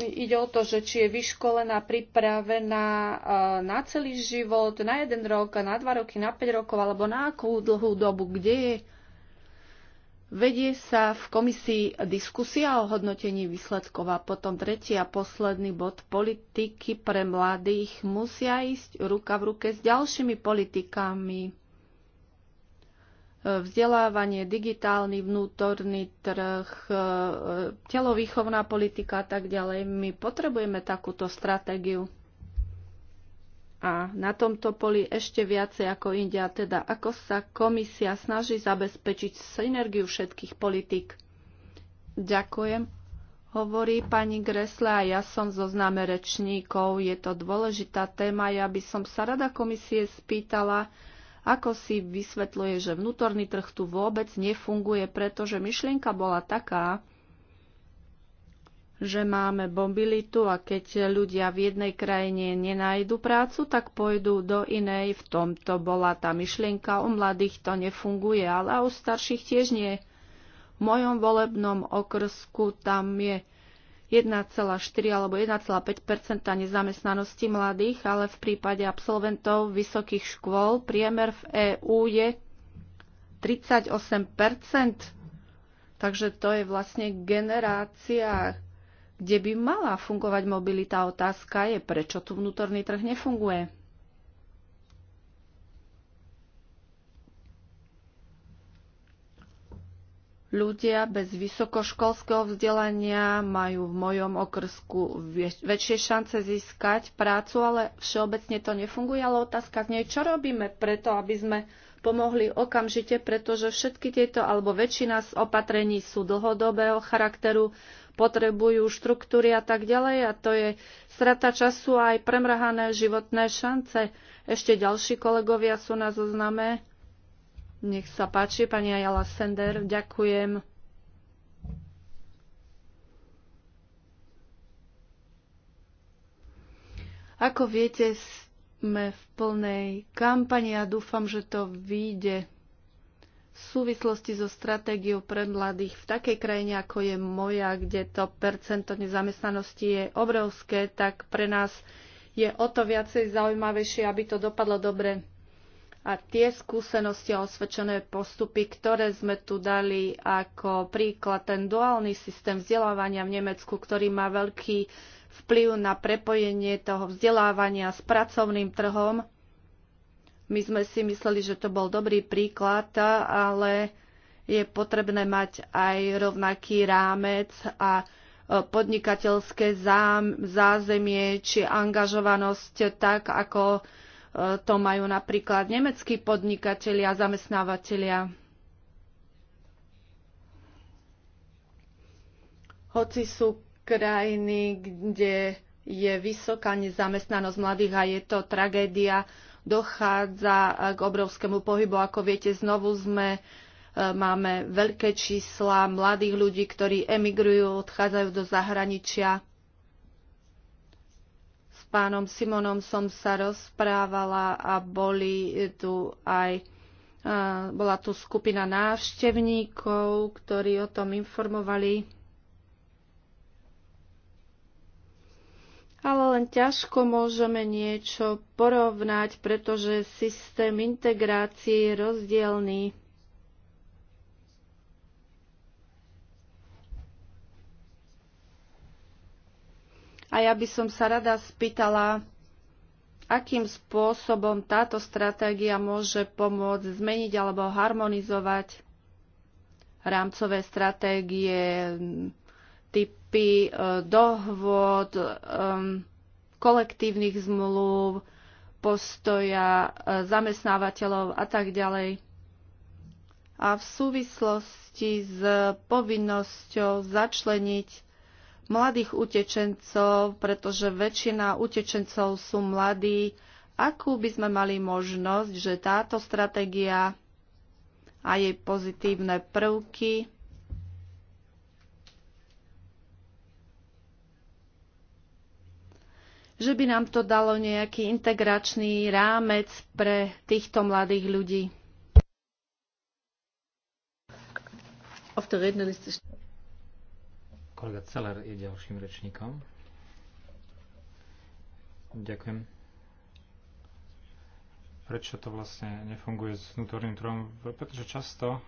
ide o to, že či je vyškolená, pripravená e, na celý život, na jeden rok, na dva roky, na päť rokov alebo na akú dlhú dobu, kde je Vedie sa v komisii diskusia o hodnotení výsledkov a potom tretí a posledný bod politiky pre mladých musia ísť ruka v ruke s ďalšími politikami. Vzdelávanie, digitálny vnútorný trh, e, e, telovýchovná politika a tak ďalej. My potrebujeme takúto stratégiu a na tomto poli ešte viacej ako India, teda ako sa komisia snaží zabezpečiť synergiu všetkých politik. Ďakujem, hovorí pani Gresle a ja som zo známe rečníkov. Je to dôležitá téma. Ja by som sa rada komisie spýtala, ako si vysvetľuje, že vnútorný trh tu vôbec nefunguje, pretože myšlienka bola taká, že máme mobilitu a keď ľudia v jednej krajine nenajdu prácu, tak pôjdu do inej. V tomto bola tá myšlienka. U mladých to nefunguje, ale u starších tiež nie. V mojom volebnom okrsku tam je 1,4 alebo 1,5 nezamestnanosti mladých, ale v prípade absolventov vysokých škôl priemer v EÚ je 38 Takže to je vlastne generácia kde by mala fungovať mobilita. Otázka je, prečo tu vnútorný trh nefunguje. Ľudia bez vysokoškolského vzdelania majú v mojom okrsku väčšie šance získať prácu, ale všeobecne to nefunguje. Ale otázka z nej, čo robíme preto, aby sme pomohli okamžite, pretože všetky tieto alebo väčšina z opatrení sú dlhodobého charakteru, potrebujú štruktúry a tak ďalej a to je strata času a aj premrhané životné šance. Ešte ďalší kolegovia sú na zozname. Nech sa páči, pani Ajala Sender, ďakujem. Ako viete, sme v plnej kampani a dúfam, že to vyjde v súvislosti so stratégiou pre mladých v takej krajine, ako je moja, kde to percento nezamestnanosti je obrovské, tak pre nás je o to viacej zaujímavejšie, aby to dopadlo dobre. A tie skúsenosti a osvedčené postupy, ktoré sme tu dali ako príklad, ten duálny systém vzdelávania v Nemecku, ktorý má veľký vplyv na prepojenie toho vzdelávania s pracovným trhom, my sme si mysleli, že to bol dobrý príklad, ale je potrebné mať aj rovnaký rámec a e, podnikateľské zázemie či angažovanosť tak, ako e, to majú napríklad nemeckí podnikatelia a zamestnávateľia. Hoci sú krajiny, kde je vysoká nezamestnanosť mladých a je to tragédia, dochádza eh, k obrovskému pohybu. Ako viete, znovu sme eh, máme veľké čísla mladých ľudí, ktorí emigrujú, odchádzajú do zahraničia. S pánom Simonom som sa rozprávala a boli tu aj eh, bola tu skupina návštevníkov, ktorí o tom informovali. ale len ťažko môžeme niečo porovnať, pretože systém integrácie je rozdielný. A ja by som sa rada spýtala, akým spôsobom táto stratégia môže pomôcť zmeniť alebo harmonizovať rámcové stratégie postupy, e, dohôd, e, kolektívnych zmluv, postoja e, zamestnávateľov a tak ďalej. A v súvislosti s povinnosťou začleniť mladých utečencov, pretože väčšina utečencov sú mladí, akú by sme mali možnosť, že táto stratégia a jej pozitívne prvky že by nám to dalo nejaký integračný rámec pre týchto mladých ľudí. Kolega Celer je ďalším rečníkom. Ďakujem. Prečo to vlastne nefunguje s vnútorným trhom? Pretože často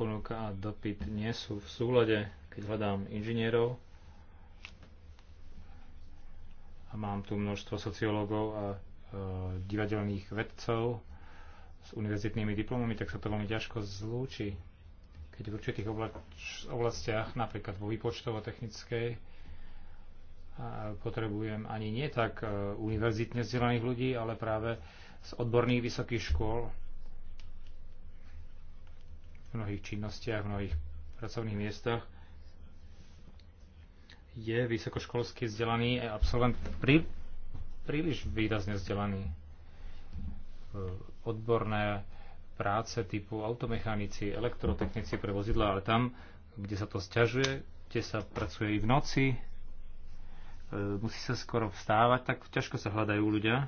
ponuka a dopyt nie sú v súlade, keď hľadám inžinierov, a mám tu množstvo sociológov a e, divadelných vedcov s univerzitnými diplomami, tak sa to veľmi ťažko zlúči. Keď v určitých oblastiach, napríklad vo výpočtovo-technickej, potrebujem ani nie tak e, univerzitne vzdelaných ľudí, ale práve z odborných vysokých škôl v mnohých činnostiach, v mnohých pracovných miestach je vysokoškolsky vzdelaný a absolvent prí, príliš výrazne vzdelaný. E, odborné práce typu automechanici, elektrotechnici pre vozidla, ale tam, kde sa to sťažuje, kde sa pracuje i v noci, e, musí sa skoro vstávať, tak ťažko sa hľadajú ľudia.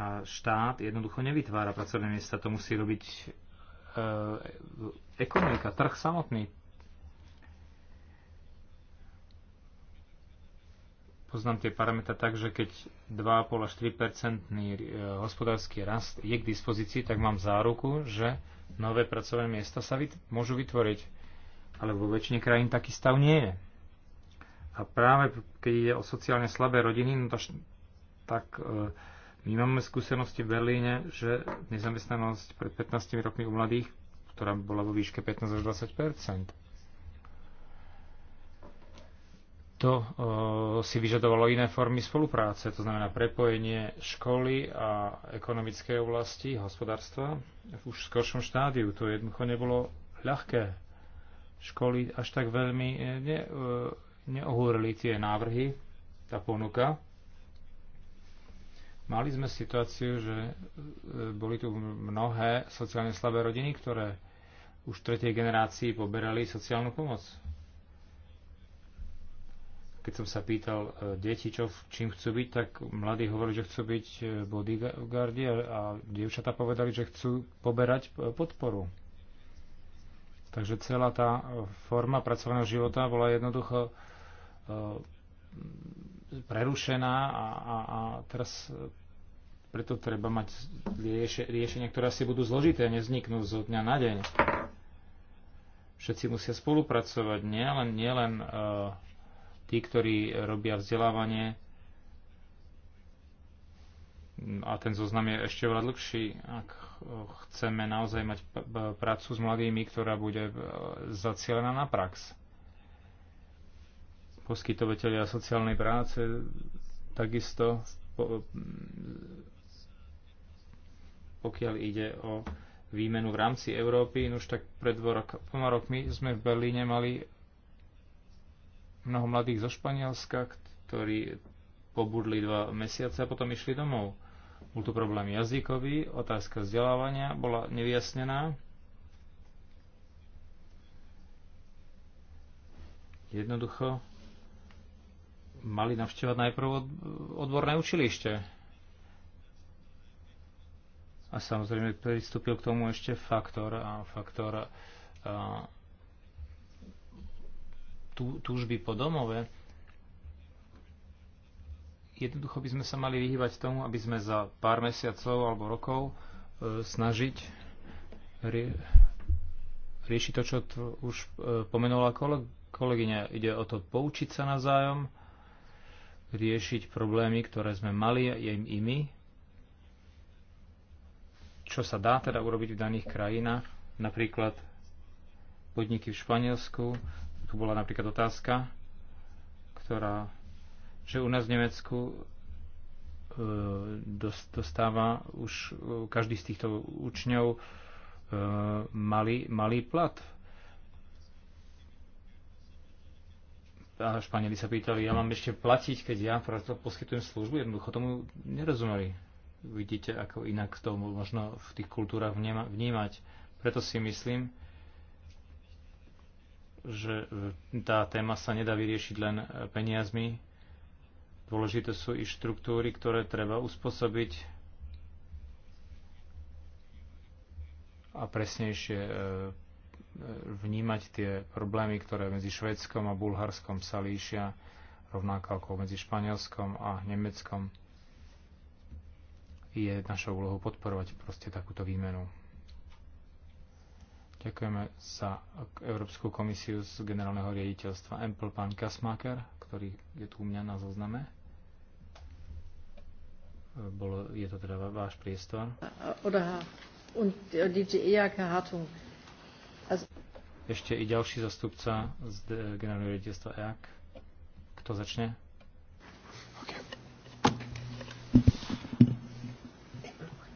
A štát jednoducho nevytvára pracovné miesta, to musí robiť e, ekonomika, trh samotný, poznám tie parametra tak, že keď 2,5 až 3 e, hospodársky rast je k dispozícii, tak mám záruku, že nové pracovné miesta sa vyt- môžu vytvoriť. Ale vo väčšine krajín taký stav nie je. A práve keď ide o sociálne slabé rodiny, no to, tak e, my máme skúsenosti v Berlíne, že nezamestnanosť pred 15 rokmi u mladých, ktorá bola vo výške 15 až 20 to si vyžadovalo iné formy spolupráce, to znamená prepojenie školy a ekonomickej oblasti, hospodárstva v už skoršom štádiu. To jednoducho nebolo ľahké. Školy až tak veľmi e, ne, e, neohúrili tie návrhy, tá ponuka. Mali sme situáciu, že e, boli tu mnohé sociálne slabé rodiny, ktoré už v tretej generácii poberali sociálnu pomoc keď som sa pýtal e, deti, čo, čím chcú byť, tak mladí hovorili, že chcú byť e, bodyguardi a, a dievčatá povedali, že chcú poberať e, podporu. Takže celá tá forma pracovného života bola jednoducho prerušená a, a, a teraz preto treba mať riešenia, ktoré asi budú zložité, a nevzniknú zo dňa na deň. Všetci musia spolupracovať, nielen, nielen uh, tí, ktorí robia vzdelávanie, a ten zoznam je ešte oveľa dlhší, ak chceme naozaj mať prácu s mladými, ktorá bude e, zacielená na prax. Poskytovateľia sociálnej práce takisto, pokiaľ ide o výmenu v rámci Európy, no už tak pred dvoma rokmi sme v Berlíne mali mnoho mladých zo Španielska, ktorí pobudli dva mesiace a potom išli domov. Bol tu problém jazykový, otázka vzdelávania bola nevyjasnená. Jednoducho mali navštevať najprv odborné učilište. A samozrejme pristúpil k tomu ešte faktor, a faktor a, túžby po domove, jednoducho by sme sa mali vyhýbať tomu, aby sme za pár mesiacov alebo rokov e, snažiť rie, riešiť to, čo to už e, pomenovala koleg- kolegyňa. Ide o to poučiť sa navzájom, riešiť problémy, ktoré sme mali im i my, čo sa dá teda urobiť v daných krajinách, napríklad podniky v Španielsku tu bola napríklad otázka, ktorá, že u nás v Nemecku e, dostáva už e, každý z týchto učňov e, malý, malý plat. A Španieli sa pýtali, ja mám ešte platiť, keď ja poskytujem službu. Jednoducho tomu nerozumeli. Vidíte, ako inak to možno v tých kultúrach vnímať. Preto si myslím, že e, tá téma sa nedá vyriešiť len e, peniazmi. Dôležité sú i štruktúry, ktoré treba uspôsobiť a presnejšie e, vnímať tie problémy, ktoré medzi Švedskom a Bulharskom sa líšia, rovnako ako medzi Španielskom a Nemeckom. Je našou úlohou podporovať proste takúto výmenu. Ďakujeme sa k Európsku komisiu z generálneho riaditeľstva Empl, pán Kasmaker, ktorý je tu u mňa na zozname. Bolo, je to teda váš priestor. Äh, Ešte i ďalší zastupca z generálneho riaditeľstva EAC. Kto začne? Okay.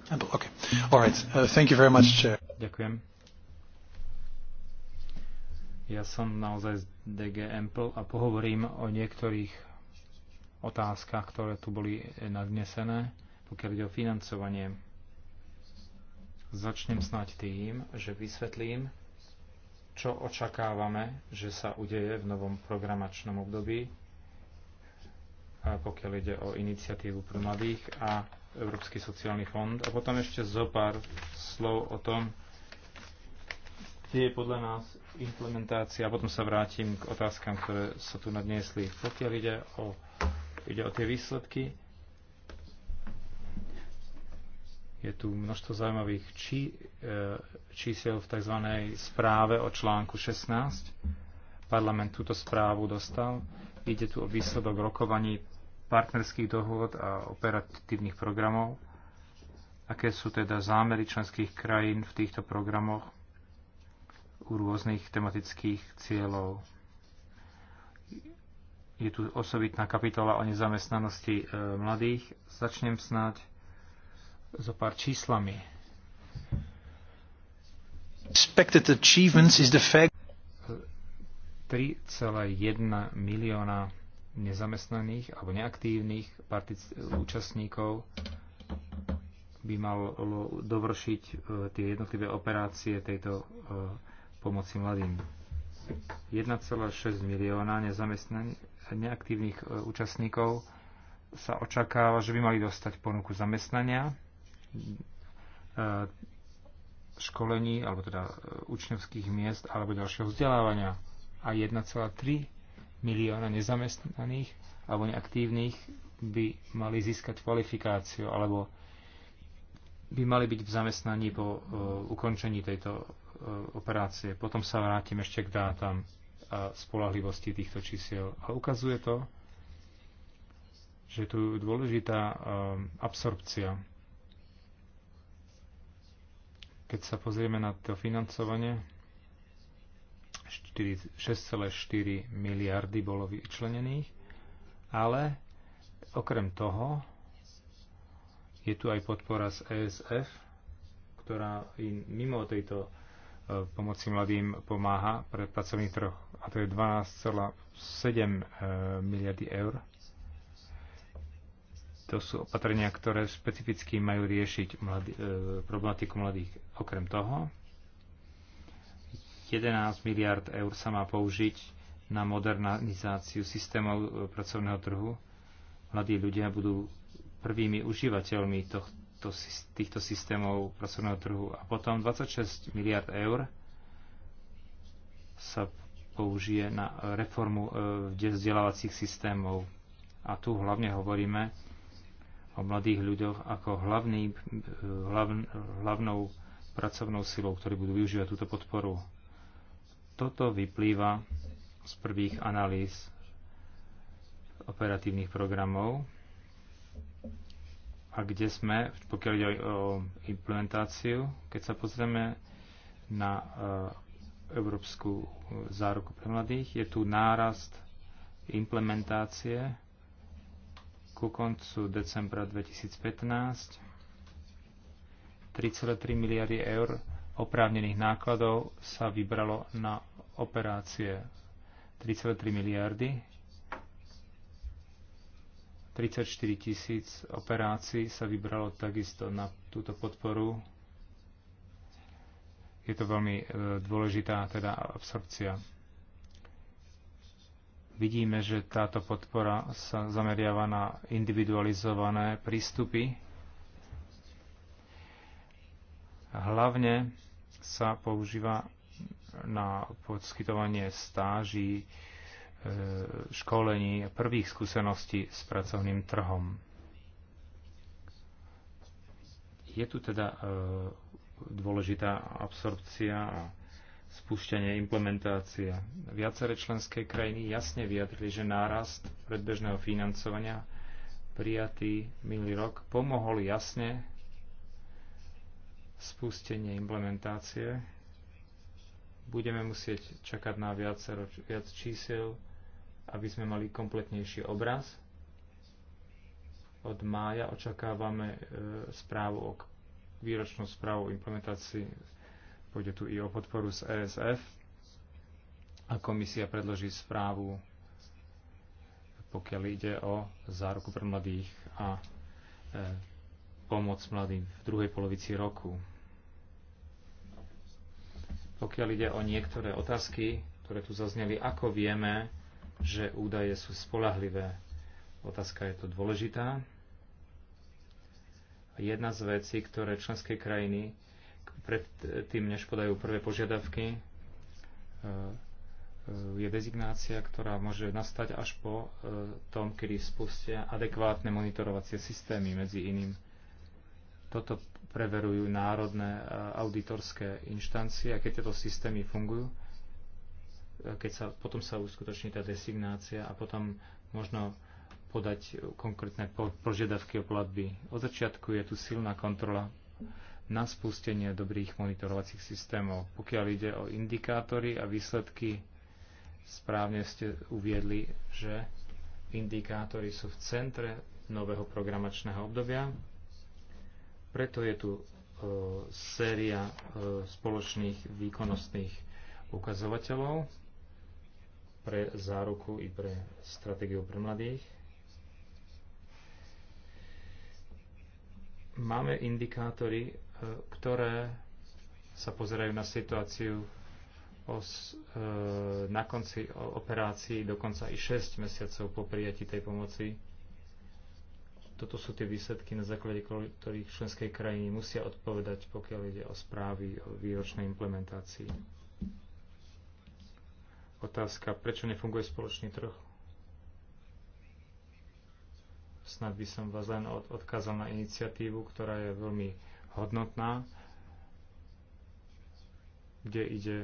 Okay. All right. Uh, thank you very much, Chair. Ďakujem ja som naozaj z DG Ample a pohovorím o niektorých otázkach, ktoré tu boli nadnesené, pokiaľ ide o financovanie. Začnem snáď tým, že vysvetlím, čo očakávame, že sa udeje v novom programačnom období, a pokiaľ ide o iniciatívu pre mladých a Európsky sociálny fond. A potom ešte zo pár slov o tom, kde je podľa nás implementácia a potom sa vrátim k otázkam, ktoré sa tu nadniesli. Pokiaľ ide o, ide o tie výsledky, je tu množstvo zaujímavých či, e, čísel v tzv. správe o článku 16. Parlament túto správu dostal. Ide tu o výsledok rokovaní partnerských dohôd a operatívnych programov. Aké sú teda zámery členských krajín v týchto programoch? u rôznych tematických cieľov. Je tu osobitná kapitola o nezamestnanosti e, mladých. Začnem snáď so pár číslami. Expected achievements is the fact 3,1 milióna nezamestnaných alebo neaktívnych účastníkov by malo dovršiť e, tie jednotlivé operácie tejto e, pomoci mladým. 1,6 milióna neaktívnych e, účastníkov sa očakáva, že by mali dostať ponuku zamestnania, e, školení, alebo teda e, učňovských miest, alebo ďalšieho vzdelávania. A 1,3 milióna nezamestnaných alebo neaktívnych by mali získať kvalifikáciu, alebo by mali byť v zamestnaní po ukončení tejto E, operácie. Potom sa vrátim ešte k dátam a spolahlivosti týchto čísiel. A ukazuje to, že tu je dôležitá e, absorpcia. Keď sa pozrieme na to financovanie, 6,4 miliardy bolo vyčlenených, ale okrem toho je tu aj podpora z ESF, ktorá mimo tejto pomoci mladým pomáha pre pracovný trh a to je 12,7 e, miliardy eur. To sú opatrenia, ktoré špecificky majú riešiť mladý, e, problematiku mladých. Okrem toho, 11 miliard eur sa má použiť na modernizáciu systémov e, pracovného trhu. Mladí ľudia budú prvými užívateľmi tohto týchto, týchto systémov pracovného trhu. A potom 26 miliard eur sa použije na reformu e, vzdelávacích systémov. A tu hlavne hovoríme o mladých ľuďoch ako hlavný, e, hlav, hlavnou pracovnou silou, ktorí budú využívať túto podporu. Toto vyplýva z prvých analýz operatívnych programov a kde sme, pokiaľ ide o implementáciu, keď sa pozrieme na e, Európsku e, záruku pre mladých, je tu nárast implementácie ku koncu decembra 2015 3,3 miliardy eur oprávnených nákladov sa vybralo na operácie 3,3 miliardy 34 tisíc operácií sa vybralo takisto na túto podporu. Je to veľmi e, dôležitá teda absorpcia. Vidíme, že táto podpora sa zameriava na individualizované prístupy. Hlavne sa používa na poskytovanie stáží, E, školení, prvých skúseností s pracovným trhom. Je tu teda e, dôležitá absorpcia a spúšťanie implementácia. Viaceré členské krajiny jasne vyjadrili, že nárast predbežného financovania prijatý minulý rok pomohol jasne spustenie implementácie. Budeme musieť čakať na viacero, viac čísel, aby sme mali kompletnejší obraz. Od mája očakávame e, správu o výročnú správu o implementácii. Pôjde tu i o podporu z ESF a komisia predloží správu, pokiaľ ide o záruku pre mladých a e, pomoc mladým v druhej polovici roku. Pokiaľ ide o niektoré otázky, ktoré tu zazneli, ako vieme, že údaje sú spolahlivé. Otázka je to dôležitá. Jedna z vecí, ktoré členské krajiny predtým, než podajú prvé požiadavky, e, e, je dezignácia, ktorá môže nastať až po e, tom, kedy spustia adekvátne monitorovacie systémy medzi iným. Toto preverujú národné auditorské inštancie a keď tieto systémy fungujú, keď sa, potom sa uskutoční tá designácia a potom možno podať konkrétne požiadavky o platby. Od začiatku je tu silná kontrola na spustenie dobrých monitorovacích systémov. Pokiaľ ide o indikátory a výsledky, správne ste uviedli, že indikátory sú v centre nového programačného obdobia. Preto je tu e, séria e, spoločných výkonnostných ukazovateľov pre záruku i pre stratégiu pre mladých. Máme indikátory, e, ktoré sa pozerajú na situáciu os, e, na konci operácií, dokonca i 6 mesiacov po prijatí tej pomoci. Toto sú tie výsledky, na základe ktorých členské krajiny musia odpovedať, pokiaľ ide o správy o výročnej implementácii. Otázka, prečo nefunguje spoločný trh? Snad by som vás len od, odkázal na iniciatívu, ktorá je veľmi hodnotná, kde ide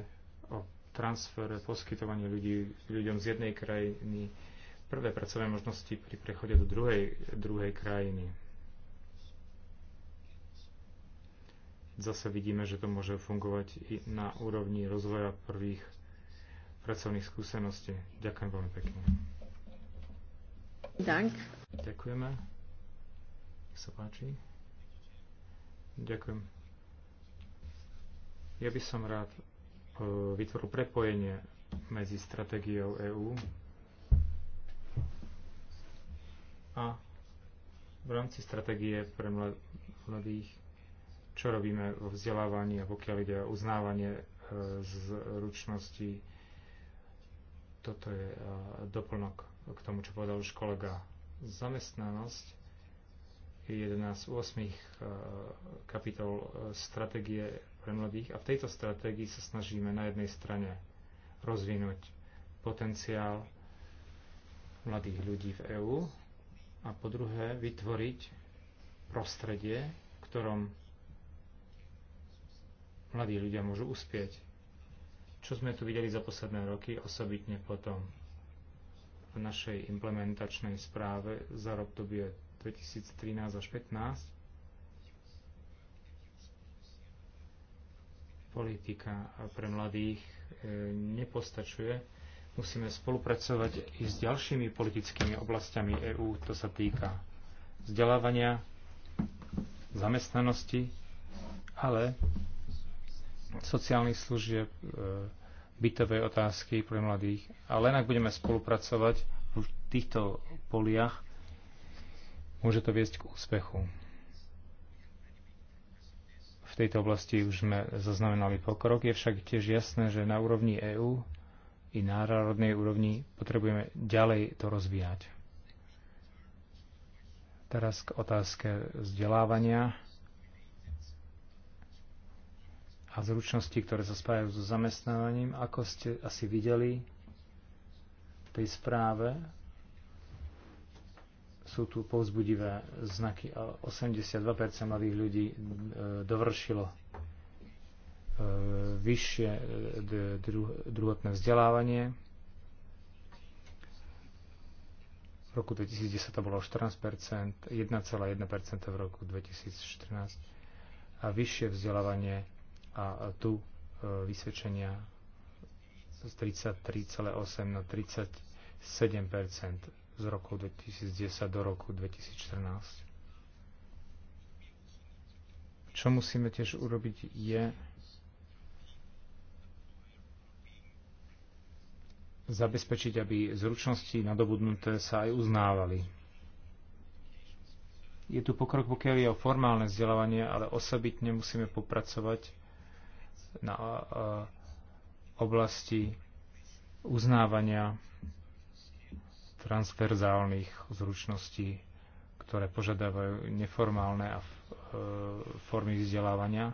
o transfer, poskytovanie ľudí, ľuďom z jednej krajiny prvé pracové možnosti pri prechode do druhej, druhej krajiny. Zase vidíme, že to môže fungovať i na úrovni rozvoja prvých pracovných skúseností. Ďakujem veľmi pekne. Dank. Ďakujeme. Nech sa páči. Ďakujem. Ja by som rád e, vytvoril prepojenie medzi stratégiou EÚ a v rámci stratégie pre mladých, čo robíme vo vzdelávaní a pokiaľ ide o uznávanie e, z ručností toto je e, doplnok k tomu, čo povedal už kolega. Zamestnanosť je jedna z 8 e, kapitol e, stratégie pre mladých a v tejto stratégii sa snažíme na jednej strane rozvinúť potenciál mladých ľudí v EÚ a po druhé vytvoriť prostredie, v ktorom mladí ľudia môžu uspieť čo sme tu videli za posledné roky, osobitne potom v našej implementačnej správe za rok dobie 2013 až 2015, politika pre mladých e, nepostačuje. Musíme spolupracovať i s ďalšími politickými oblastiami EÚ. To sa týka vzdelávania, zamestnanosti, ale sociálnych služieb, e, bytovej otázky pre mladých. A len ak budeme spolupracovať v týchto poliach, môže to viesť k úspechu. V tejto oblasti už sme zaznamenali pokrok. Je však tiež jasné, že na úrovni EÚ i na národnej úrovni potrebujeme ďalej to rozvíjať. Teraz k otázke vzdelávania a zručnosti, ktoré sa spájajú so zamestnávaním. Ako ste asi videli v tej správe, sú tu povzbudivé znaky. 82% mladých ľudí e, dovršilo e, vyššie e, druhotné vzdelávanie. V roku 2010 to bolo 14%, 1,1% v roku 2014 a vyššie vzdelávanie a tu e, vysvedčenia z 33,8 na 37 z roku 2010 do roku 2014. Čo musíme tiež urobiť je zabezpečiť, aby zručnosti nadobudnuté sa aj uznávali. Je tu pokrok, pokiaľ je o formálne vzdelávanie, ale osobitne musíme popracovať na oblasti uznávania transverzálnych zručností, ktoré požadávajú neformálne a e, formy vzdelávania.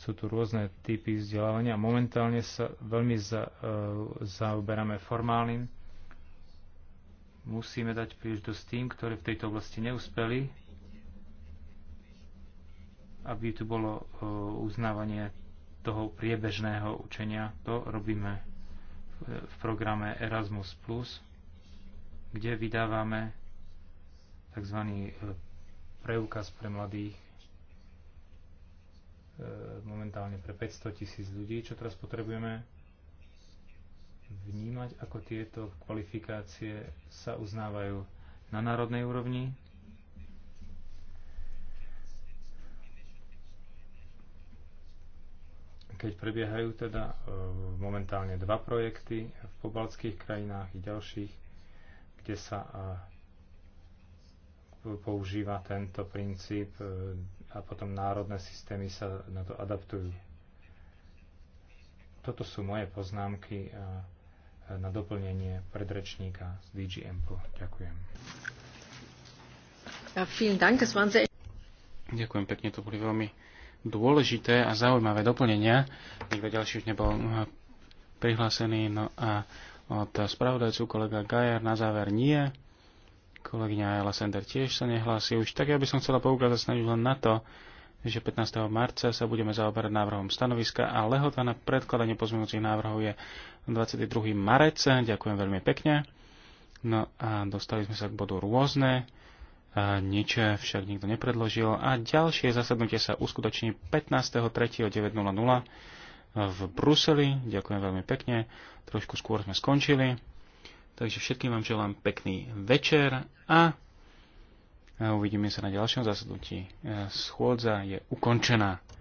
Sú tu rôzne typy vzdelávania. Momentálne sa veľmi za, e, zaoberáme formálnym. Musíme dať príležitosť tým, ktorí v tejto oblasti neúspeli, aby tu bolo e, uznávanie toho priebežného učenia. To robíme v programe Erasmus+, kde vydávame tzv. E, preukaz pre mladých e, momentálne pre 500 tisíc ľudí, čo teraz potrebujeme vnímať, ako tieto kvalifikácie sa uznávajú na národnej úrovni, keď prebiehajú teda e, momentálne dva projekty v pobaltských krajinách i ďalších, kde sa e, používa tento princíp e, a potom národné systémy sa na to adaptujú. Toto sú moje poznámky na doplnenie predrečníka z DG Ample. Ďakujem. Ďakujem pekne, to boli veľmi dôležité a zaujímavé doplnenia. Nikto ďalší už nebol eh, prihlásený. No a od spravodajcu kolega Gajer na záver nie. Kolegyňa Ayala Sender tiež sa nehlási už. Tak ja by som chcela poukázať snažiť len na to, že 15. marca sa budeme zaoberať návrhom stanoviska a lehota na predkladanie pozmeňujúcich návrhov je 22. marec. Ďakujem veľmi pekne. No a dostali sme sa k bodu rôzne. A nič však nikto nepredložil a ďalšie zasadnutie sa uskutoční 15.3.9.00 v Bruseli. Ďakujem veľmi pekne. Trošku skôr sme skončili. Takže všetkým vám želám pekný večer a uvidíme sa na ďalšom zasadnutí. Schôdza je ukončená.